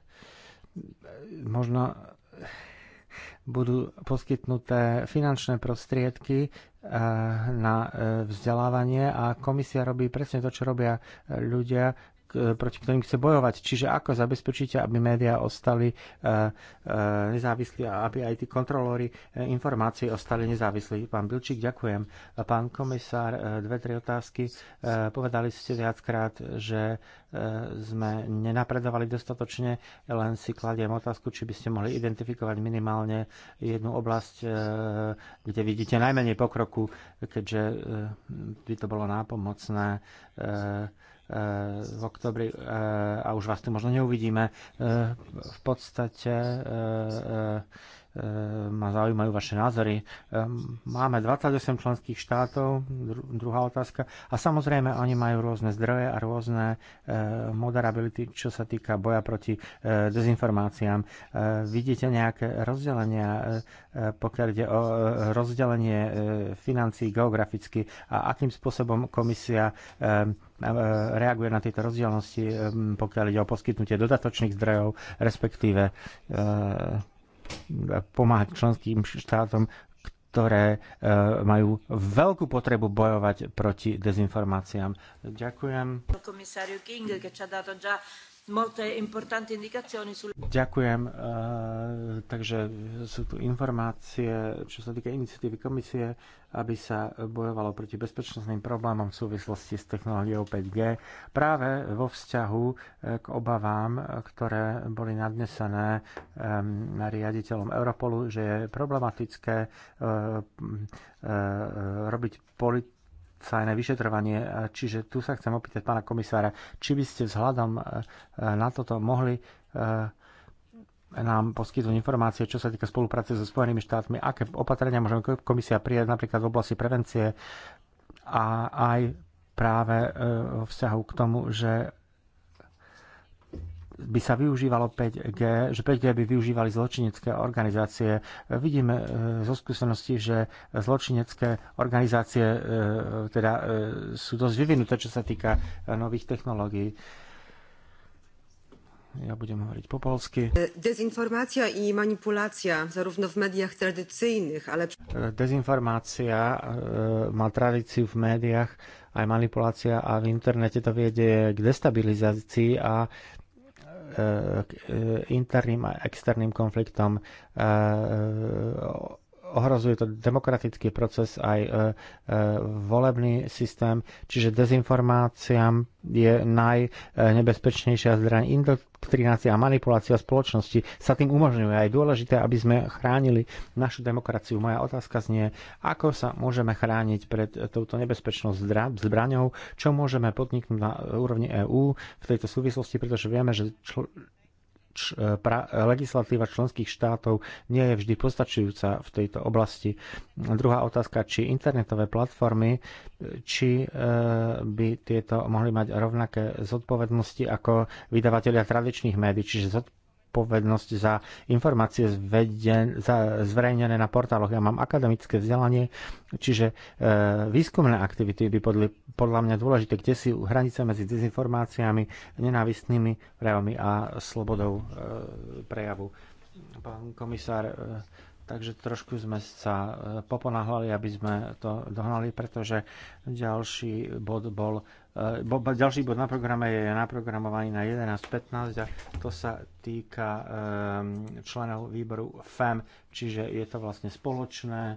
možno budú poskytnuté finančné prostriedky eh, na eh, vzdelávanie a komisia robí presne to, čo robia ľudia, proti ktorým chce bojovať. Čiže ako zabezpečíte, aby médiá ostali e, e, nezávislí a aby aj tí kontrolóri e, informácií ostali nezávislí. Pán Bilčík, ďakujem. Pán komisár, dve, tri otázky. Povedali ste viackrát, že sme nenapredovali dostatočne, len si kladiem otázku, či by ste mohli identifikovať minimálne jednu oblasť, kde vidíte najmenej pokroku, keďže by to bolo nápomocné v oktobri e, a už vás tu možno neuvidíme. E, v podstate e, Ehm, ma zaujímajú vaše názory. Ehm, máme 28 členských štátov, druhá otázka. A samozrejme, oni majú rôzne zdroje a rôzne ehm, moderability, čo sa týka boja proti dezinformáciám. Vidíte nejaké rozdelenia, pokiaľ ide o rozdelenie financií geograficky a akým spôsobom komisia reaguje na tieto rozdielnosti, pokiaľ ide o poskytnutie dodatočných zdrojov, respektíve pomáhať členským štátom, ktoré e, majú veľkú potrebu bojovať proti dezinformáciám. Ďakujem. Ďakujem. Eh, takže sú tu informácie, čo sa týka iniciatívy komisie, aby sa bojovalo proti bezpečnostným problémom v súvislosti s technológiou 5G práve vo vzťahu eh, k obavám, ktoré boli nadnesené ehm, riaditeľom Europolu, že je problematické eh, robiť politiku na vyšetrovanie. Čiže tu sa chcem opýtať pána komisára, či by ste vzhľadom e, na toto mohli e, nám poskytnúť informácie, čo sa týka spolupráce so Spojenými štátmi, aké opatrenia môže komisia prijať napríklad v oblasti prevencie a aj práve e, vo vzťahu k tomu, že by sa využívalo 5G, že 5G by využívali zločinecké organizácie. Vidíme e, zo skúsenosti, že zločinecké organizácie e, teda e, sú dosť vyvinuté, čo sa týka nových technológií. Ja budem hovoriť po polsky. Dezinformácia i manipulácia, zarówno v médiách tradycyjnych, ale... Dezinformácia má tradíciu v médiách, aj manipulácia a v internete to viede k destabilizácii a Eh, eh, interným a externým konfliktom eh, ohrozuje to demokratický proces aj e, e, volebný systém, čiže dezinformáciám je najnebezpečnejšia zdraň. Indoktrinácia a manipulácia spoločnosti sa tým umožňuje. Aj dôležité, aby sme chránili našu demokraciu. Moja otázka znie, ako sa môžeme chrániť pred touto nebezpečnou zbraňou, čo môžeme podniknúť na úrovni EÚ v tejto súvislosti, pretože vieme, že č, e, pra, legislatíva členských štátov nie je vždy postačujúca v tejto oblasti. Druhá otázka, či internetové platformy, e, či e, by tieto mohli mať rovnaké zodpovednosti ako vydavatelia tradičných médií, čiže zodpovednosti zodpovednosť za informácie zveden, za, zverejnené na portáloch. Ja mám akademické vzdelanie, čiže e, výskumné aktivity by podľa, podľa mňa dôležité, kde si hranice medzi dezinformáciami, nenávistnými prejavmi a slobodou e, prejavu. Pán komisár, e, takže trošku sme sa e, poponáhľali, aby sme to dohnali, pretože ďalší bod bol e, bo, ďalší bod na programe je naprogramovaný na 11.15 a to sa týka e, členov výboru FEM, čiže je to vlastne spoločné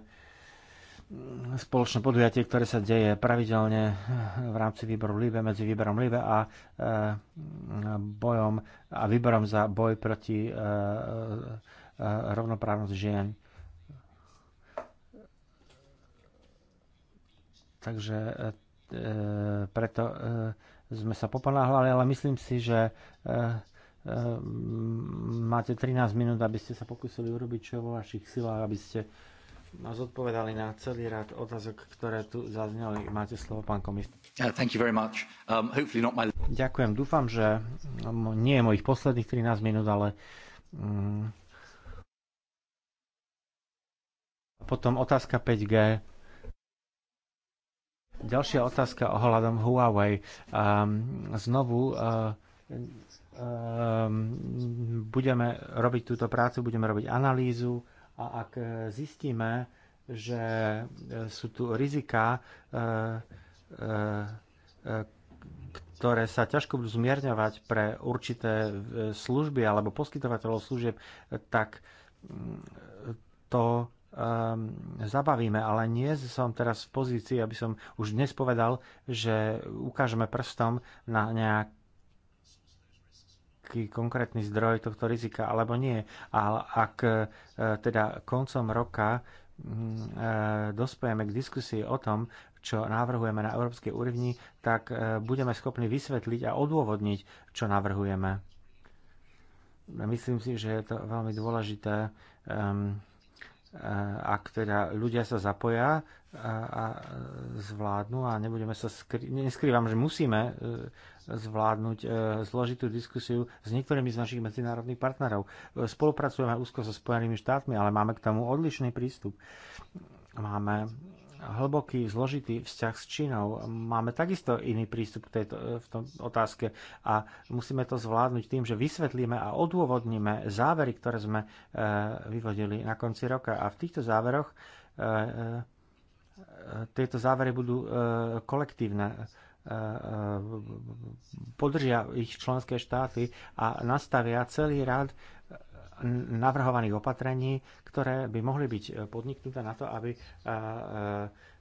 spoločné podujatie, ktoré sa deje pravidelne v rámci výboru LIBE, medzi výberom LIBE a bojom a výborom za boj proti rovnoprávnosť žien. Takže e, e, preto e, sme sa poponáhľali, ale myslím si, že e, e máte 13 minút, aby ste sa pokúsili urobiť čo vo vašich silách, aby ste nás odpovedali na celý rád otázok, ktoré tu zazneli. Máte slovo, pán komisár. much. um, my... Ďakujem. Dúfam, že no, nie je mojich posledných 13 minút, ale um... potom otázka 5G Ďalšia otázka ohľadom Huawei. Um, znovu um, budeme robiť túto prácu, budeme robiť analýzu a ak zistíme, že sú tu rizika, uh, uh, ktoré sa ťažko budú zmierňovať pre určité e, služby alebo poskytovateľov služieb, tak mm, to um, zabavíme, ale nie som teraz v pozícii, aby som už dnes povedal, že ukážeme prstom na nejaký konkrétny zdroj tohto rizika, alebo nie. Ale ak e, teda koncom roka mm, e, dospojeme k diskusii o tom, čo navrhujeme na európskej úrovni, tak e, budeme schopní vysvetliť a odôvodniť, čo navrhujeme. Myslím si, že je to veľmi dôležité. Um, ak teda ľudia sa zapoja a, a zvládnu a nebudeme sa skry- neskrývam, že musíme e, zvládnuť e, zložitú diskusiu s niektorými z našich medzinárodných partnerov. E, spolupracujeme úzko so Spojenými štátmi, ale máme k tomu odlišný prístup. Máme hlboký, zložitý vzťah s Čínou. Máme takisto iný prístup k tejto v tom otázke a musíme to zvládnuť tým, že vysvetlíme a odôvodníme závery, ktoré sme e, vyvodili na konci roka. A v týchto záveroch e, e, tieto závery budú kolektívne podržia ich členské štáty a nastavia celý rad navrhovaných opatrení, ktoré by mohli byť e, podniknuté na to, aby e, e,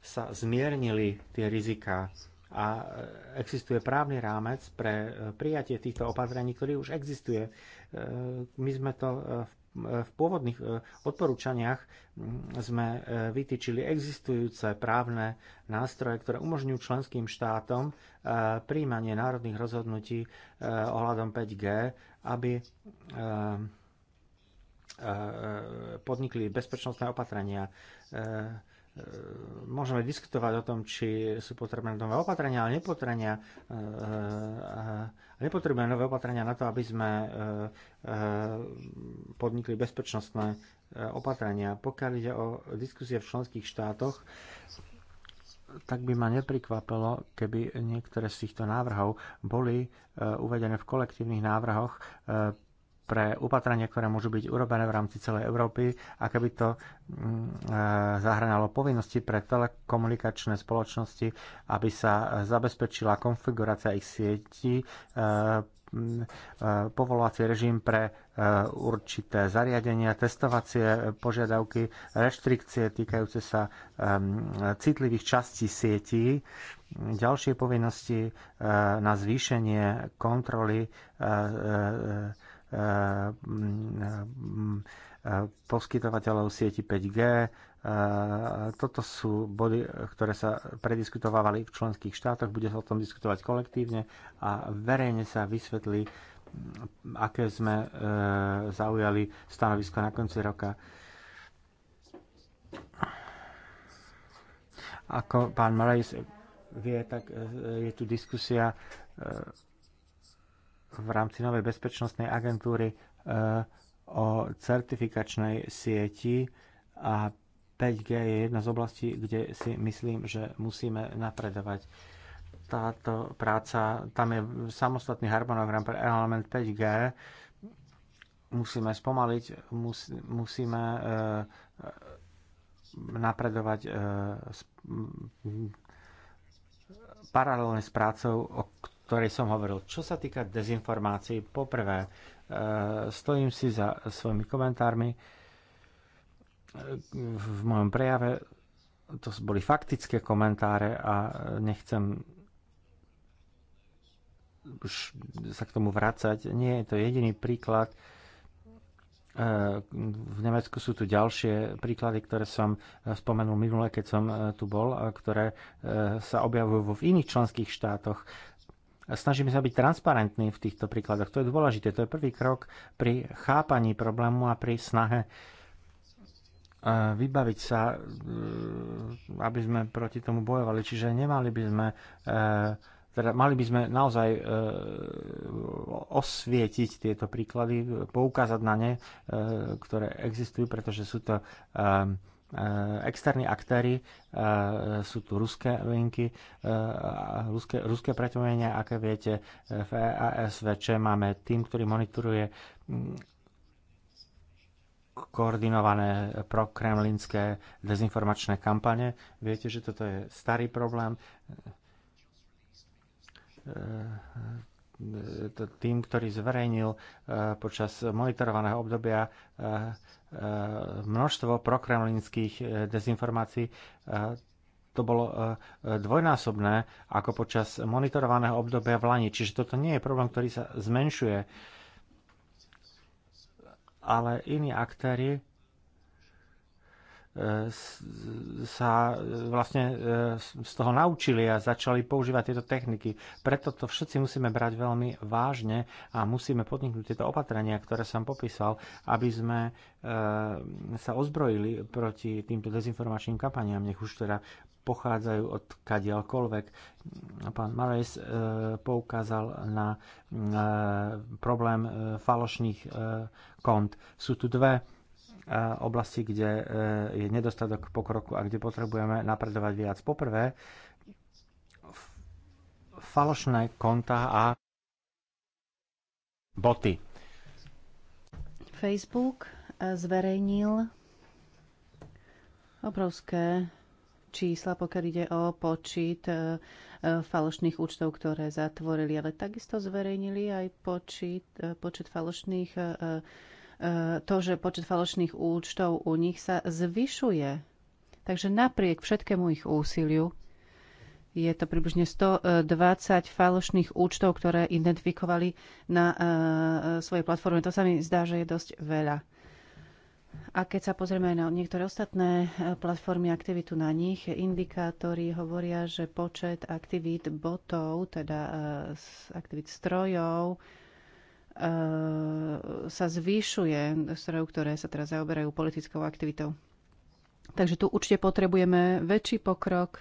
sa zmiernili tie rizika. A existuje právny rámec pre prijatie týchto opatrení, ktorý už existuje. My sme to v pôvodných odporúčaniach sme vytýčili existujúce právne nástroje, ktoré umožňujú členským štátom príjmanie národných rozhodnutí ohľadom 5G, aby E, e, podnikli bezpečnostné opatrenia. E, môžeme diskutovať o tom, či sú potrebné nové opatrenia, ale nepotrenia, nepotrebujeme nové opatrenia na to, aby sme podnikli bezpečnostné opatrenia. Pokiaľ ide o diskusie v členských štátoch, tak by ma neprikvapilo, keby niektoré z týchto návrhov boli uvedené v kolektívnych návrhoch pre upatrenia, ktoré môžu byť urobené v rámci celej Európy a keby to mm, eh, zahrňalo povinnosti pre telekomunikačné spoločnosti, aby sa zabezpečila konfigurácia ich sietí, eh, mm, eh, povolovací režim pre určité zariadenia, testovacie požiadavky, reštrikcie týkajúce sa citlivých častí sietí, ďalšie povinnosti na zvýšenie kontroly poskytovateľov sieti 5G. Toto sú body, ktoré sa prediskutovali v členských štátoch, bude sa o tom diskutovať kolektívne a verejne sa vysvetlí, aké sme e, zaujali stanovisko na konci roka. Ako pán Marais vie, tak e, je tu diskusia e, v rámci novej bezpečnostnej agentúry e, o certifikačnej sieti a 5G je jedna z oblastí, kde si myslím, že musíme napredovať. Táto práca, tam je samostatný harmonogram pre element 5G, musíme spomaliť, mus, musíme e, napredovať e, s, paralelne s prácou, o ktorej som hovoril. Čo sa týka dezinformácií, poprvé, e, stojím si za svojimi komentármi. E, v mojom prejave to boli faktické komentáre a nechcem už sa k tomu vrácať. Nie je to jediný príklad. E, v Nemecku sú tu ďalšie príklady, ktoré som spomenul minule, keď som tu bol, ktoré sa objavujú v iných členských štátoch a snažíme sa byť transparentní v týchto príkladoch. To je dôležité, to je prvý krok pri chápaní problému a pri snahe e, vybaviť sa, e, aby sme proti tomu bojovali. Čiže nemali by sme, e, teda mali by sme naozaj osvietiť tieto príklady, poukázať na ne, ktoré existujú, pretože sú to Eh, externí aktéry, eh, sú tu ruské linky, eh, ruské, ruské pretomenia, aké viete, v EASVČ máme tým, ktorý monitoruje mm, koordinované prokremlinské dezinformačné kampane. Viete, že toto je starý problém tým, ktorý zverejnil e, počas monitorovaného obdobia e, e, množstvo prokremlinských dezinformácií. To bolo dvojnásobné ako počas monitorovaného obdobia v Lani. Čiže toto nie je problém, ktorý sa zmenšuje. Ale iní aktéry sa e, vlastne e, z toho naučili a začali používať tieto techniky. Preto to všetci musíme brať veľmi vážne a musíme podniknúť tieto opatrenia, ktoré som popísal, aby sme e, sa ozbrojili proti týmto dezinformačným kampaniám, nech už teda pochádzajú od kadiaľkoľvek. Pán Marais poukázal na problém falošných kont. Sú tu dve oblasti, kde e, je nedostatok pokroku a kde potrebujeme napredovať viac. Poprvé, falošné konta a boty. Facebook e, zverejnil obrovské čísla, pokiaľ ide o počet e, falošných účtov, ktoré zatvorili, ale takisto zverejnili aj počet, počet falošných E, to, že počet falošných účtov u nich sa zvyšuje. Takže napriek všetkému ich úsiliu je to približne 120 falošných účtov, ktoré identifikovali na e, svojej platforme. To sa mi zdá, že je dosť veľa. A keď sa pozrieme aj na niektoré ostatné e, platformy aktivitu na nich, indikátory hovoria, že počet aktivít botov, teda aktivít strojov, Eh, sa zvyšuje strojov, ktoré sa teraz zaoberajú politickou aktivitou. Takže tu určite potrebujeme väčší pokrok.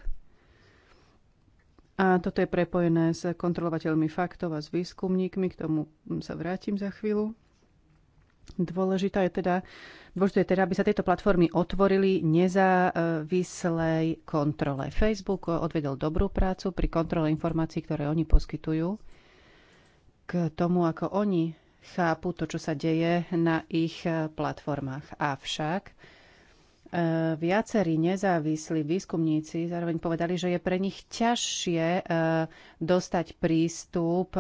A toto je prepojené s kontrolovateľmi faktov a s výskumníkmi, k tomu sa vrátim za chvíľu. Dôležité je teda, dôležité je teda, aby sa tieto platformy otvorili nezávislej kontrole. Facebook odvedel dobrú prácu pri kontrole informácií, ktoré oni poskytujú k tomu, ako oni chápu to, čo sa deje na ich e, platformách. Avšak e, viacerí nezávislí výskumníci zároveň povedali, že je pre nich ťažšie e, dostať prístup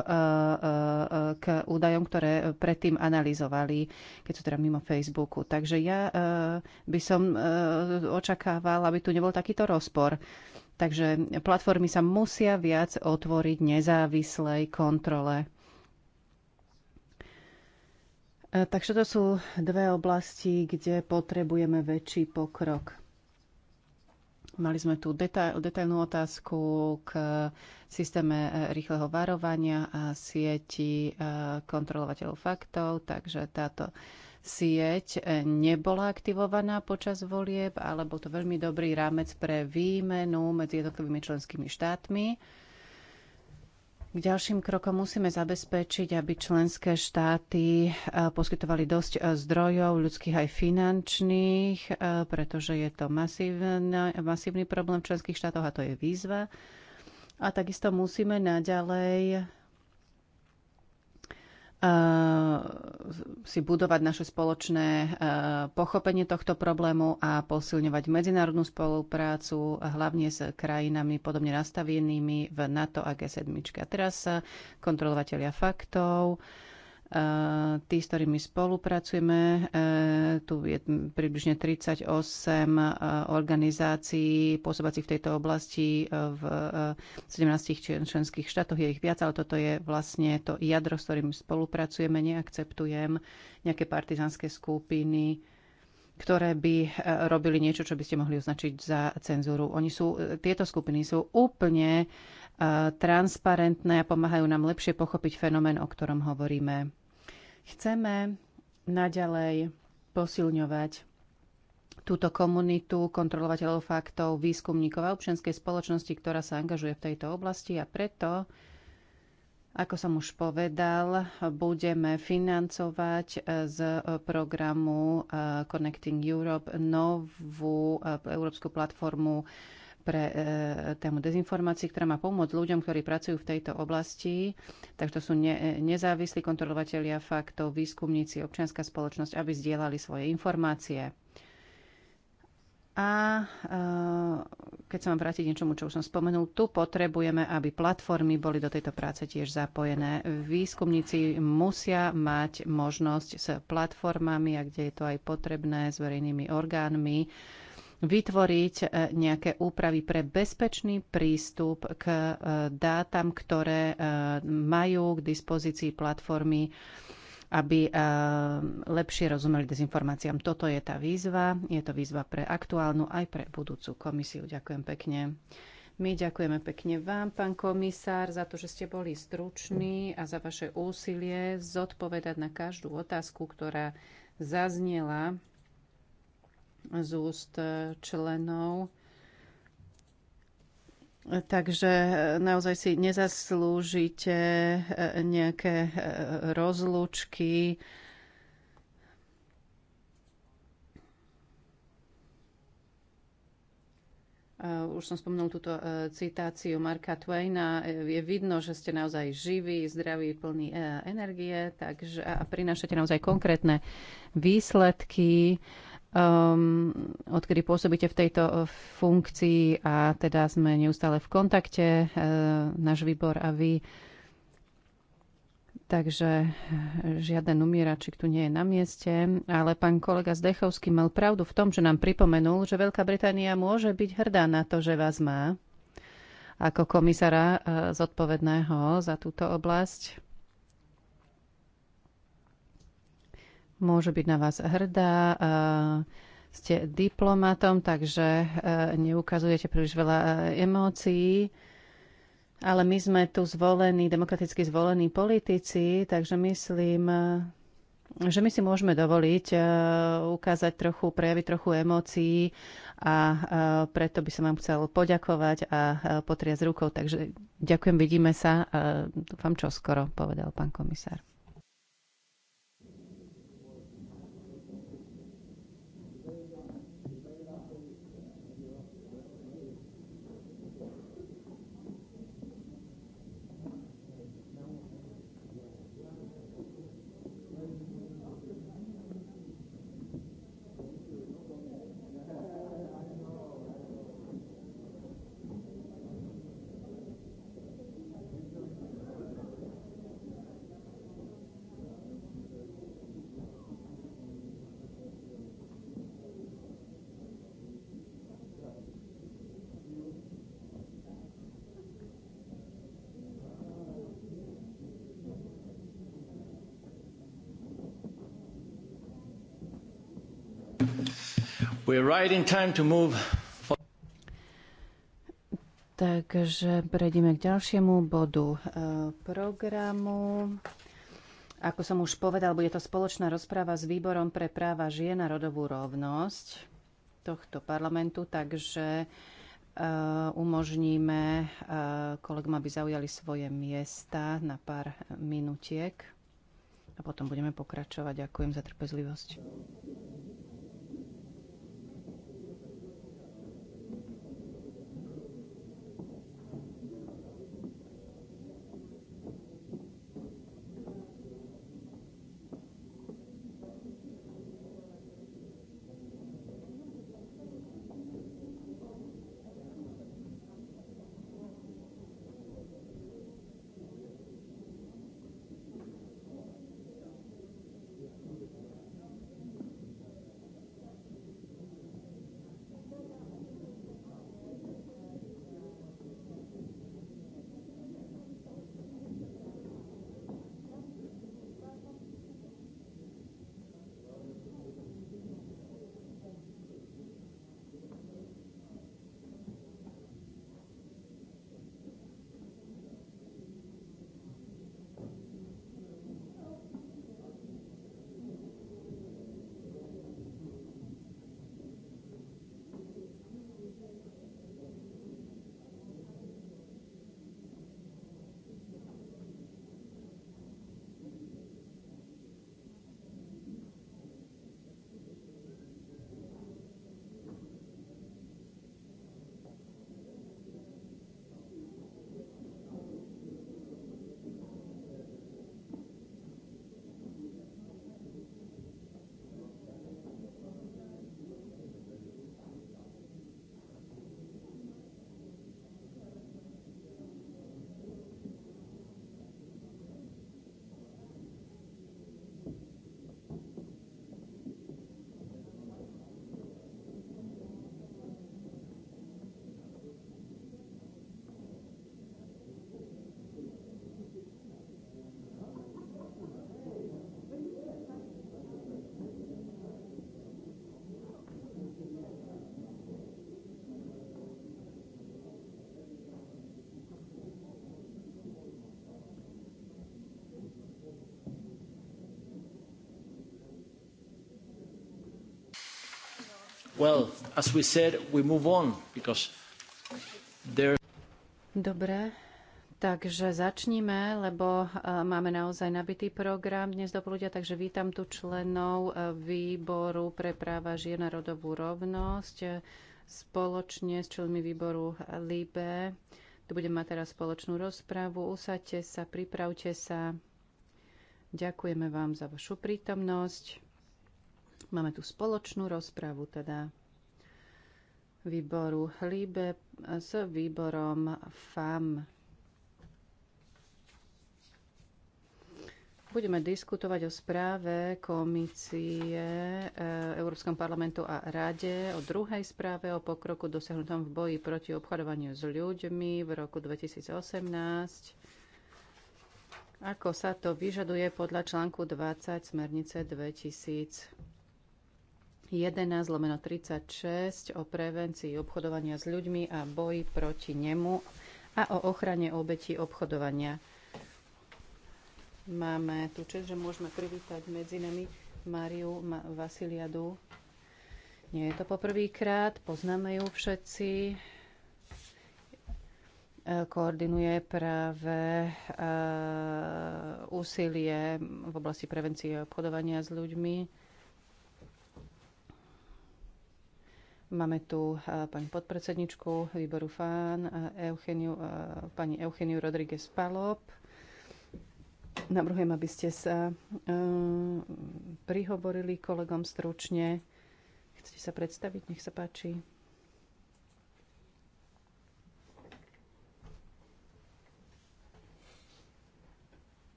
k údajom, ktoré predtým analyzovali, keď sú teda mimo Facebooku. Takže ja by som očakával, aby tu nebol takýto rozpor. Takže platformy sa musia viac otvoriť nezávislej kontrole E, takže to sú dve oblasti, kde potrebujeme väčší pokrok. Mali sme tu detail, detailnú otázku k systéme e, rýchleho varovania a sieti e, kontrolovateľov faktov, takže táto sieť nebola aktivovaná počas volieb, alebo to veľmi dobrý rámec pre výmenu medzi jednotlivými členskými štátmi k ďalším krokom musíme zabezpečiť, aby členské štáty eh, poskytovali dosť eh, zdrojov, ľudských aj finančných, eh, pretože je to masívny, masívny problém členských štátoch a to je výzva. A takisto musíme naďalej Eh, si budovať naše spoločné eh, pochopenie tohto problému a posilňovať medzinárodnú spoluprácu, hlavne s krajinami podobne nastavenými v NATO a G7. A teraz eh, kontrolovateľia faktov. Eh, tí, s ktorými spolupracujeme. Eh, tu je približne 38 eh, organizácií pôsobacích v tejto oblasti v 17 členských štátoch. Je ich viac, ale toto je vlastne to jadro, s ktorým spolupracujeme. Neakceptujem nejaké partizanské skupiny, ktoré by robili niečo, čo by ste mohli označiť za cenzúru. Oni sú, tieto skupiny sú úplne transparentné a pomáhajú nám lepšie pochopiť fenomén, o ktorom hovoríme. Chceme naďalej posilňovať túto komunitu kontrolovateľov faktov, výskumníkov a občianskej spoločnosti, ktorá sa angažuje v tejto oblasti a preto, ako som už povedal, budeme financovať e, z e, programu e, Connecting Europe novú európsku platformu pre e, tému dezinformácií, ktorá má pomôcť ľuďom, ktorí pracujú v tejto oblasti. Takže to sú ne, nezávislí kontrolovatelia faktov, výskumníci, občianská spoločnosť, aby zdieľali svoje informácie. A e, keď sa mám vrátiť niečomu, čo už som spomenul, tu potrebujeme, aby platformy boli do tejto práce tiež zapojené. Výskumníci musia mať možnosť s platformami, a kde je to aj potrebné, s verejnými orgánmi, vytvoriť e, nejaké úpravy pre bezpečný prístup k e, dátam, ktoré e, majú k dispozícii platformy aby lepšie rozumeli dezinformáciám. Toto je tá výzva. Je to výzva pre aktuálnu aj pre budúcu komisiu. Ďakujem pekne. My ďakujeme pekne vám, pán komisár, za to, že ste boli struční a za vaše úsilie zodpovedať na každú otázku, ktorá zaznela z úst e, členov. Takže e, naozaj si nezaslúžite e, nejaké rozlúčky. Už som spomenul túto citáciu Marka Twaina. Je vidno, že ste naozaj živí, zdraví, plní energie takže, a prinášate naozaj konkrétne výsledky um, odkedy pôsobíte v tejto uh, funkcii a teda sme neustále v kontakte, uh, náš výbor a vy. Takže uh, žiaden umieračik tu nie je na mieste, ale pán kolega Zdechovský mal pravdu v tom, že nám pripomenul, že Veľká Británia môže byť hrdá na to, že vás má ako komisára uh, zodpovedného za túto oblasť. môže byť na vás hrdá. Ste diplomatom, takže e, neukazujete príliš veľa e, emócií. Ale my sme tu zvolení, demokraticky zvolení politici, takže myslím, e, že my si môžeme dovoliť ukázať trochu, prejaviť trochu emócií a preto by som vám chcel poďakovať a potriať rukou. Takže ďakujem, vidíme sa, dúfam čo skoro, povedal pán komisár. Takže prejdeme k ďalšiemu bodu eh, programu. Ako som už povedal, bude to spoločná rozpráva s Výborom pre práva žien a rodovú rovnosť tohto parlamentu, takže eh, umožníme eh, kolegom, aby zaujali svoje miesta na pár minutiek a potom budeme pokračovať. Ďakujem za trpezlivosť. Well, as we said, we move on because there... Dobre, takže začníme, lebo e, máme naozaj nabitý program dnes do poludia, takže vítam tu členov e, výboru pre práva žien a rodovú rovnosť e, spoločne s členmi výboru LIBE. Tu budeme mať teraz spoločnú rozpravu, Usaďte sa, pripravte sa. Ďakujeme vám za vašu prítomnosť. Máme tu spoločnú rozpravu teda výboru hlíbe s výborom FAM. Budeme diskutovať o správe Komície e, Európskom parlamentu a Rade, o druhej správe o pokroku dosiahnutom v boji proti obchodovaniu s ľuďmi v roku 2018 ako sa to vyžaduje podľa článku 20 smernice 2000. 11 lomeno 36 o prevencii obchodovania s ľuďmi a boji proti nemu a o ochrane obetí obchodovania. Máme tu čest, že môžeme privítať medzi nami Máriu Vasiliadu. Nie je to poprvýkrát, poznáme ju všetci. E, koordinuje práve e, úsilie v oblasti prevencie obchodovania s ľuďmi Máme tu eh, pani podpredsedničku výboru FAN, eh, Eucheniu, eh, pani Eucheniu Rodríguez Palop. Navrhujem, aby ste sa prihovorili kolegom stručne. Chcete sa predstaviť? Nech sa páči.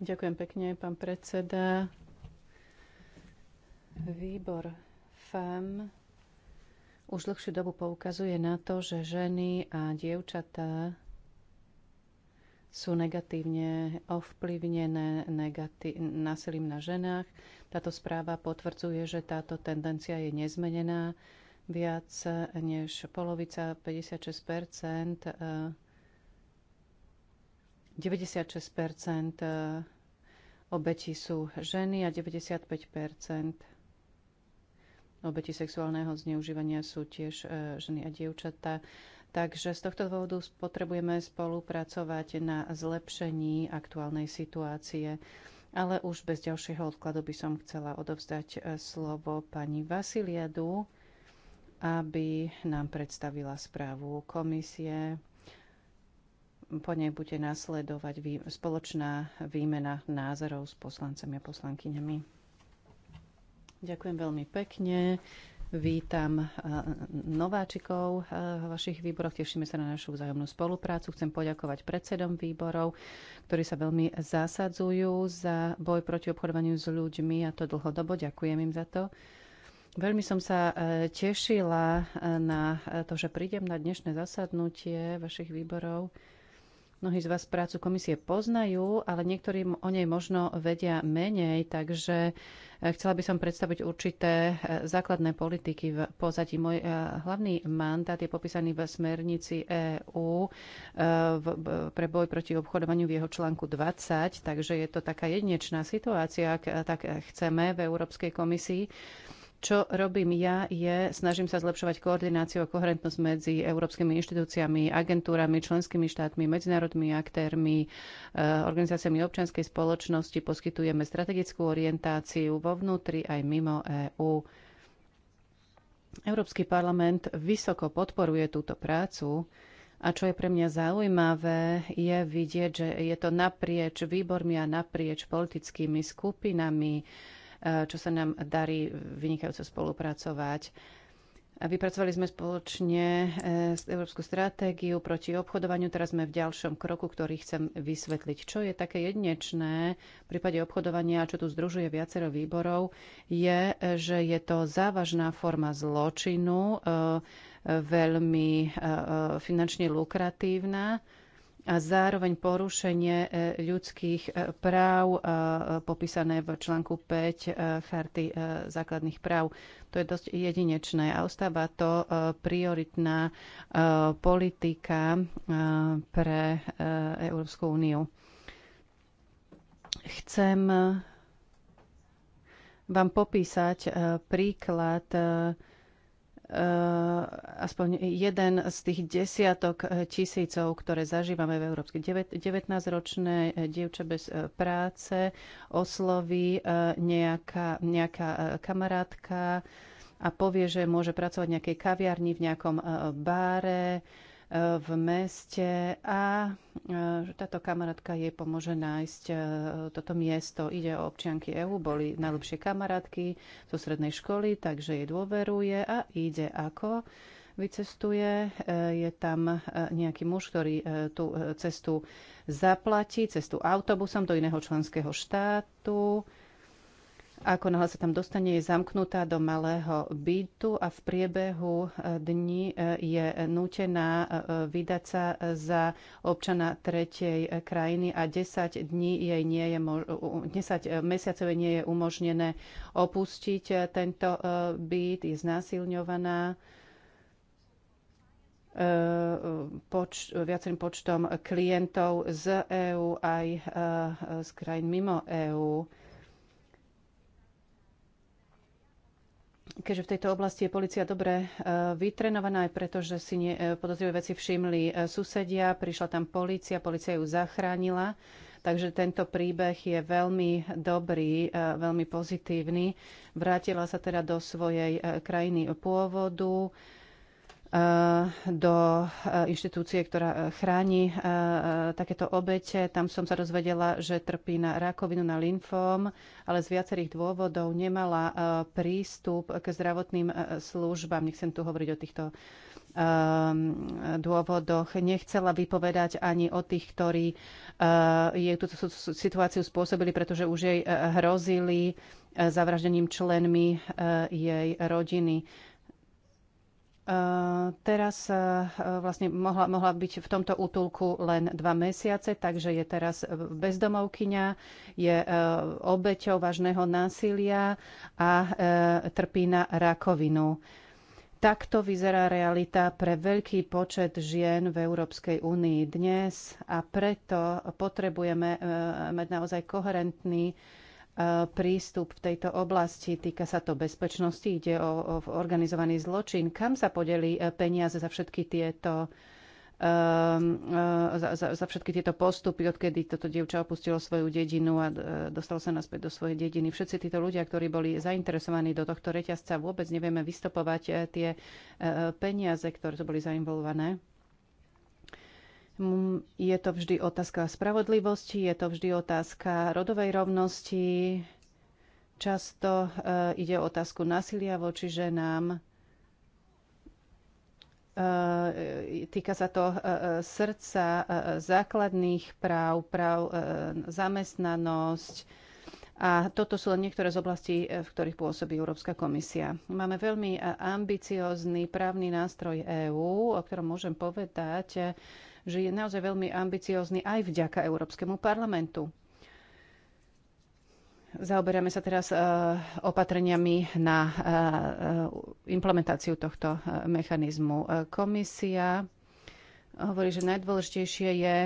Ďakujem pekne, pán predseda. Výbor FAM už dlhšiu dobu poukazuje na to, že ženy a dievčatá sú negatívne ovplyvnené negatí- násilím na ženách. Táto správa potvrdzuje, že táto tendencia je nezmenená. Viac než polovica, 56 96 eh, eh, obetí sú ženy a 95 Obeti sexuálneho zneužívania sú tiež e, ženy a dievčatá. Takže z tohto dôvodu potrebujeme spolupracovať na zlepšení aktuálnej situácie. Ale už bez ďalšieho odkladu by som chcela odovzdať e, slovo pani Vasiliadu, aby nám predstavila správu komisie. Po nej bude nasledovať spoločná výmena názorov s poslancami a poslankyňami. Ďakujem veľmi pekne. Vítam e, nováčikov e, v vašich výboroch. Tešíme sa na našu vzájomnú spoluprácu. Chcem poďakovať predsedom výborov, ktorí sa veľmi zasadzujú za boj proti obchodovaniu s ľuďmi a to dlhodobo. Ďakujem im za to. Veľmi som sa e, tešila na to, že prídem na dnešné zasadnutie vašich výborov. Mnohí z vás prácu komisie poznajú, ale niektorí o nej možno vedia menej, takže e, chcela by som predstaviť určité e, základné politiky v pozadí. Môj e, hlavný mandát je popísaný v smernici EÚ pre boj proti obchodovaniu v jeho článku 20, takže je to taká jedinečná situácia, ak tak chceme v Európskej komisii čo robím ja je, snažím sa zlepšovať koordináciu a koherentnosť medzi európskymi inštitúciami, agentúrami, členskými štátmi, medzinárodnými aktérmi, eh, organizáciami občianskej spoločnosti. Poskytujeme strategickú orientáciu vo vnútri aj mimo EÚ. Európsky parlament vysoko podporuje túto prácu. A čo je pre mňa zaujímavé, je vidieť, že je to naprieč výbormi a naprieč politickými skupinami, Eh, čo sa nám darí vynikajúco spolupracovať. Vypracovali sme spoločne eh, európsku stratégiu proti obchodovaniu. Teraz sme v ďalšom kroku, ktorý chcem vysvetliť. Čo je také jednečné v prípade obchodovania, čo tu združuje viacero výborov, je, eh, že je to závažná forma zločinu, veľmi finančne lukratívna a zároveň porušenie e, ľudských e, práv e, popísané v článku 5 Charty základných práv. To je dosť jedinečné a ostáva to prioritná politika pre Európsku úniu. Chcem vám popísať príklad Eh, aspoň jeden z tých desiatok eh, tisícov, ktoré zažívame v Európske. 19-ročné eh, dievča bez práce osloví nejaká, nejaká kamarátka a povie, že môže pracovať v nejakej kaviarni, v nejakom báre, v meste a že táto kamarátka jej pomôže nájsť e, toto miesto. Ide o občianky EU, boli najlepšie kamarátky zo strednej školy, takže jej dôveruje a ide ako vycestuje. E, je tam e, nejaký muž, ktorý tú cestu zaplatí, cestu autobusom do iného členského štátu ako náhle sa tam dostane, je zamknutá do malého bytu a v priebehu eh, dní eh, je nútená eh, vydať sa za občana tretej krajiny a 10 dní jej nie je 10 mesiacov jej nie je umožnené opustiť tento byt, je znásilňovaná poč- viacerým počtom klientov z EÚ aj z krajín mimo EÚ keďže v tejto oblasti je policia dobre e, vytrenovaná, aj preto, že si nie, e, podozrivé veci všimli e, susedia, prišla tam policia, policia ju zachránila. Takže tento príbeh je veľmi dobrý, veľmi pozitívny. Vrátila sa teda do svojej krajiny pôvodu, Eh, do eh, inštitúcie, ktorá eh, chráni takéto obete. Tam som sa dozvedela, že trpí na rakovinu, na lymfóm, ale z viacerých dôvodov nemala prístup k zdravotným službám. Nechcem tu hovoriť o týchto dôvodoch. Nechcela vypovedať ani o tých, ktorí jej túto situáciu spôsobili, pretože už jej hrozili zavraždením členmi jej rodiny. Teraz e, vlastne mohla, mohla byť v tomto útulku len dva mesiace, takže je teraz bezdomovkyňa, je e, obeťou vážneho násilia a e, trpí na rakovinu. Takto vyzerá realita pre veľký počet žien v Európskej únii dnes a preto potrebujeme mať naozaj koherentný E, prístup v tejto oblasti. Týka sa to bezpečnosti, ide o, o organizovaný zločin. Kam sa podeli e, peniaze za všetky tieto ehm, e, za, za, za všetky tieto postupy, odkedy toto dievča opustilo svoju dedinu a dostalo sa naspäť do svojej dediny. Všetci títo ľudia, ktorí boli zainteresovaní do tohto reťazca, vôbec nevieme vystopovať tie peniaze, ktoré to boli zainvolované. Mm, je to vždy otázka spravodlivosti, je to vždy otázka rodovej rovnosti. Často eh, ide o otázku násilia voči ženám. Eh, týka sa to eh, srdca, základných práv, práv zamestnanosť. A toto sú len niektoré z oblastí, v ktorých pôsobí Európska komisia. Máme veľmi ambiciózny právny nástroj EÚ, o ktorom môžem povedať, že je naozaj veľmi ambiciózny aj vďaka Európskemu parlamentu. Zaoberáme sa teraz e, opatreniami na e, e, implementáciu tohto mechanizmu. Komisia hovorí, že najdôležitejšie je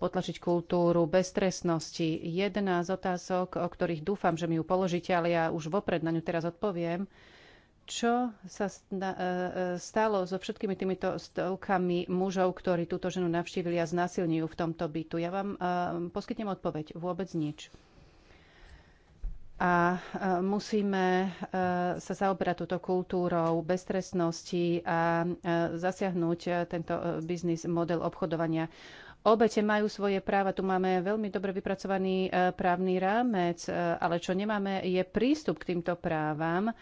potlačiť kultúru beztresnosti. Jedna z otázok, o ktorých dúfam, že mi ju položíte, ale ja už vopred na ňu teraz odpoviem, čo sa e, e, stalo so všetkými týmito stovkami mužov, ktorí túto ženu navštívili a znasilňujú v tomto bytu. Ja vám e, poskytnem odpoveď. Vôbec nič. A musíme sa zaoberať túto kultúrou beztresnosti a zasiahnuť tento biznis model obchodovania. Obete majú svoje práva, tu máme veľmi dobre vypracovaný právny rámec, ale čo nemáme je prístup k týmto právam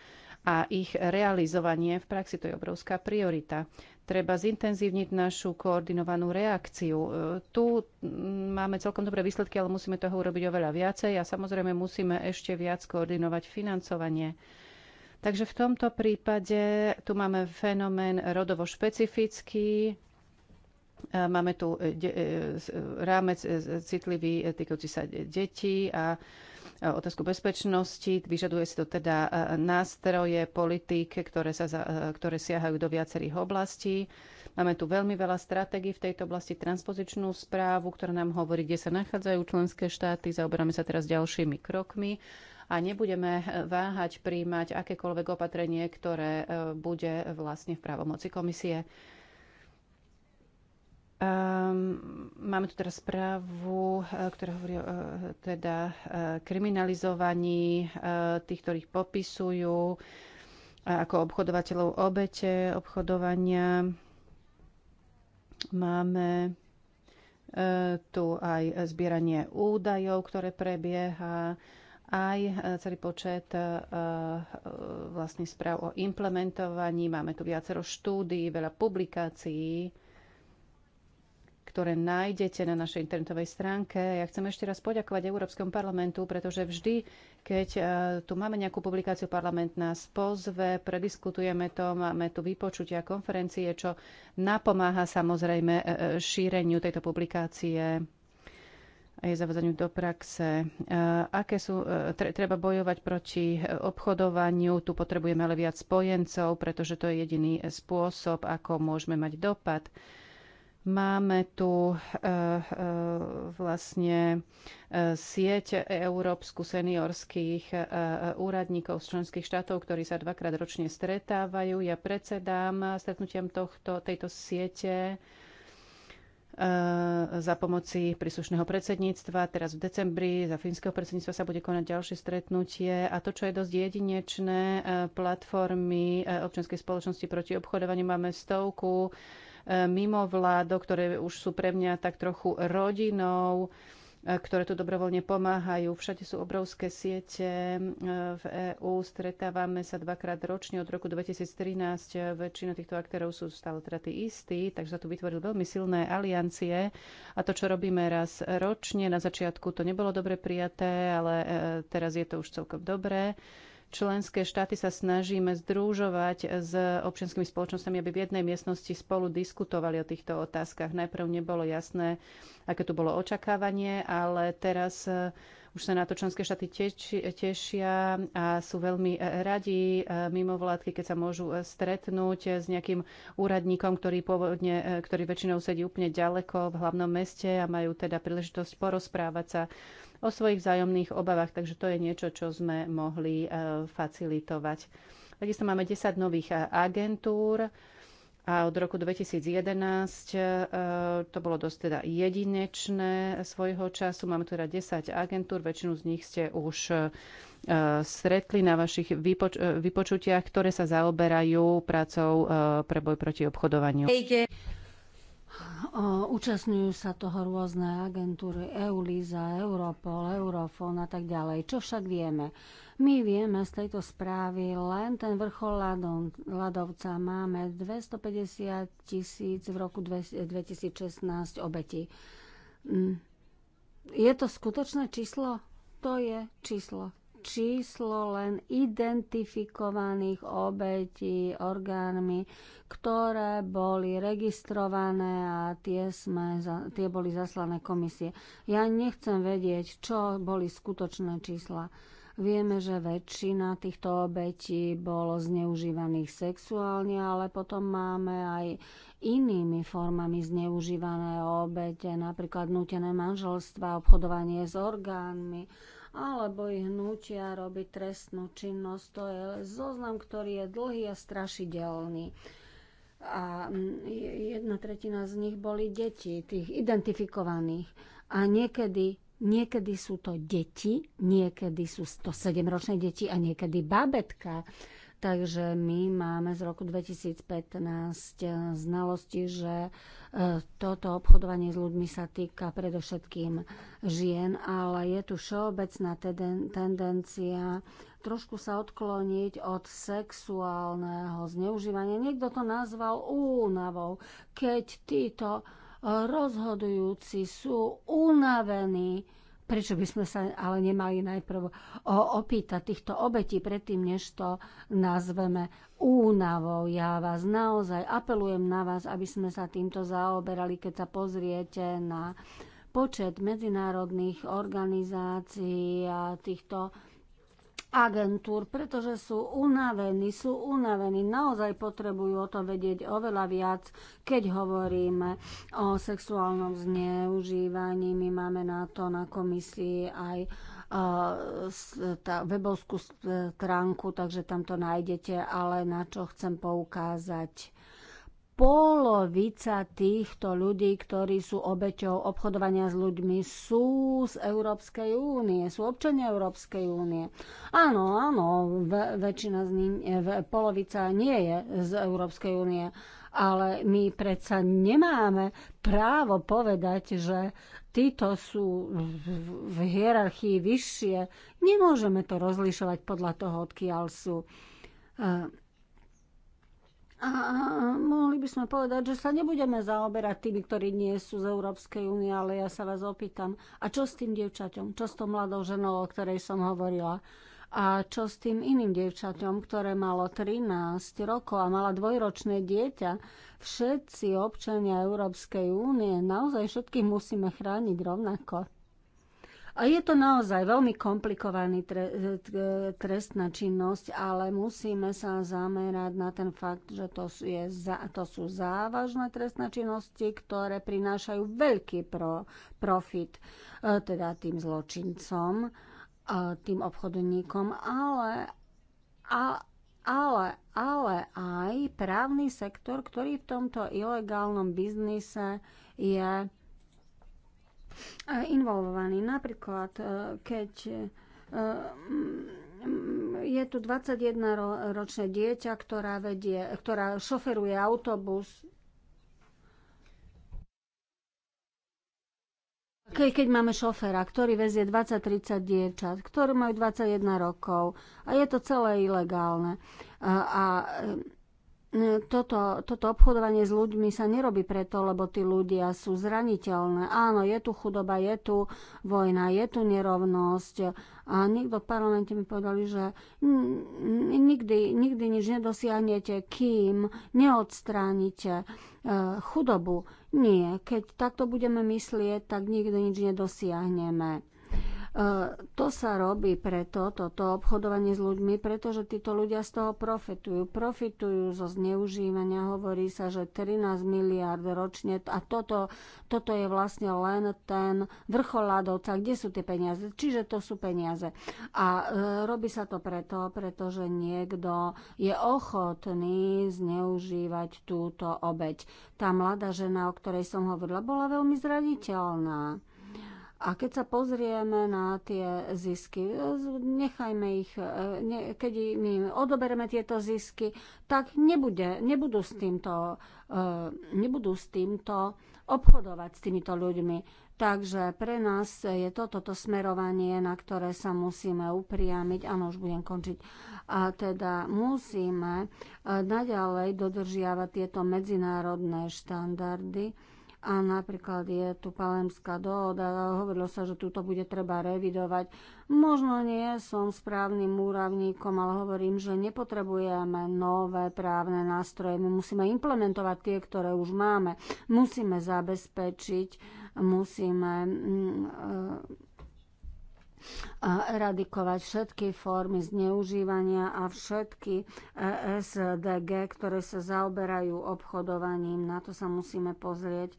a ich realizovanie v praxi to je obrovská priorita. Treba zintenzívniť našu koordinovanú reakciu. E, tu mm, máme celkom dobré výsledky, ale musíme toho urobiť oveľa viacej a samozrejme musíme ešte viac koordinovať financovanie. Takže v tomto prípade tu máme fenomén rodovo špecifický, e, Máme tu e, rámec citlivý týkajúci sa detí a E, otázku bezpečnosti. Vyžaduje si to teda e, nástroje, politik, ktoré, sa, e, ktoré siahajú do viacerých oblastí. Máme tu veľmi veľa stratégií v tejto oblasti, transpozičnú správu, ktorá nám hovorí, kde sa nachádzajú členské štáty. Zaoberáme sa teraz ďalšími krokmi a nebudeme váhať príjmať akékoľvek opatrenie, ktoré bude vlastne v právomoci komisie. Um, máme tu teraz správu, eh, ktorá hovorí o eh, teda, eh, kriminalizovaní tých, ktorých popisujú ako obchodovateľov obete obchodovania. Máme tu aj zbieranie údajov, ktoré prebieha aj celý počet vlastných správ o implementovaní. Máme tu viacero štúdií, veľa publikácií ktoré nájdete na našej internetovej stránke. Ja chcem ešte raz poďakovať Európskom parlamentu, pretože vždy, keď e, tu máme nejakú publikáciu, parlament nás pozve, prediskutujeme to, máme tu vypočutia konferencie, čo napomáha samozrejme e, e, šíreniu tejto publikácie a je zavadzaniu do praxe. Aké sú, treba bojovať proti obchodovaniu, tu potrebujeme ale viac spojencov, pretože to je jediný spôsob, ako môžeme mať dopad. Máme tu eh, eh, vlastne eh, sieť európsku seniorských úradníkov z členských štátov, ktorí sa dvakrát ročne stretávajú. Ja predsedám stretnutiam tohto, tejto siete za pomoci príslušného predsedníctva. Teraz v decembri za fínskeho predsedníctva sa bude konať ďalšie stretnutie. A to, čo je dosť jedinečné, platformy občianskej spoločnosti proti obchodovaniu máme stovku mimo vládok, ktoré už sú pre mňa tak trochu rodinou, e, ktoré tu dobrovoľne pomáhajú. Všade sú obrovské siete e, v EÚ. Stretávame sa dvakrát ročne od roku 2013. E, väčšina týchto aktérov sú stále teda tí istí, takže sa tu vytvorili veľmi silné aliancie. A to, čo robíme raz ročne, na začiatku to nebolo dobre prijaté, ale teraz je to už celkom dobré. Členské štáty sa snažíme združovať s občianskými spoločnosťami, aby v jednej miestnosti spolu diskutovali o týchto otázkach. Najprv nebolo jasné, aké tu bolo očakávanie, ale teraz už sa na to členské štáty tešia a sú veľmi e, radi e, mimovládky, keď sa môžu e, stretnúť s nejakým úradníkom, ktorý, pôvodne, ktorý väčšinou sedí úplne ďaleko v hlavnom meste a majú teda príležitosť porozprávať sa o svojich vzájomných obavách, takže to je niečo, čo sme mohli facilitovať. Takisto máme 10 nových agentúr, a od roku 2011 e, to bolo dosť teda jedinečné svojho času. Máme teda 10 agentúr, väčšinu z nich ste už e, stretli na vašich vypoč- e, vypočutiach, ktoré sa zaoberajú prácou pre boj proti obchodovaniu. Účastňujú sa toho rôzne agentúry Euliza, Europol, Eurofon a tak ďalej. Čo však vieme? My vieme z tejto správy len ten vrchol Ladovca. ľadovca. Máme 250 tisíc v roku 2016 obetí. Mm. Je to skutočné číslo? To je číslo. Číslo len identifikovaných obetí orgánmi, ktoré boli registrované a tie, sme, tie boli zaslané komisie. Ja nechcem vedieť, čo boli skutočné čísla Vieme, že väčšina týchto obetí bolo zneužívaných sexuálne, ale potom máme aj inými formami zneužívané obete, napríklad nutené manželstva, obchodovanie s orgánmi, alebo ich nutia robiť trestnú činnosť. To je zoznam, ktorý je dlhý a strašidelný. A mm, jedna tretina z nich boli deti, tých identifikovaných. A niekedy Niekedy sú to deti, niekedy sú to 7-ročné deti a niekedy babetka. Takže my máme z roku 2015 znalosti, že e, toto obchodovanie s ľuďmi sa týka predovšetkým žien, ale je tu všeobecná tendencia trošku sa odkloniť od sexuálneho zneužívania. Niekto to nazval únavou, keď títo rozhodujúci sú unavení. Prečo by sme sa ale nemali najprv opýtať týchto obetí predtým, než to nazveme únavou. Ja vás naozaj apelujem na vás, aby sme sa týmto zaoberali, keď sa pozriete na počet medzinárodných organizácií a týchto agentúr, pretože sú unavení, sú unavení, naozaj potrebujú o to vedieť oveľa viac, keď hovoríme o sexuálnom zneužívaní. My máme na to na komisii aj tá webovskú stránku, takže tam to nájdete, ale na čo chcem poukázať polovica týchto ľudí, ktorí sú obeťou obchodovania s ľuďmi, sú z Európskej únie, sú občania Európskej únie. Áno, áno, väčšina z nich, e, polovica nie je z Európskej únie, ale my predsa nemáme právo povedať, že títo sú v hierarchii vyššie. Nemôžeme to rozlišovať podľa toho, odkiaľ sú. E, a mohli by sme povedať, že sa nebudeme zaoberať tými, ktorí nie sú z Európskej únie, ale ja sa vás opýtam, a čo s tým dievčaťom? Čo s tou mladou ženou, o ktorej som hovorila? A čo s tým iným dievčaťom, ktoré malo 13 rokov a mala dvojročné dieťa? Všetci občania Európskej únie, naozaj všetkých musíme chrániť rovnako. A je to naozaj veľmi komplikovaný tre, e, trestná činnosť, ale musíme sa zamerať na ten fakt, že to, je, to sú závažné trestné činnosti, ktoré prinášajú veľký pro, profit e, teda tým zločincom, e, tým obchodníkom, ale, a, ale, ale aj právny sektor, ktorý v tomto ilegálnom biznise je involvovaní. Napríklad, e, keď e, mm, je tu 21-ročné dieťa, ktorá, vedie, ktorá šoferuje autobus. Ke, keď máme šofera, ktorý vezie 20-30 dievčat, ktorí majú 21 rokov a je to celé ilegálne. E, a, a No, toto, toto obchodovanie s ľuďmi sa nerobí preto, lebo tí ľudia sú zraniteľné. Áno, je tu chudoba, je tu vojna, je tu nerovnosť. A niekto v parlamente mi povedal, že nikdy, nikdy nič nedosiahnete, kým neodstránite e, chudobu. Nie, keď takto budeme myslieť, tak nikdy nič nedosiahneme. E, to sa robí preto, toto obchodovanie s ľuďmi, pretože títo ľudia z toho profitujú. Profitujú zo zneužívania. Hovorí sa, že 13 miliard ročne a toto, toto je vlastne len ten vrchol ľadovca. Kde sú tie peniaze? Čiže to sú peniaze. A e, robí sa to preto, pretože niekto je ochotný zneužívať túto obeď. Tá mladá žena, o ktorej som hovorila, bola veľmi zraniteľná a keď sa pozrieme na tie zisky, nechajme ich, e, ne, keď my odobereme tieto zisky, tak nebude, nebudú, s týmto, e, nebudú s týmto obchodovať s týmito ľuďmi. Takže pre nás je to toto smerovanie, na ktoré sa musíme upriamiť. Áno, už budem končiť. A teda musíme e, naďalej dodržiavať tieto medzinárodné štandardy a napríklad je tu palemská dohoda, hovorilo sa, že túto bude treba revidovať. Možno nie som správnym úravníkom, ale hovorím, že nepotrebujeme nové právne nástroje. My musíme implementovať tie, ktoré už máme. Musíme zabezpečiť, musíme mm, e, e, eradikovať všetky formy zneužívania a všetky e, SDG, ktoré sa zaoberajú obchodovaním. Na to sa musíme pozrieť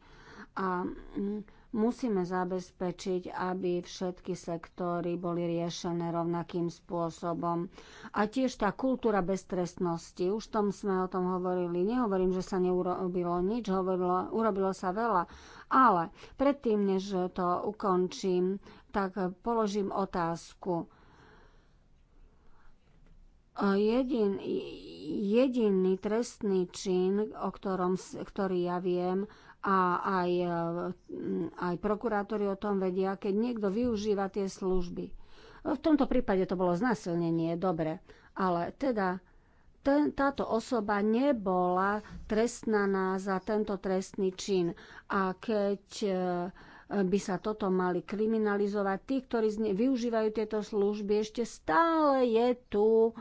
a mm, musíme zabezpečiť, aby všetky sektory boli riešené rovnakým spôsobom. A tiež tá kultúra beztrestnosti, už tom sme o tom hovorili, nehovorím, že sa neurobilo nič, hovorilo, urobilo sa veľa, ale predtým, než to ukončím, tak položím otázku. Jedin, jediný trestný čin, o ktorom, ktorý ja viem, a aj, e, aj prokurátori o tom vedia, keď niekto využíva tie služby. V tomto prípade to bolo znasilnenie, dobre, ale teda ten, táto osoba nebola trestnaná za tento trestný čin. A keď e, by sa toto mali kriminalizovať. Tí, ktorí využívajú tieto služby, ešte stále je tu e,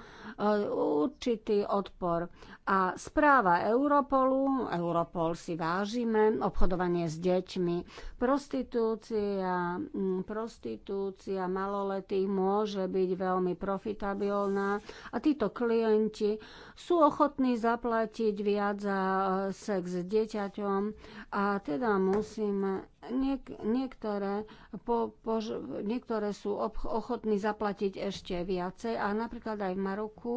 určitý odpor. A správa Europolu, Europol si vážime, obchodovanie s deťmi, prostitúcia, prostitúcia maloletých môže byť veľmi profitabilná a títo klienti sú ochotní zaplatiť viac za e, sex s dieťaťom a teda musíme Niek- niektoré, po, pož- niektoré sú ob- ochotní zaplatiť ešte viacej a napríklad aj v Maroku,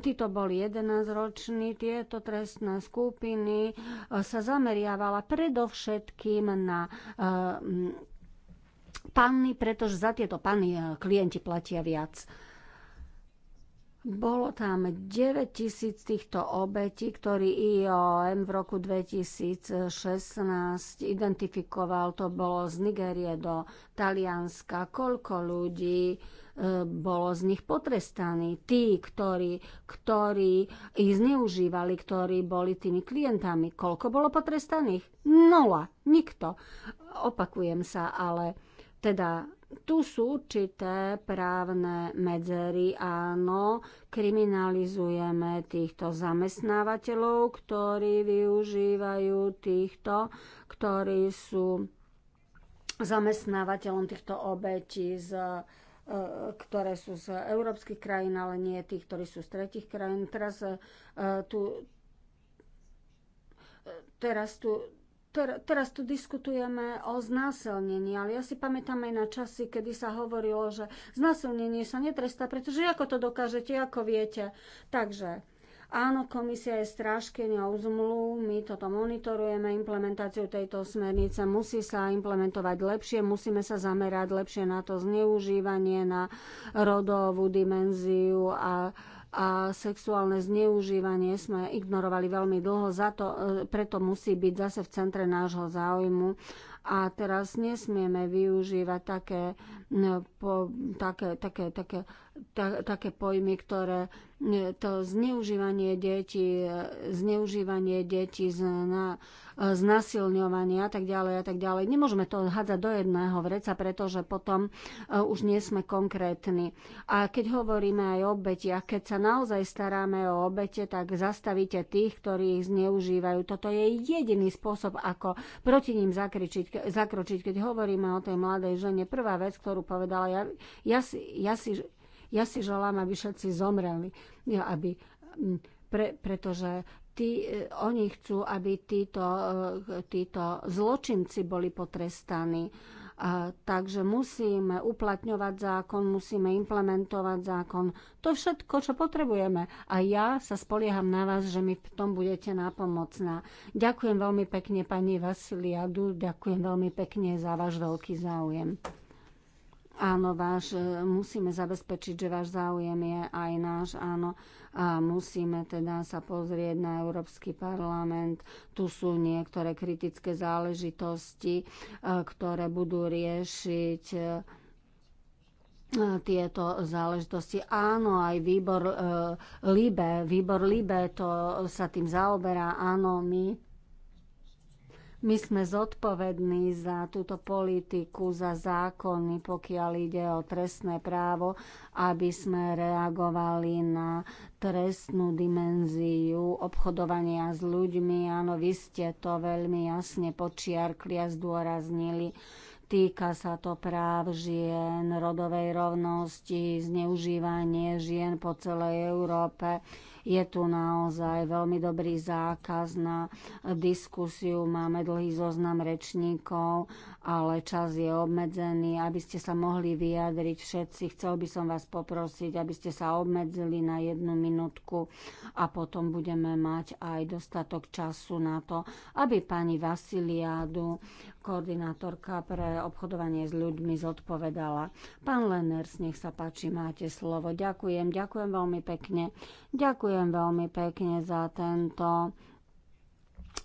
títo boli 11-roční, tieto trestné skupiny e, sa zameriavala predovšetkým na uh, panny, pretože za tieto panny e, klienti platia viac. Bolo tam 9 tisíc týchto obetí, ktorý IOM v roku 2016 identifikoval. To bolo z Nigérie do Talianska. Koľko ľudí e, bolo z nich potrestaní. Tí, ktorí, ktorí ich zneužívali, ktorí boli tými klientami. Koľko bolo potrestaných? Nula. Nikto. Opakujem sa, ale teda tu sú určité právne medzery, áno, kriminalizujeme týchto zamestnávateľov, ktorí využívajú týchto, ktorí sú zamestnávateľom týchto obetí z e, ktoré sú z európskych krajín, ale nie tých, ktorí sú z tretich krajín. Teraz e, tu, e, teraz tu Ter, teraz tu diskutujeme o znásilnení, ale ja si pamätám aj na časy, kedy sa hovorilo, že znásilnenie sa netrestá, pretože ako to dokážete, ako viete. Takže áno, komisia je strážkyňou zmlu, my toto monitorujeme, implementáciu tejto smernice musí sa implementovať lepšie, musíme sa zamerať lepšie na to zneužívanie, na rodovú dimenziu a a sexuálne zneužívanie sme ignorovali veľmi dlho, za to, e, preto musí byť zase v centre nášho záujmu a teraz nesmieme využívať také, po, také, také, také ta, také pojmy, ktoré e, to zneužívanie detí, e, zneužívanie detí, zna, e, znasilňovanie a tak ďalej a tak ďalej. Nemôžeme to hádzať do jedného vreca, pretože potom už nie sme konkrétni. A keď hovoríme aj o obetiach, keď sa naozaj staráme o obete, tak zastavíte tých, ktorí ich zneužívajú. Toto je jediný spôsob, ako proti ním zakričiť, zakročiť. Keď hovoríme o tej mladej žene, prvá vec, ktorú povedala, ja, ja, si, ja si ja si želám, aby všetci zomreli, aby, mm, pre, pretože tí, e, oni chcú, aby títo, e, títo zločinci boli potrestaní. A, takže musíme uplatňovať zákon, musíme implementovať zákon. To všetko, čo potrebujeme. A ja sa spolieham na vás, že mi v tom budete nápomocná. Ďakujem veľmi pekne pani Vasiliadu, ďakujem veľmi pekne za váš veľký záujem. Áno, váš, e, musíme zabezpečiť, že váš záujem je aj náš, áno. A musíme teda sa pozrieť na Európsky parlament. Tu sú niektoré kritické záležitosti, e, ktoré budú riešiť e, tieto záležitosti. Áno, aj výbor e, LIBE, výbor LIBE to sa tým zaoberá. Áno, my my sme zodpovední za túto politiku, za zákony, pokiaľ ide o trestné právo, aby sme reagovali na trestnú dimenziu obchodovania s ľuďmi. Áno, vy ste to veľmi jasne počiarkli a zdôraznili. Týka sa to práv žien, rodovej rovnosti, zneužívanie žien po celej Európe. Je tu naozaj veľmi dobrý zákaz na diskusiu, máme dlhý zoznam rečníkov, ale čas je obmedzený. Aby ste sa mohli vyjadriť všetci, chcel by som vás poprosiť, aby ste sa obmedzili na jednu minútku a potom budeme mať aj dostatok času na to, aby pani Vasiliádu koordinátorka pre obchodovanie s ľuďmi zodpovedala. Pán Lenners, nech sa páči, máte slovo. Ďakujem, ďakujem veľmi pekne. Ďakujem veľmi pekne za tento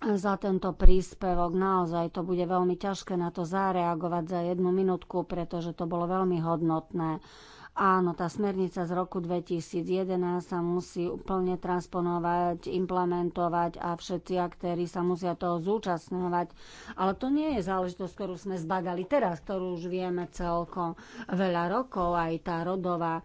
za tento príspevok. Naozaj to bude veľmi ťažké na to zareagovať za jednu minútku, pretože to bolo veľmi hodnotné. Áno, tá smernica z roku 2011 sa musí úplne transponovať, implementovať a všetci aktéry sa musia toho zúčastňovať. Ale to nie je záležitosť, ktorú sme zbadali teraz, ktorú už vieme celkom veľa rokov, aj tá rodová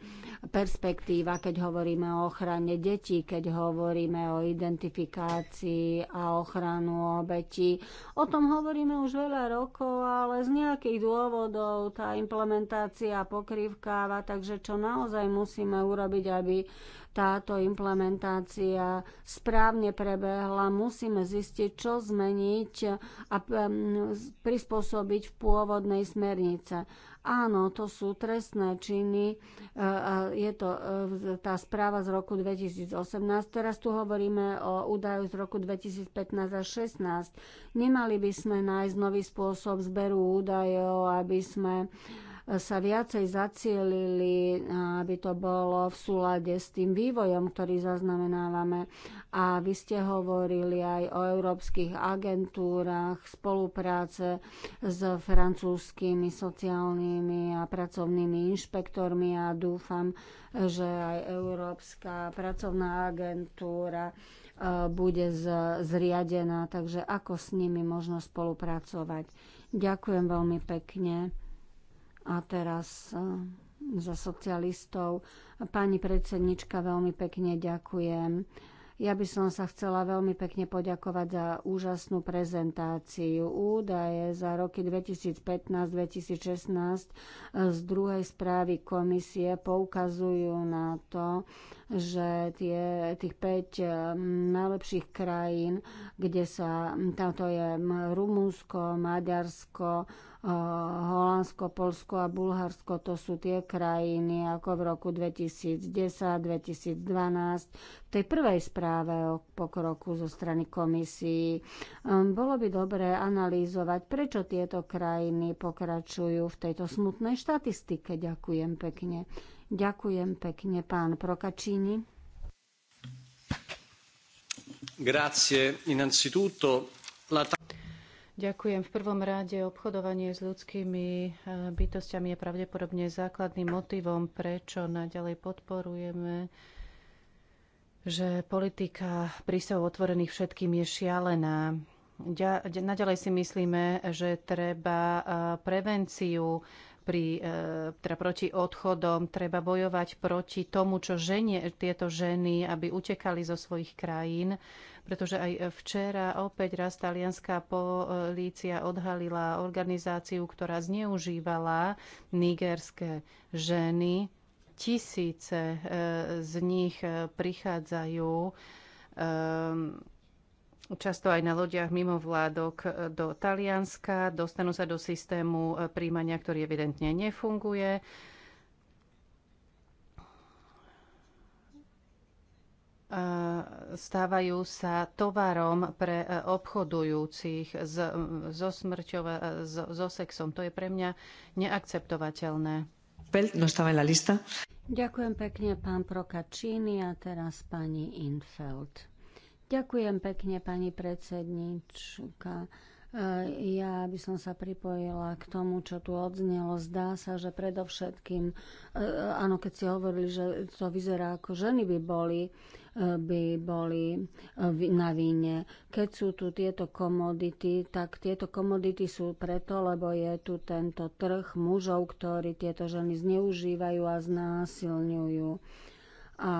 perspektíva, keď hovoríme o ochrane detí, keď hovoríme o identifikácii a ochranu obetí. O tom hovoríme už veľa rokov, ale z nejakých dôvodov tá implementácia pokrývkáva, tak Takže čo naozaj musíme urobiť, aby táto implementácia správne prebehla, musíme zistiť, čo zmeniť a prispôsobiť v pôvodnej smernice. Áno, to sú trestné činy. E, je to e, tá správa z roku 2018. Teraz tu hovoríme o údaju z roku 2015 a 16. Nemali by sme nájsť nový spôsob zberu údajov, aby sme sa viacej zacielili, aby to bolo v súlade s tým vývojom, ktorý zaznamenávame. A vy ste hovorili aj o európskych agentúrach, spolupráce s francúzskými sociálnymi a pracovnými inšpektormi a dúfam, že aj Európska pracovná agentúra e, bude zriadená, takže ako s nimi možno spolupracovať. Ďakujem veľmi pekne. A teraz eh, za socialistov. Pani predsednička, veľmi pekne ďakujem. Ja by som sa chcela veľmi pekne poďakovať za úžasnú prezentáciu. Údaje za roky 2015-2016 eh, z druhej správy komisie poukazujú na to, že tie, tých 5 eh, najlepších krajín, kde sa, táto je Rumúnsko, Maďarsko, Holandsko, Polsko a Bulharsko to sú tie krajiny ako v roku 2010-2012. V tej prvej správe o pokroku zo strany komisii um, bolo by dobré analýzovať, prečo tieto krajiny pokračujú v tejto smutnej štatistike. Ďakujem pekne. Ďakujem pekne, pán Prokačíni. Grazie. Innanzitutto la Ďakujem. V prvom rade obchodovanie s ľudskými eh, bytostiami je pravdepodobne základným motivom, prečo naďalej podporujeme že politika prísov otvorených všetkým je šialená. Naďalej si myslíme, že treba eh, prevenciu pri, eh, teda proti odchodom, treba bojovať proti tomu, čo ženie tieto ženy, aby utekali zo svojich krajín, pretože aj včera opäť raz talianská polícia odhalila organizáciu, ktorá zneužívala nigerské ženy. Tisíce eh, z nich eh, prichádzajú často aj na lodiach mimo vládok e, do Talianska, dostanú sa do systému e, príjmania, ktorý evidentne nefunguje. stávajú sa tovarom pre e, obchodujúcich so, smrťova, so, so sexom. To je pre mňa neakceptovateľné. No Ďakujem pekne, pán Prokačíny a teraz pani Infeld. Ďakujem pekne, pani predsednička. E, ja by som sa pripojila k tomu, čo tu odznelo. Zdá sa, že predovšetkým, e, áno, keď ste hovorili, že to vyzerá ako ženy by boli, e, by boli na víne. Keď sú tu tieto komodity, tak tieto komodity sú preto, lebo je tu tento trh mužov, ktorí tieto ženy zneužívajú a znásilňujú. A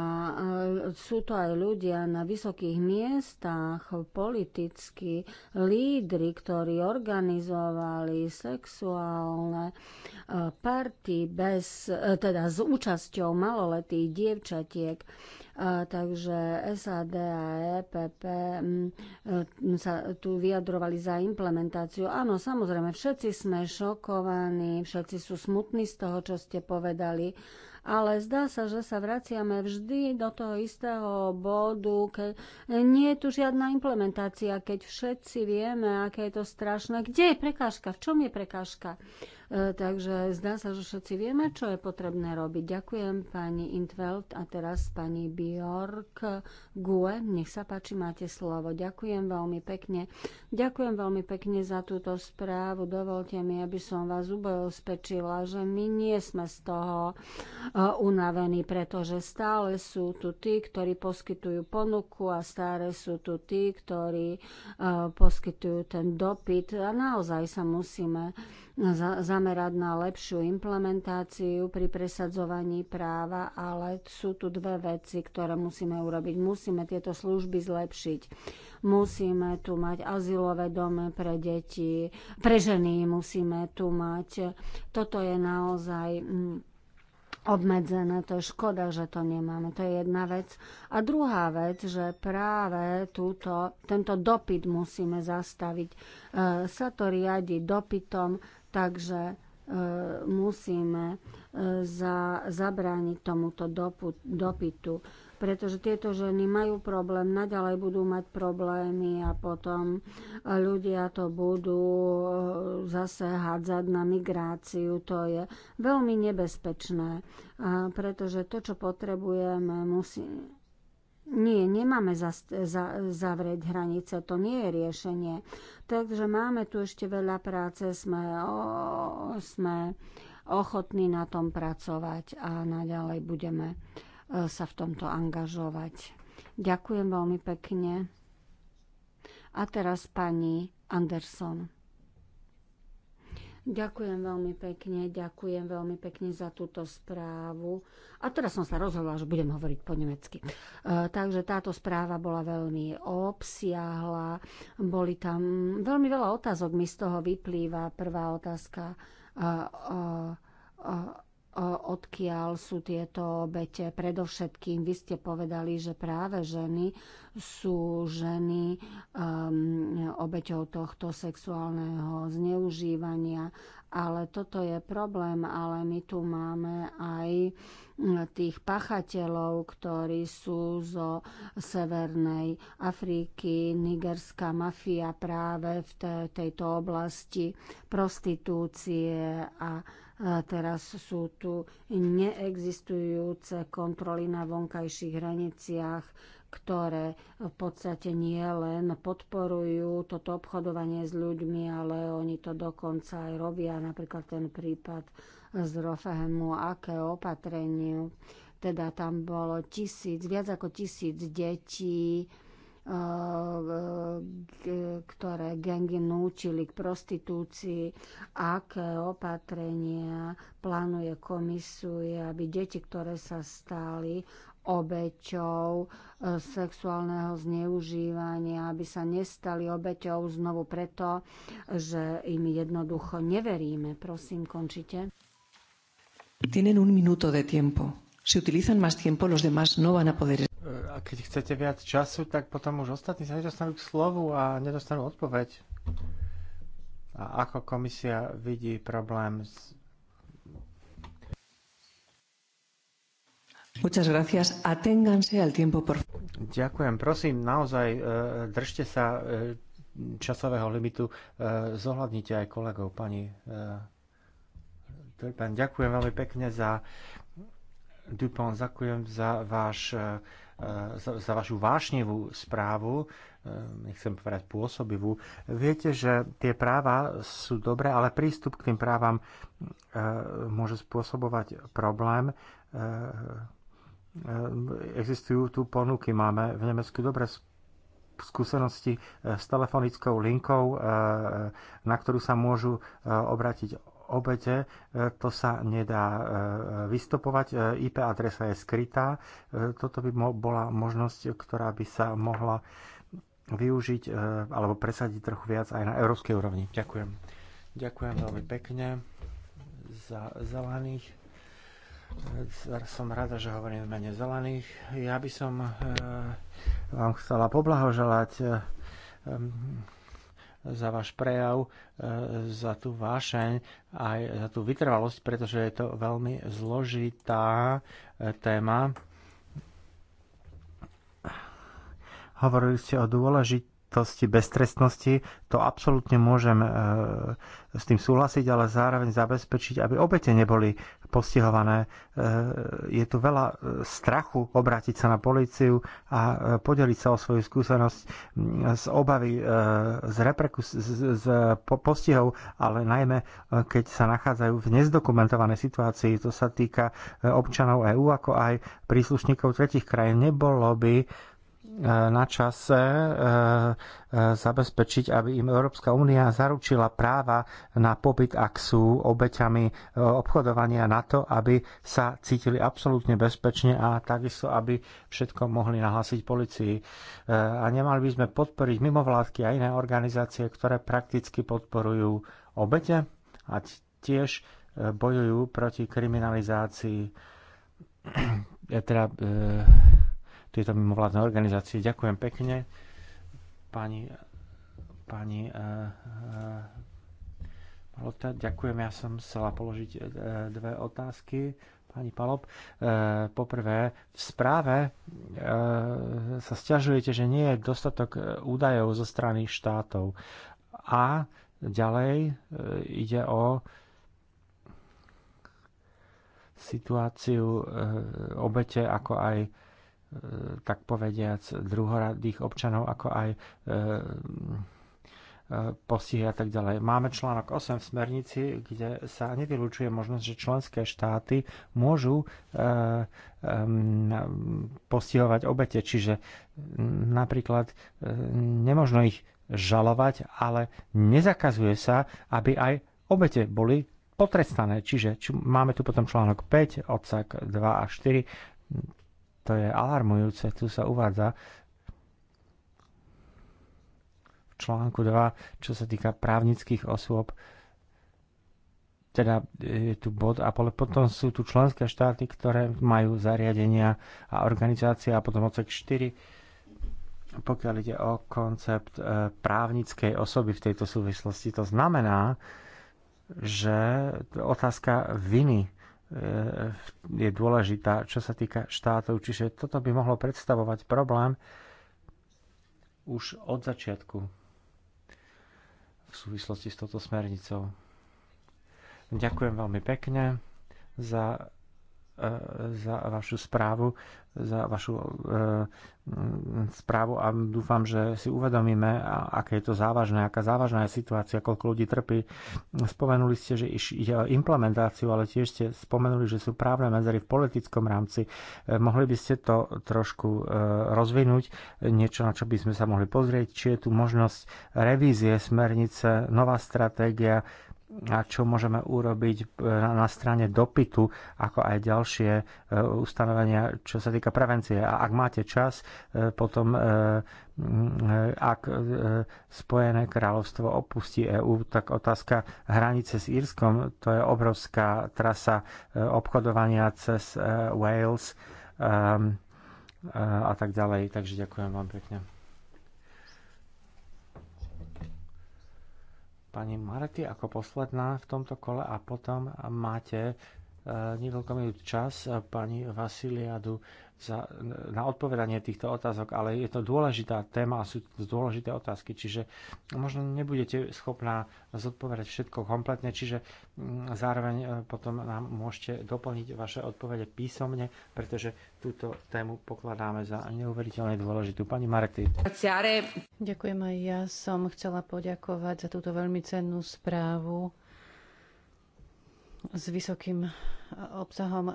sú to aj ľudia na vysokých miestach, politickí lídry, ktorí organizovali sexuálne e, party bez, e, teda s účasťou maloletých dievčatiek. E, takže SAD a EPP sa tu vyjadrovali za implementáciu. Áno, samozrejme, všetci sme šokovaní, všetci sú smutní z toho, čo ste povedali ale zdá sa, že sa vraciame vždy do toho istého bodu, keď nie je tu žiadna implementácia, keď všetci vieme, aké je to strašné. Kde je prekážka? V čom je prekážka? E, takže zdá sa, že všetci vieme, čo je potrebné robiť. Ďakujem pani Intveld a teraz pani Bjork Gue. Nech sa páči, máte slovo. Ďakujem veľmi pekne. Ďakujem veľmi pekne za túto správu. Dovolte mi, aby som vás ubezpečila, že my nie sme z toho e, unavení, pretože stále sú tu tí, ktorí poskytujú ponuku a stále sú tu tí, ktorí e, poskytujú ten dopyt a naozaj sa musíme zamerať na lepšiu implementáciu pri presadzovaní práva, ale sú tu dve veci, ktoré musíme urobiť. Musíme tieto služby zlepšiť. Musíme tu mať azylové domy pre deti, pre ženy musíme tu mať. Toto je naozaj mm, obmedzené. To je škoda, že to nemáme. To je jedna vec. A druhá vec, že práve túto, tento dopyt musíme zastaviť. E, sa to riadi dopytom Takže e, musíme e, za, zabrániť tomuto dopu, dopytu, pretože tieto ženy majú problém, naďalej budú mať problémy a potom e, ľudia to budú zase hádzať na migráciu. To je veľmi nebezpečné, pretože to, čo potrebujeme, musí, nie, nemáme zavrieť hranice, to nie je riešenie. Takže máme tu ešte veľa práce, sme, o, sme ochotní na tom pracovať a naďalej budeme e, sa v tomto angažovať. Ďakujem veľmi pekne. A teraz pani Anderson. Ďakujem veľmi pekne, ďakujem veľmi pekne za túto správu. A teraz som sa rozhodla, že budem hovoriť po nemecky. E, takže táto správa bola veľmi obsiahla, boli tam veľmi veľa otázok mi z toho vyplýva. Prvá otázka. E, e, e odkiaľ sú tieto obete. Predovšetkým vy ste povedali, že práve ženy sú ženy um, obeťou tohto sexuálneho zneužívania. Ale toto je problém, ale my tu máme aj mm, tých pachateľov, ktorí sú zo Severnej Afriky. Nigerská mafia práve v tejto oblasti prostitúcie a teraz sú tu neexistujúce kontroly na vonkajších hraniciach, ktoré v podstate nie len podporujú toto obchodovanie s ľuďmi, ale oni to dokonca aj robia. Napríklad ten prípad z Rofahemu, aké opatrenie. Teda tam bolo tisíc, viac ako tisíc detí, E, e, ktoré gengy núčili k prostitúcii, aké opatrenia plánuje komisuje, aby deti, ktoré sa stali obeťou e, sexuálneho zneužívania, aby sa nestali obeťou znovu preto, že im jednoducho neveríme. Prosím, končite. Tienen un minuto de tiempo. Si utilizan más tiempo, los demás no van a poder a keď chcete viac času, tak potom už ostatní sa nedostanú k slovu a nedostanú odpoveď. A ako komisia vidí problém s... Muchas gracias. Aténganse al tiempo, por Ďakujem. Prosím, naozaj e, držte sa e, časového limitu. E, zohľadnite aj kolegov, pani Ďakujem veľmi pekne za Dupont, ďakujem za váš E, za, za vašu vášnivú správu, e, nechcem povedať pôsobivú. Viete, že tie práva sú dobré, ale prístup k tým právam e, môže spôsobovať problém. Existujú tu ponuky, máme v Nemecku dobré skúsenosti s telefonickou linkou, na ktorú sa môžu obrátiť obete, e, to sa nedá e, vystopovať, e, IP adresa je skrytá. Toto by bola možnosť, ktorá by sa mohla využiť alebo presadiť trochu viac aj na európskej úrovni. Ďakujem. Ďakujem veľmi pekne za zelených. Som rada, že hovorím v mene zelených. Ja by som vám chcela poblahoželať za váš prejav, e, za tú vášeň, aj za tú vytrvalosť, pretože je to veľmi zložitá e, téma. Hovorili ste o dôležitosti beztrestnosti. To absolútne môžem e, s tým súhlasiť, ale zároveň zabezpečiť, aby obete neboli postihované. E, je tu veľa e, strachu obrátiť sa na políciu a e, podeliť sa o svoju skúsenosť z obavy z, reprekus, z, z postihov, ale najmä keď sa nachádzajú v nezdokumentovanej situácii. To sa týka občanov EÚ ako aj príslušníkov tretich krajín. Nebolo by E, na čase e, e, zabezpečiť, aby im Európska únia zaručila práva na pobyt, ak sú obeťami obchodovania na to, aby sa cítili absolútne bezpečne a takisto, aby všetko mohli nahlásiť policii. A nemali by sme podporiť mimovládky a iné organizácie, ktoré prakticky podporujú obete a tiež bojujú proti kriminalizácii teda, e tejto mimovládnej organizácie. Ďakujem pekne, pani, pani eh, eh, Lota, Ďakujem, ja som chcela položiť eh, dve otázky. Pani Palop, poprvé, v správe sa stiažujete, že nie je dostatok údajov zo strany štátov. A ďalej ide o situáciu obete, ako aj E, tak povediac druhoradých občanov, ako aj e, e, postihy a tak ďalej. Máme článok 8 v smernici, kde sa nevylučuje možnosť, že členské štáty môžu postihovať obete, čiže napríklad nemožno ich žalovať, ale nezakazuje sa, aby aj obete boli potrestané. Čiže či máme tu potom článok 5, odsak 2 a 4, to je alarmujúce, tu sa uvádza v článku 2, čo sa týka právnických osôb, teda je tu bod a potom sú tu členské štáty, ktoré majú zariadenia a organizácia a potom odsek 4 pokiaľ ide o koncept e, právnickej osoby v tejto súvislosti. To znamená, že otázka viny je dôležitá, čo sa týka štátov. Čiže toto by mohlo predstavovať problém už od začiatku v súvislosti s touto smernicou. Ďakujem veľmi pekne za E, za vašu správu, za vašu e, správu a dúfam, že si uvedomíme, aké je to závažné, aká závažná je situácia, koľko ľudí trpí. Spomenuli ste, že ide o implementáciu, ale tiež ste spomenuli, že sú právne medzery v politickom rámci. E, mohli by ste to trošku rozvinúť, niečo, na čo by sme sa mohli pozrieť, či je tu možnosť revízie smernice, nová stratégia, a čo môžeme urobiť e, na strane dopytu, ako aj ďalšie e, ustanovenia, čo sa týka prevencie. A ak máte čas, e, potom ak Spojené kráľovstvo opustí EÚ, tak otázka hranice s Írskom, to je obrovská trasa obchodovania cez Wales a tak ďalej. Takže ďakujem vám pekne. pani Marety ako posledná v tomto kole a potom máte eh, niekoľko minút čas eh, pani Vasiliadu za, na odpovedanie týchto otázok, ale je to dôležitá téma a sú to dôležité otázky, čiže možno nebudete schopná zodpovedať všetko kompletne, čiže mm, zároveň e, potom nám môžete doplniť vaše odpovede písomne, pretože túto tému pokladáme za neuveriteľne dôležitú. Pani Marek, Ďakujem aj ja som chcela poďakovať za túto veľmi cennú správu s vysokým e, obsahom. E,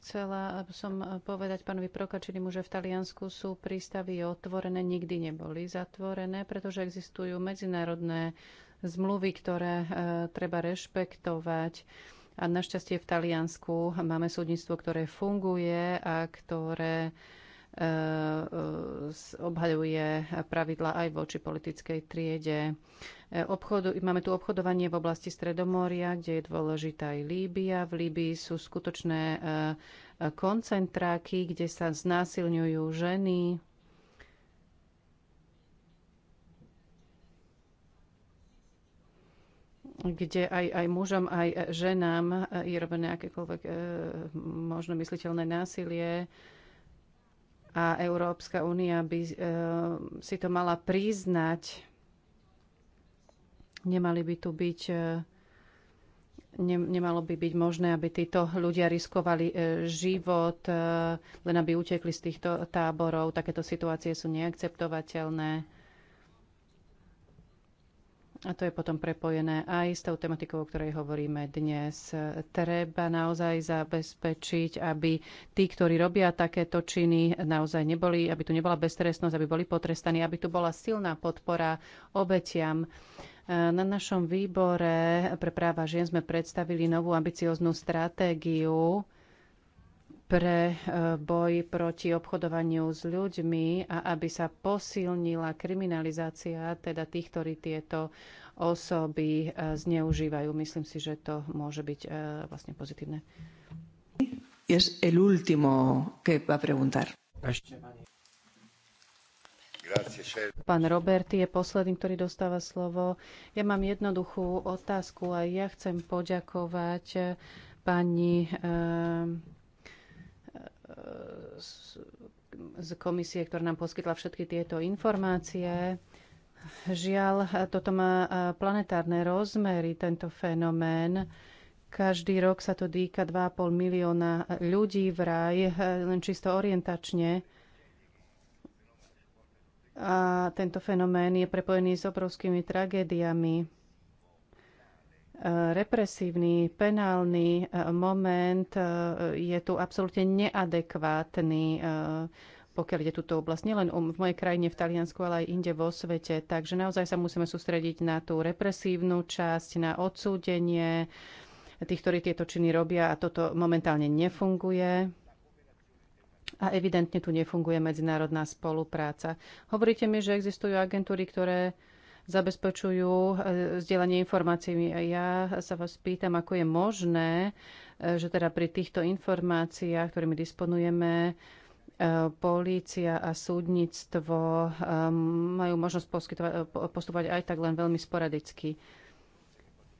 chcela som povedať pánovi Prokačinimu, že v Taliansku sú prístavy otvorené, nikdy neboli zatvorené, pretože existujú medzinárodné zmluvy, ktoré e, treba rešpektovať. A našťastie v Taliansku máme súdnictvo, ktoré funguje a ktoré E, e, obhajuje pravidla aj voči politickej triede. E, obchodu, máme tu obchodovanie v oblasti Stredomoria, kde je dôležitá aj Líbia. V Líbii sú skutočné koncentráky, kde sa znásilňujú ženy. kde aj, aj mužom, aj ženám je robené akékoľvek e, možno mysliteľné násilie. E, a Európska únia by e, si to mala priznať. Nemali by tu byť, e, ne, nemalo by byť možné, aby títo ľudia riskovali e, život, e, len aby utekli z týchto táborov. Takéto situácie sú neakceptovateľné. A to je potom prepojené aj s tou tematikou, o ktorej hovoríme dnes. Treba naozaj zabezpečiť, aby tí, ktorí robia takéto činy, naozaj neboli, aby tu nebola beztrestnosť, aby boli potrestaní, aby tu bola silná podpora obetiam. Na našom výbore pre práva žien sme predstavili novú ambicioznú stratégiu pre e, boj proti obchodovaniu s ľuďmi a aby sa posilnila kriminalizácia teda tých, ktorí tieto osoby e, zneužívajú. Myslím si, že to môže byť e, vlastne pozitívne. Es el último que va a preguntar. Ešte Pán Robert je posledný, ktorý dostáva slovo. Ja mám jednoduchú otázku a ja chcem poďakovať pani z komisie, ktorá nám poskytla všetky tieto informácie. Žiaľ, toto má planetárne rozmery, tento fenomén. Každý rok sa to dýka 2,5 milióna ľudí v raj, e, len čisto orientačne. A tento fenomén je prepojený s obrovskými tragédiami represívny, penálny e, moment e, je tu absolútne neadekvátny e, pokiaľ ide túto oblasť, nielen v mojej krajine v Taliansku, ale aj inde vo svete. Takže naozaj sa musíme sústrediť na tú represívnu časť, na odsúdenie tých, ktorí tieto činy robia a toto momentálne nefunguje. A evidentne tu nefunguje medzinárodná spolupráca. Hovoríte mi, že existujú agentúry, ktoré zabezpečujú e, zdieľanie informácií. A ja sa vás pýtam, ako je možné, e, že teda pri týchto informáciách, ktorými disponujeme, e, polícia a súdnictvo majú možnosť postupovať aj tak len veľmi sporadicky.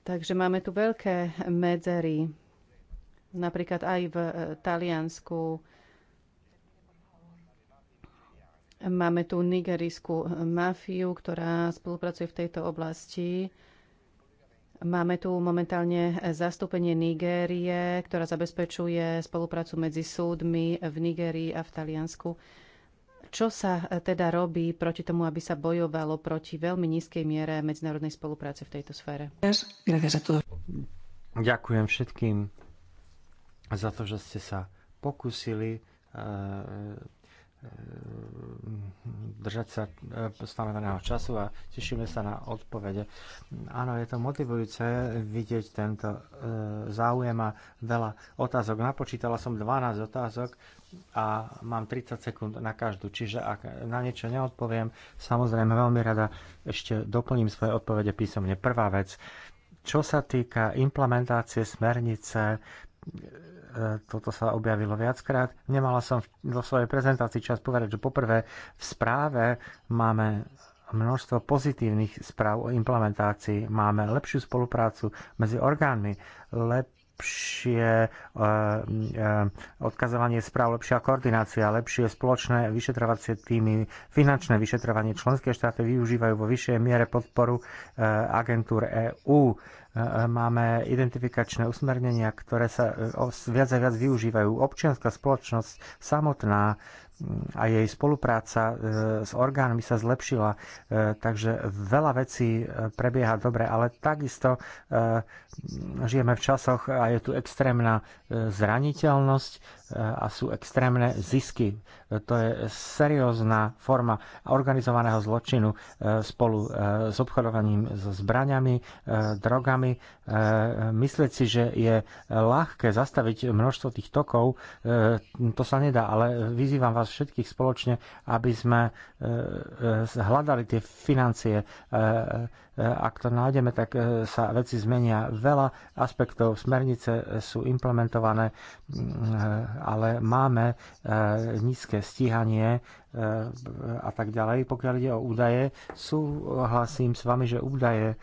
Takže máme tu veľké medzery, napríklad aj v Taliansku Máme tu nigerijskú mafiu, ktorá spolupracuje v tejto oblasti. Máme tu momentálne zastúpenie Nigérie, ktorá zabezpečuje spoluprácu medzi súdmi v Nigérii a v Taliansku. Čo sa teda robí proti tomu, aby sa bojovalo proti veľmi nízkej miere medzinárodnej spolupráce v tejto sfére? Ďakujem všetkým za to, že ste sa pokúsili eh, Ehm, držať sa e, stanoveného času a tešíme sa na odpovede. Áno, je to motivujúce vidieť tento e, záujem a veľa otázok. Napočítala som 12 otázok a mám 30 sekúnd na každú. Čiže ak na niečo neodpoviem, samozrejme veľmi rada ešte doplním svoje odpovede písomne. Prvá vec, čo sa týka implementácie smernice E, toto sa objavilo viackrát. Nemala som vo svojej prezentácii čas povedať, že poprvé v správe máme množstvo pozitívnych správ o implementácii, máme lepšiu spoluprácu medzi orgánmi, lepšie e, e, odkazovanie správ, lepšia koordinácia, lepšie spoločné vyšetrovacie týmy, finančné vyšetrovanie. Členské štáty využívajú vo vyššej miere podporu agentúr EÚ E, e, máme identifikačné usmernenia, ktoré sa e, viac a viac využívajú. Občianská spoločnosť samotná a jej spolupráca e, s orgánmi sa zlepšila, e, takže veľa vecí e, prebieha dobre, ale takisto žijeme v časoch a je tu extrémna zraniteľnosť a sú extrémne zisky. To je seriózna forma organizovaného zločinu spolu s obchodovaním so zbraniami, drogami. Myslieť si, že je ľahké zastaviť množstvo tých tokov, to sa nedá, ale vyzývam vás všetkých spoločne, aby sme e, e, hľadali tie financie. E, ak to nájdeme, tak sa veci zmenia veľa aspektov. Smernice sú implementované, mm, ale máme nízke stíhanie a tak ďalej. Pokiaľ ide o údaje, súhlasím s vami, že údaje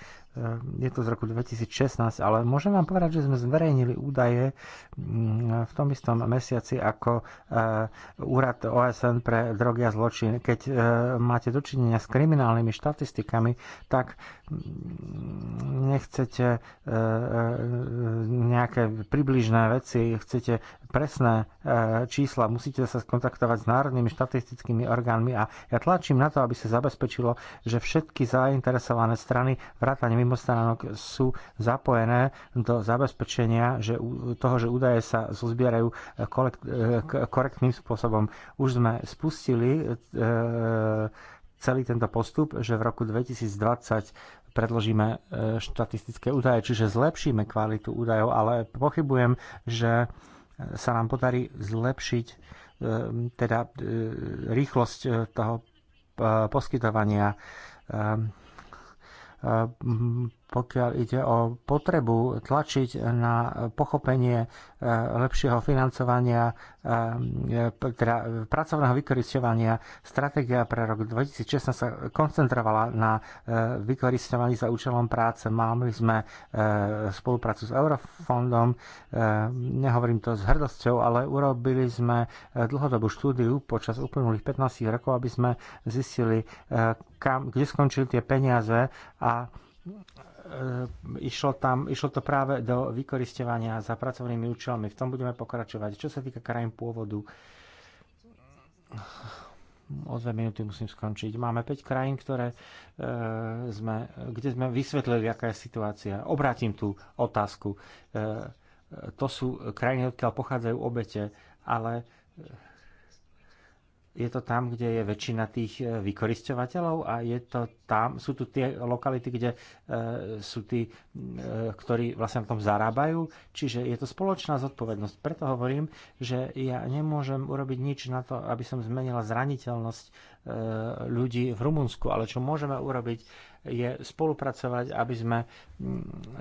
je to z roku 2016, ale môžem vám povedať, že sme zverejnili údaje mm, v tom istom mesiaci ako eh, úrad OSN pre drogy a zločin. Keď eh, máte dočinenia s kriminálnymi štatistikami, tak mm, nechcete eh, nejaké približné veci, chcete presné e, čísla, musíte sa skontaktovať s národnými štatistickými orgánmi a ja tlačím na to, aby sa zabezpečilo, že všetky zainteresované strany vrátane mimostranok sú zapojené do zabezpečenia že, toho, že údaje sa zozbierajú e, e, korektným spôsobom. Už sme spustili celý tento postup, že v roku 2020 predložíme štatistické údaje, čiže zlepšíme kvalitu údajov, ale pochybujem, že sa nám podarí zlepšiť e, teda e, rýchlosť e, toho poskytovania pokiaľ ide o potrebu tlačiť na pochopenie e, lepšieho financovania, e, e, teda pracovného vykoristovania. Stratégia pre rok 2016 sa koncentrovala na vykoristovaní za účelom práce. máme sme spoluprácu s Eurofondom, nehovorím to s hrdosťou, ale urobili sme dlhodobú štúdiu počas uplynulých 15 rokov, aby sme zistili, kam, kde skončili tie peniaze a E, išlo, tam, išlo to práve do vykoristovania za pracovnými účelmi. V tom budeme pokračovať. Čo sa týka krajín pôvodu, o dve minúty musím skončiť. Máme 5 krajín, ktoré, e, sme, kde sme vysvetlili, aká je situácia. Obrátim tú otázku. E, e to sú krajiny, odkiaľ pochádzajú obete, ale e, je to tam, kde je väčšina tých e, vykoristovateľov a je to tam, sú tu tie lokality, kde e, sú tí, e, ktorí vlastne na tom zarábajú. Čiže je to spoločná zodpovednosť. Preto hovorím, že ja nemôžem urobiť nič na to, aby som zmenila zraniteľnosť ľudí v Rumunsku, ale čo môžeme urobiť, je spolupracovať, aby sme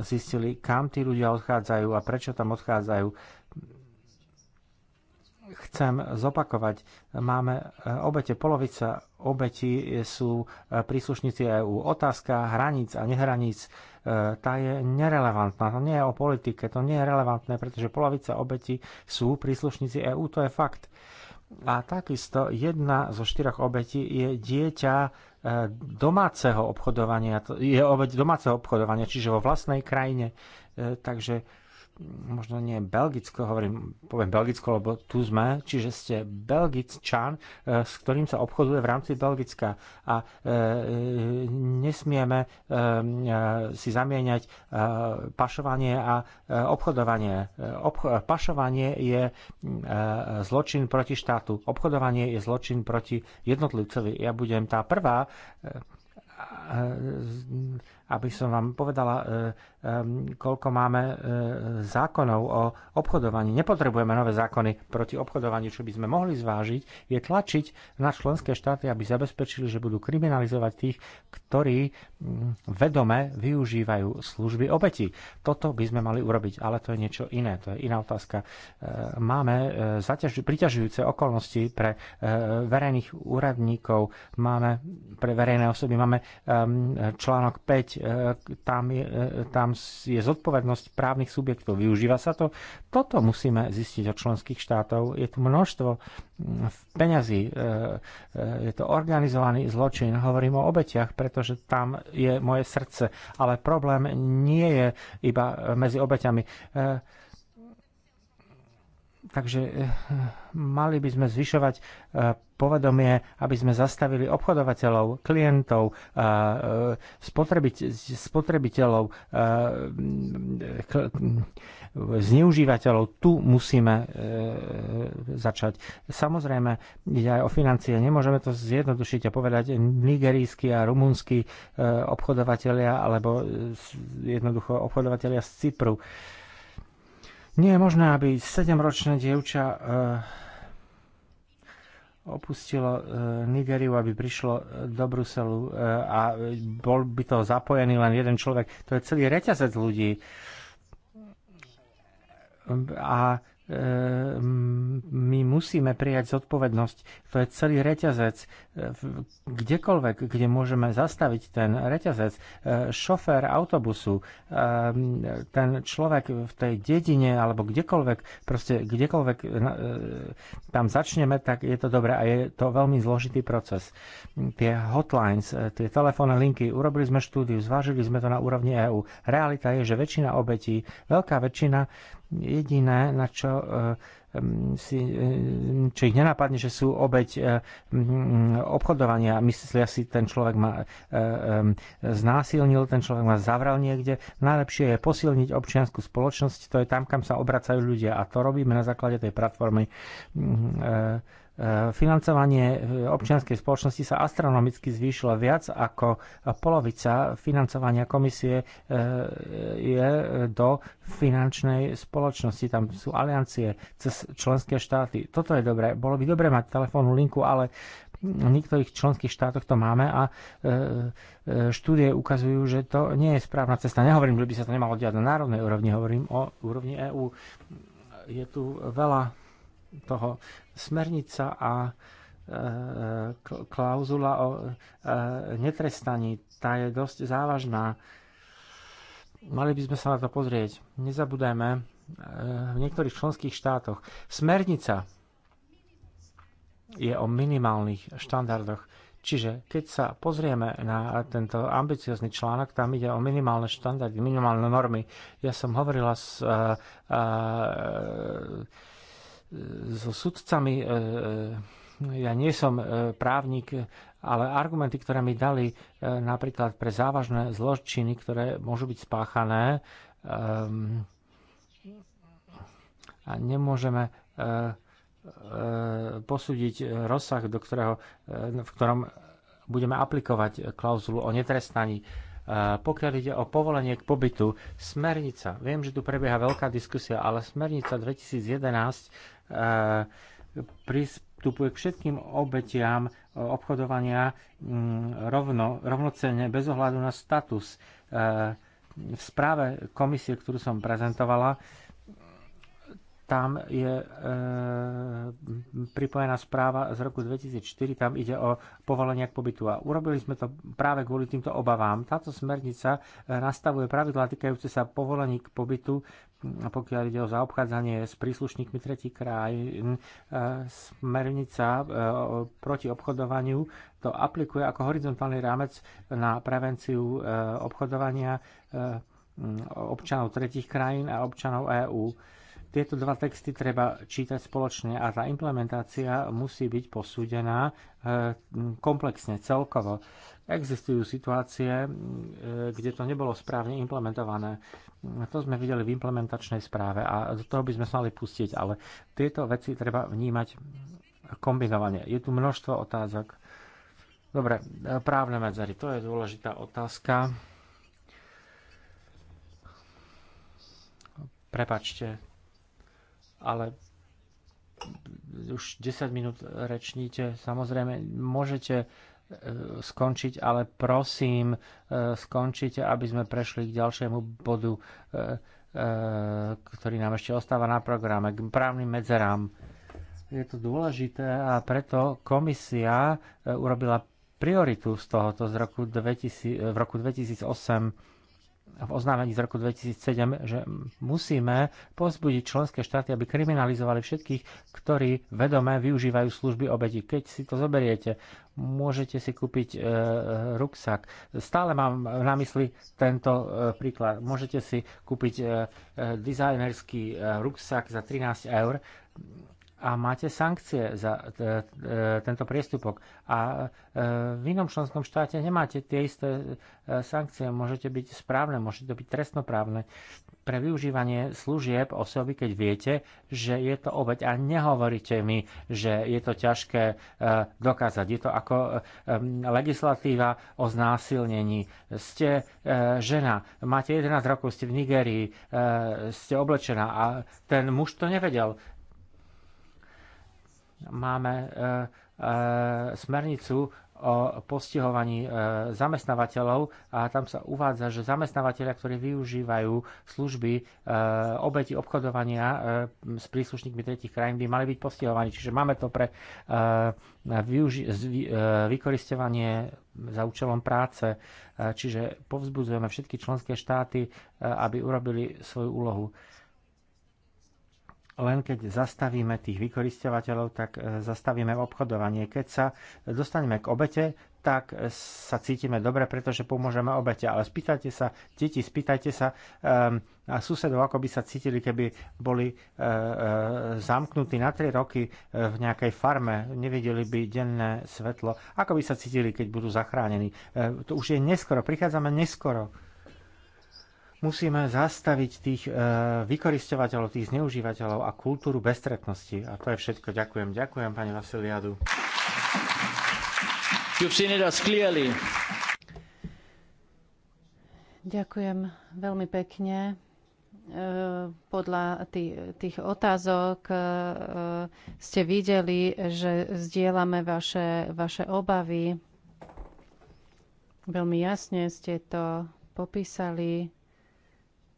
zistili, kam tí ľudia odchádzajú a prečo tam odchádzajú chcem zopakovať, máme eh, obete, polovica obetí sú eh, príslušníci EÚ. Otázka hraníc a nehraníc, eh, tá je nerelevantná. To nie je o politike, to nie je relevantné, pretože polovica obetí sú príslušníci EÚ, to je fakt. A takisto jedna zo štyroch obetí je dieťa domáceho obchodovania, je obeť domáceho obchodovania, čiže vo vlastnej krajine. Takže možno nie Belgicko, hovorím, poviem Belgicko, lebo tu sme, čiže ste Belgičan, e, s ktorým sa obchoduje v rámci Belgicka a e, nesmieme e, e si zamieňať e, pašovanie a e, obchodovanie. Obcho- pašovanie je zločin proti štátu, obchodovanie je zločin proti jednotlivcovi. Ja budem tá prvá, aby som vám povedala, Ehm, koľko máme e, zákonov o obchodovaní. Nepotrebujeme nové zákony proti obchodovaniu, čo by sme mohli zvážiť, je tlačiť na členské štáty, aby zabezpečili, že budú kriminalizovať tých, ktorí mm, vedome využívajú služby obeti. Toto by sme mali urobiť, ale to je niečo iné, to je iná otázka. E, máme e, priťažujúce okolnosti pre verejných úradníkov, máme pre verejné osoby, máme ehm, článok 5, tam, je, tam tam je zodpovednosť právnych subjektov. Využíva sa to? Toto musíme zistiť od členských štátov. Je tu množstvo mm, peňazí, e, e, je to organizovaný zločin, hovorím o obetiach, pretože tam je moje srdce. Ale problém nie je iba medzi obeťami. E, takže mali by sme zvyšovať povedomie, aby sme zastavili obchodovateľov, klientov, e, spotrebiteľov, zneužívateľov. Tu musíme e, začať. Samozrejme, ide aj o financie. Nemôžeme to zjednodušiť a povedať nigerijskí a rumúnsky e, obchodovateľia alebo jednoducho obchodovateľia z Cypru. Nie je možné, aby sedemročné dievča opustilo e, Nigeriu, aby prišlo e, do Bruselu e, a bol by to zapojený len jeden človek. To je celý reťazec ľudí. A Ehm, my musíme prijať zodpovednosť. To je celý reťazec. E, kdekoľvek, kde môžeme zastaviť ten reťazec, e, šofér autobusu, ehm, ten človek v tej dedine alebo kdekoľvek, proste kdekoľvek e, tam začneme, tak je to dobré a je to veľmi zložitý proces. Tie hotlines, tie telefónne linky, urobili sme štúdiu, zvážili sme to na úrovni EÚ. Realita je, že väčšina obetí, veľká väčšina Jediné, na čo e, si, čo ich nenapadne, že sú obeď e, obchodovania. Myslia si, ten človek ma e, znásilnil, ten človek ma zavral niekde. Najlepšie je posilniť občianskú spoločnosť, to je tam, kam sa obracajú ľudia a to robíme na základe tej platformy Eh, financovanie eh, občianskej spoločnosti sa astronomicky zvýšilo viac ako polovica financovania komisie eh, je do finančnej spoločnosti. Tam sú aliancie cez členské štáty. Toto je dobré. Bolo by dobré mať telefónnu linku, ale v niektorých členských štátoch to máme a štúdie ukazujú, že to nie je správna cesta. Nehovorím, že by sa to nemalo diať na národnej úrovni, hovorím o úrovni EÚ. Je tu veľa toho Smernica a e, klauzula o e, netrestaní, tá je dosť závažná. Mali by sme sa na to pozrieť. Nezabudajme, e, v niektorých členských štátoch smernica je o minimálnych štandardoch. Čiže keď sa pozrieme na tento ambiciozný článok, tam ide o minimálne štandardy, minimálne normy. Ja som hovorila s uh, uh, so sudcami. E, e, ja nie som e, právnik, ale argumenty, ktoré mi dali napríklad pre závažné zločiny, ktoré môžu byť spáchané, ehm, a nemôžeme posúdiť rozsah, do ktorého, v ktorom budeme aplikovať klauzulu o netrestaní. Pokiaľ ide o povolenie k pobytu, smernica, viem, že tu prebieha veľká diskusia, ale smernica 2011 E, pristupuje k všetkým obetiam obchodovania mm, rovno, rovnocenne, bez ohľadu na status. E, v správe komisie, ktorú som prezentovala, tam je e, pripojená správa z roku 2004, tam ide o povolenia k pobytu. A urobili sme to práve kvôli týmto obavám. Táto smernica e, nastavuje pravidlá týkajúce sa povolení k pobytu, pokiaľ ide o zaobchádzanie s príslušníkmi tretí kraj. E, smernica e, proti obchodovaniu to aplikuje ako horizontálny rámec na prevenciu e, obchodovania e, občanov tretich krajín a občanov EÚ tieto dva texty treba čítať spoločne a tá implementácia musí byť posúdená e, komplexne, celkovo. Existujú situácie, e, kde to nebolo správne implementované. To sme videli v implementačnej správe a do toho by sme sa mali pustiť, ale tieto veci treba vnímať kombinovane. Je tu množstvo otázok. Dobre, e, právne medzery, to je dôležitá otázka. Prepačte, ale už 10 minút rečníte. Samozrejme, môžete e, skončiť, ale prosím, e, skončite, aby sme prešli k ďalšiemu bodu, e, ktorý nám ešte ostáva na programe, k právnym medzerám. Je to dôležité a preto komisia urobila prioritu z tohoto z roku 2000, v roku 2008 v oznámení z roku 2007, že musíme pozbudiť členské štáty, aby kriminalizovali všetkých, ktorí vedome využívajú služby obeti. Keď si to zoberiete, môžete si kúpiť e, ruksak. Stále mám na mysli tento e, príklad. Môžete si kúpiť e, e, dizajnerský e, ruksak za 13 eur a máte sankcie za e, e, tento priestupok. A e, v inom členskom štáte nemáte tie isté sankcie. Môžete byť správne, môžete to byť trestnoprávne pre využívanie služieb osoby, keď viete, že je to obeď. A nehovoríte mi, že je to ťažké dokázať. Je to ako legislatíva o znásilnení. Ste žena, máte 11 rokov, ste v Nigerii, ste oblečená a ten muž to nevedel máme e, e, smernicu o postihovaní e, zamestnávateľov a tam sa uvádza, že zamestnávateľia, ktorí využívajú služby obeti obchodovania s príslušníkmi tretich krajín, by mali byť postihovaní. Čiže máme to pre vykoristovanie za účelom práce. Čiže povzbudzujeme všetky členské štáty, aby urobili svoju úlohu len keď zastavíme tých vykoristovateľov, tak e, zastavíme obchodovanie. Keď sa dostaneme k obete, tak e, sa cítime dobre, pretože pomôžeme obete. Ale spýtajte sa, deti, spýtajte sa um, a susedov, ako by sa cítili, keby boli uh, zamknutí na 3 roky v nejakej farme, nevideli by denné svetlo. Ako by sa cítili, keď budú zachránení? Uh, to už je neskoro, prichádzame neskoro. Musíme zastaviť tých e, vykoristovateľov, tých zneužívateľov a kultúru bestretnosti. A to je všetko. Ďakujem. Ďakujem, pani Vasiliadu. Ďakujem veľmi pekne. E, podľa tých otázok e, ste videli, že zdieľame vaše, vaše obavy. Veľmi jasne ste to popísali.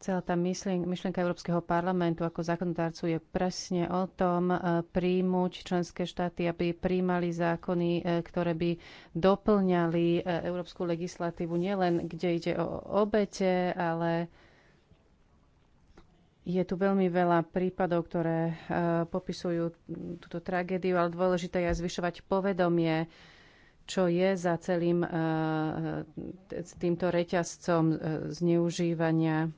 Celá tá myšlienka Európskeho parlamentu ako zákonodárcu je presne o tom e, príjmuť členské štáty, aby príjmali zákony, e, ktoré by doplňali e, európsku legislatívu nielen kde ide o obete, ale je tu veľmi veľa prípadov, ktoré popisujú túto tragédiu, ale dôležité je zvyšovať povedomie čo je za celým týmto reťazcom zneužívania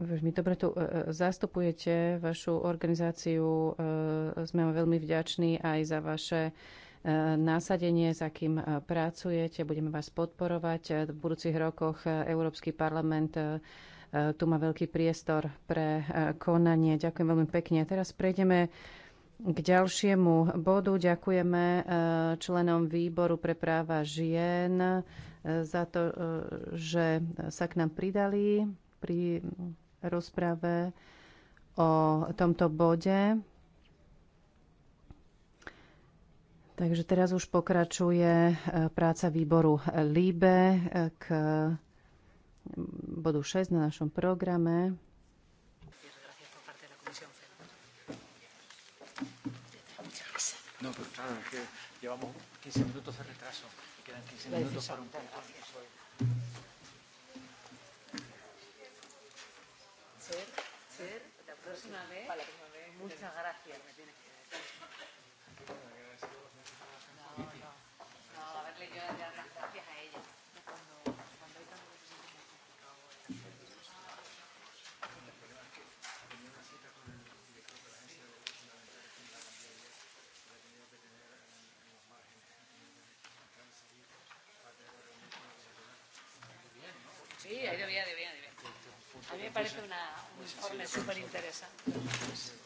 Veľmi dobre tu e, e, zastupujete vašu organizáciu. E, sme vám veľmi vďační aj za vaše násadenie, za kým pracujete. Budeme vás podporovať. V budúcich rokoch Európsky parlament tu má veľký priestor pre konanie. Ďakujem veľmi pekne. Teraz prejdeme k ďalšiemu bodu. Ďakujeme členom výboru pre práva žien za to, že sa k nám pridali pri rozprave o tomto bode. Takže teraz už pokračuje e, práca výboru e, LIBE k bodu 6 na našom programe. No, pero claro, es que llevamos 15 minutos de retraso quedan 15 minutos para un ser, ser, la próxima vez. Para la próxima vez. Muchas gracias. parece una, un informe súper interesante. nosotros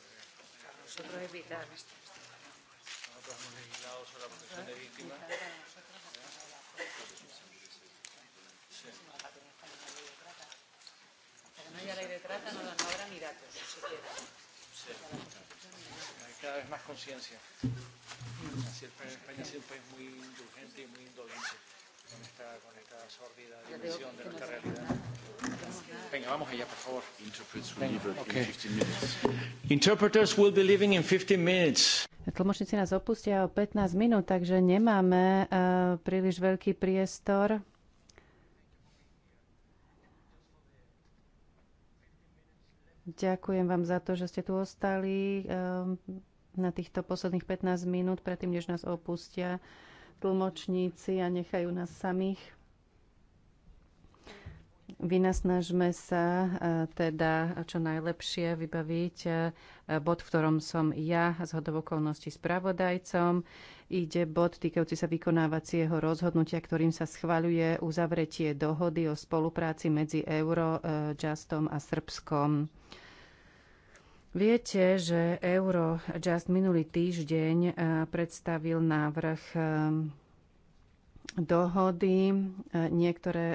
Nosotros hemos legislado sobre la protección de víctimas. no haya ley de trata, no, no habrá ni datos, ni siquiera. Sí. Hay cada vez más conciencia. Así España ha sido un país muy indulgente y muy indolente con esta, con esta sórdida dimensión de nuestra realidad. Venga, vamos allá, por favor. Interpreters will, Venga, okay. Interpreters will be leaving in 15 minutes. Tlmočníci nás opustia o 15 minút, takže nemáme uh, príliš veľký priestor. Ďakujem vám za to, že ste tu ostali eh, na týchto posledných 15 minút, predtým, než nás opustia tlmočníci a nechajú nás samých. Vynasnažme sa e, teda čo najlepšie vybaviť e, bod, v ktorom som ja z hodovokolnosti spravodajcom. Ide bod týkajúci sa vykonávacieho rozhodnutia, ktorým sa schvaľuje uzavretie dohody o spolupráci medzi Eurojustom e, a Srbskom. Viete, že Eurojust minulý týždeň eh, predstavil návrh eh, dohody. Eh, niektoré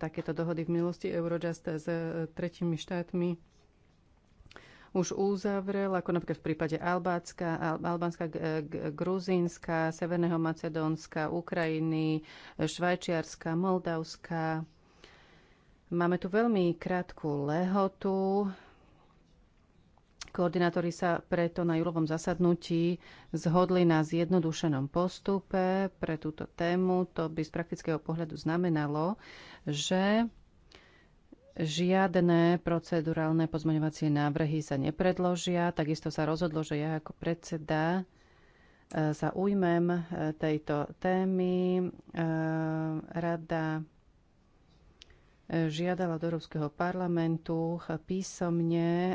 takéto dohody v minulosti Eurojust s tretimi štátmi už uzavrel, ako napríklad v prípade Albánska, Albánska, Gruzínska, Severného Macedónska, Ukrajiny, Švajčiarska, Moldavska. Máme tu veľmi krátku lehotu Koordinátori sa preto na júlovom zasadnutí zhodli na zjednodušenom postupe pre túto tému. To by z praktického pohľadu znamenalo, že žiadne procedurálne pozmeňovacie návrhy sa nepredložia. Takisto sa rozhodlo, že ja ako predseda e, sa ujmem e, tejto témy. E, rada žiadala do Európskeho parlamentu písomne eh,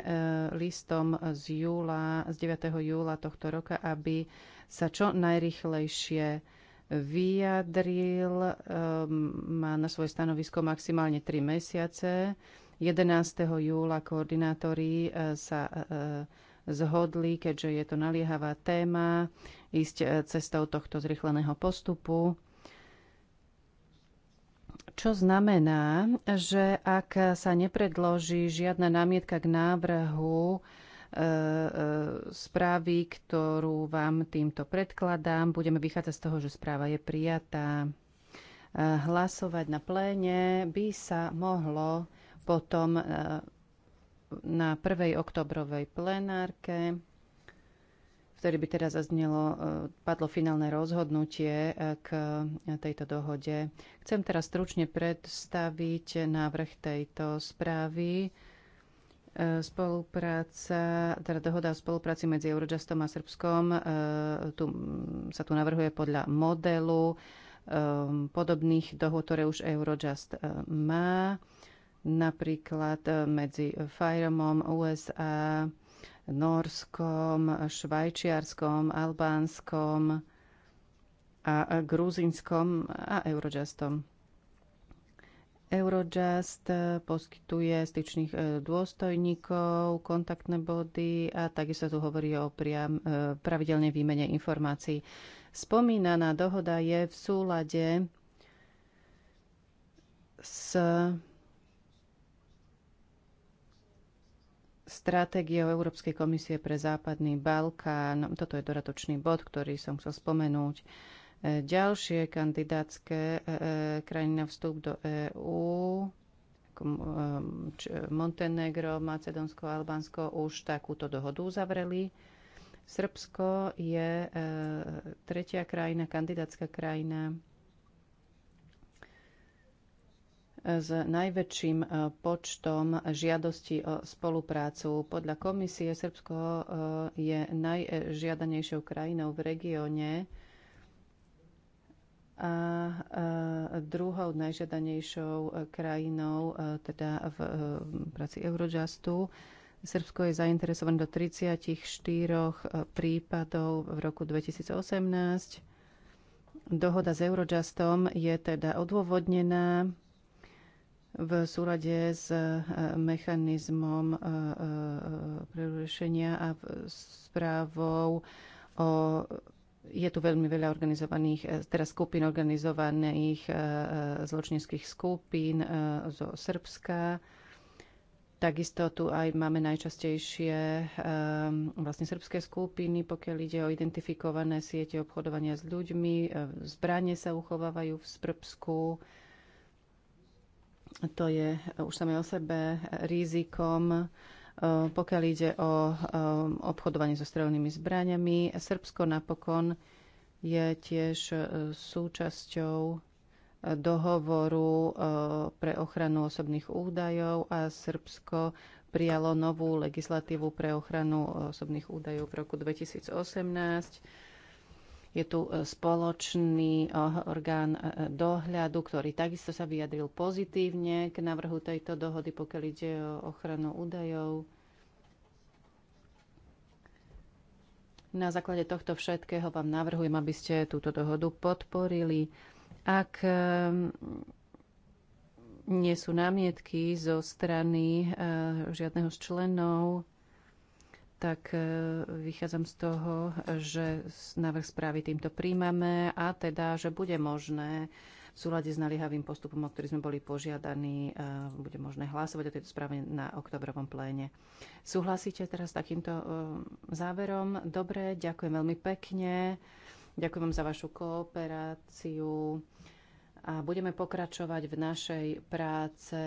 listom z, júla, z 9. júla tohto roka, aby sa čo najrychlejšie vyjadril. Ehm, má na svoje stanovisko maximálne 3 mesiace. 11. júla koordinátori eh, sa eh, zhodli, keďže je to naliehavá téma, ísť cestou tohto zrychleného postupu čo znamená, že ak sa nepredloží žiadna námietka k návrhu, e, e, správy, ktorú vám týmto predkladám. Budeme vychádzať z toho, že správa je prijatá. E, hlasovať na pléne by sa mohlo potom na 1. oktobrovej plenárke ktorý by teda zaznelo, e, padlo finálne rozhodnutie e, k tejto dohode. Chcem teraz stručne predstaviť návrh tejto správy. E, spolupráca, teda dohoda o spolupráci medzi Eurojustom a Srbskom tu, sa tu navrhuje podľa modelu podobných dohod, ktoré už Eurojust má, napríklad medzi Firemom USA, Norskom, Švajčiarskom, Albánskom a Gruzinskom a Eurojustom. Eurojust eh, poskytuje styčných eh, dôstojníkov, kontaktné body a takisto tu hovorí o priam, eh, pravidelne výmene informácií. Spomínaná dohoda je v súlade s stratégiou Európskej komisie pre Západný Balkán. Toto je doratočný bod, ktorý som chcel spomenúť. E, ďalšie kandidátske e, e, krajiny na vstup do EÚ, Montenegro, Macedónsko, Albánsko, už takúto dohodu uzavreli. Srbsko je tretia krajina, kandidátska krajina s najväčším e, počtom žiadostí o spoluprácu. Podľa komisie Srbsko e, je najžiadanejšou krajinou v regióne a e, druhou najžiadanejšou krajinou teda v práci Eurojustu. Srbsko je zainteresované do 34 prípadov v roku 2018. Dohoda s Eurojustom je teda odôvodnená v súlade s e, mechanizmom e, e, prerušenia a správou o je tu veľmi veľa organizovaných, teraz skupín organizovaných zločinských skupín zo Srbska. Takisto tu aj máme najčastejšie vlastne srbské skupiny, pokiaľ ide o identifikované siete obchodovania s ľuďmi. Zbranie sa uchovávajú v Srbsku to je e, už samé o sebe rizikom, e, pokiaľ ide o e, obchodovanie so strelnými zbraniami. Srbsko napokon je tiež súčasťou dohovoru pre ochranu osobných údajov a Srbsko prijalo novú legislatívu pre ochranu osobných údajov v roku 2018 je tu e, spoločný e, orgán e, dohľadu, ktorý takisto sa vyjadril pozitívne k návrhu tejto dohody, pokiaľ ide o ochranu údajov. Na základe tohto všetkého vám navrhujem, aby ste túto dohodu podporili. Ak nie sú námietky zo strany žiadneho z členov, tak e, vychádzam z toho, že návrh správy týmto príjmame a teda, že bude možné v súlade s naliehavým postupom, o ktorý sme boli požiadaní, e, bude možné hlasovať o tejto správe na oktobrovom pléne. Súhlasíte teraz s takýmto e, záverom? Dobre, ďakujem veľmi pekne. Ďakujem vám za vašu kooperáciu a budeme pokračovať v našej práce,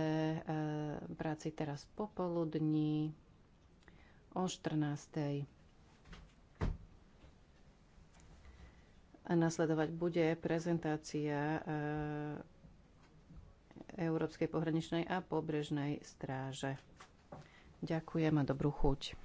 práci teraz popoludní o 14. A nasledovať bude prezentácia e, Európskej pohraničnej a pobrežnej stráže. Ďakujem a dobrú chuť.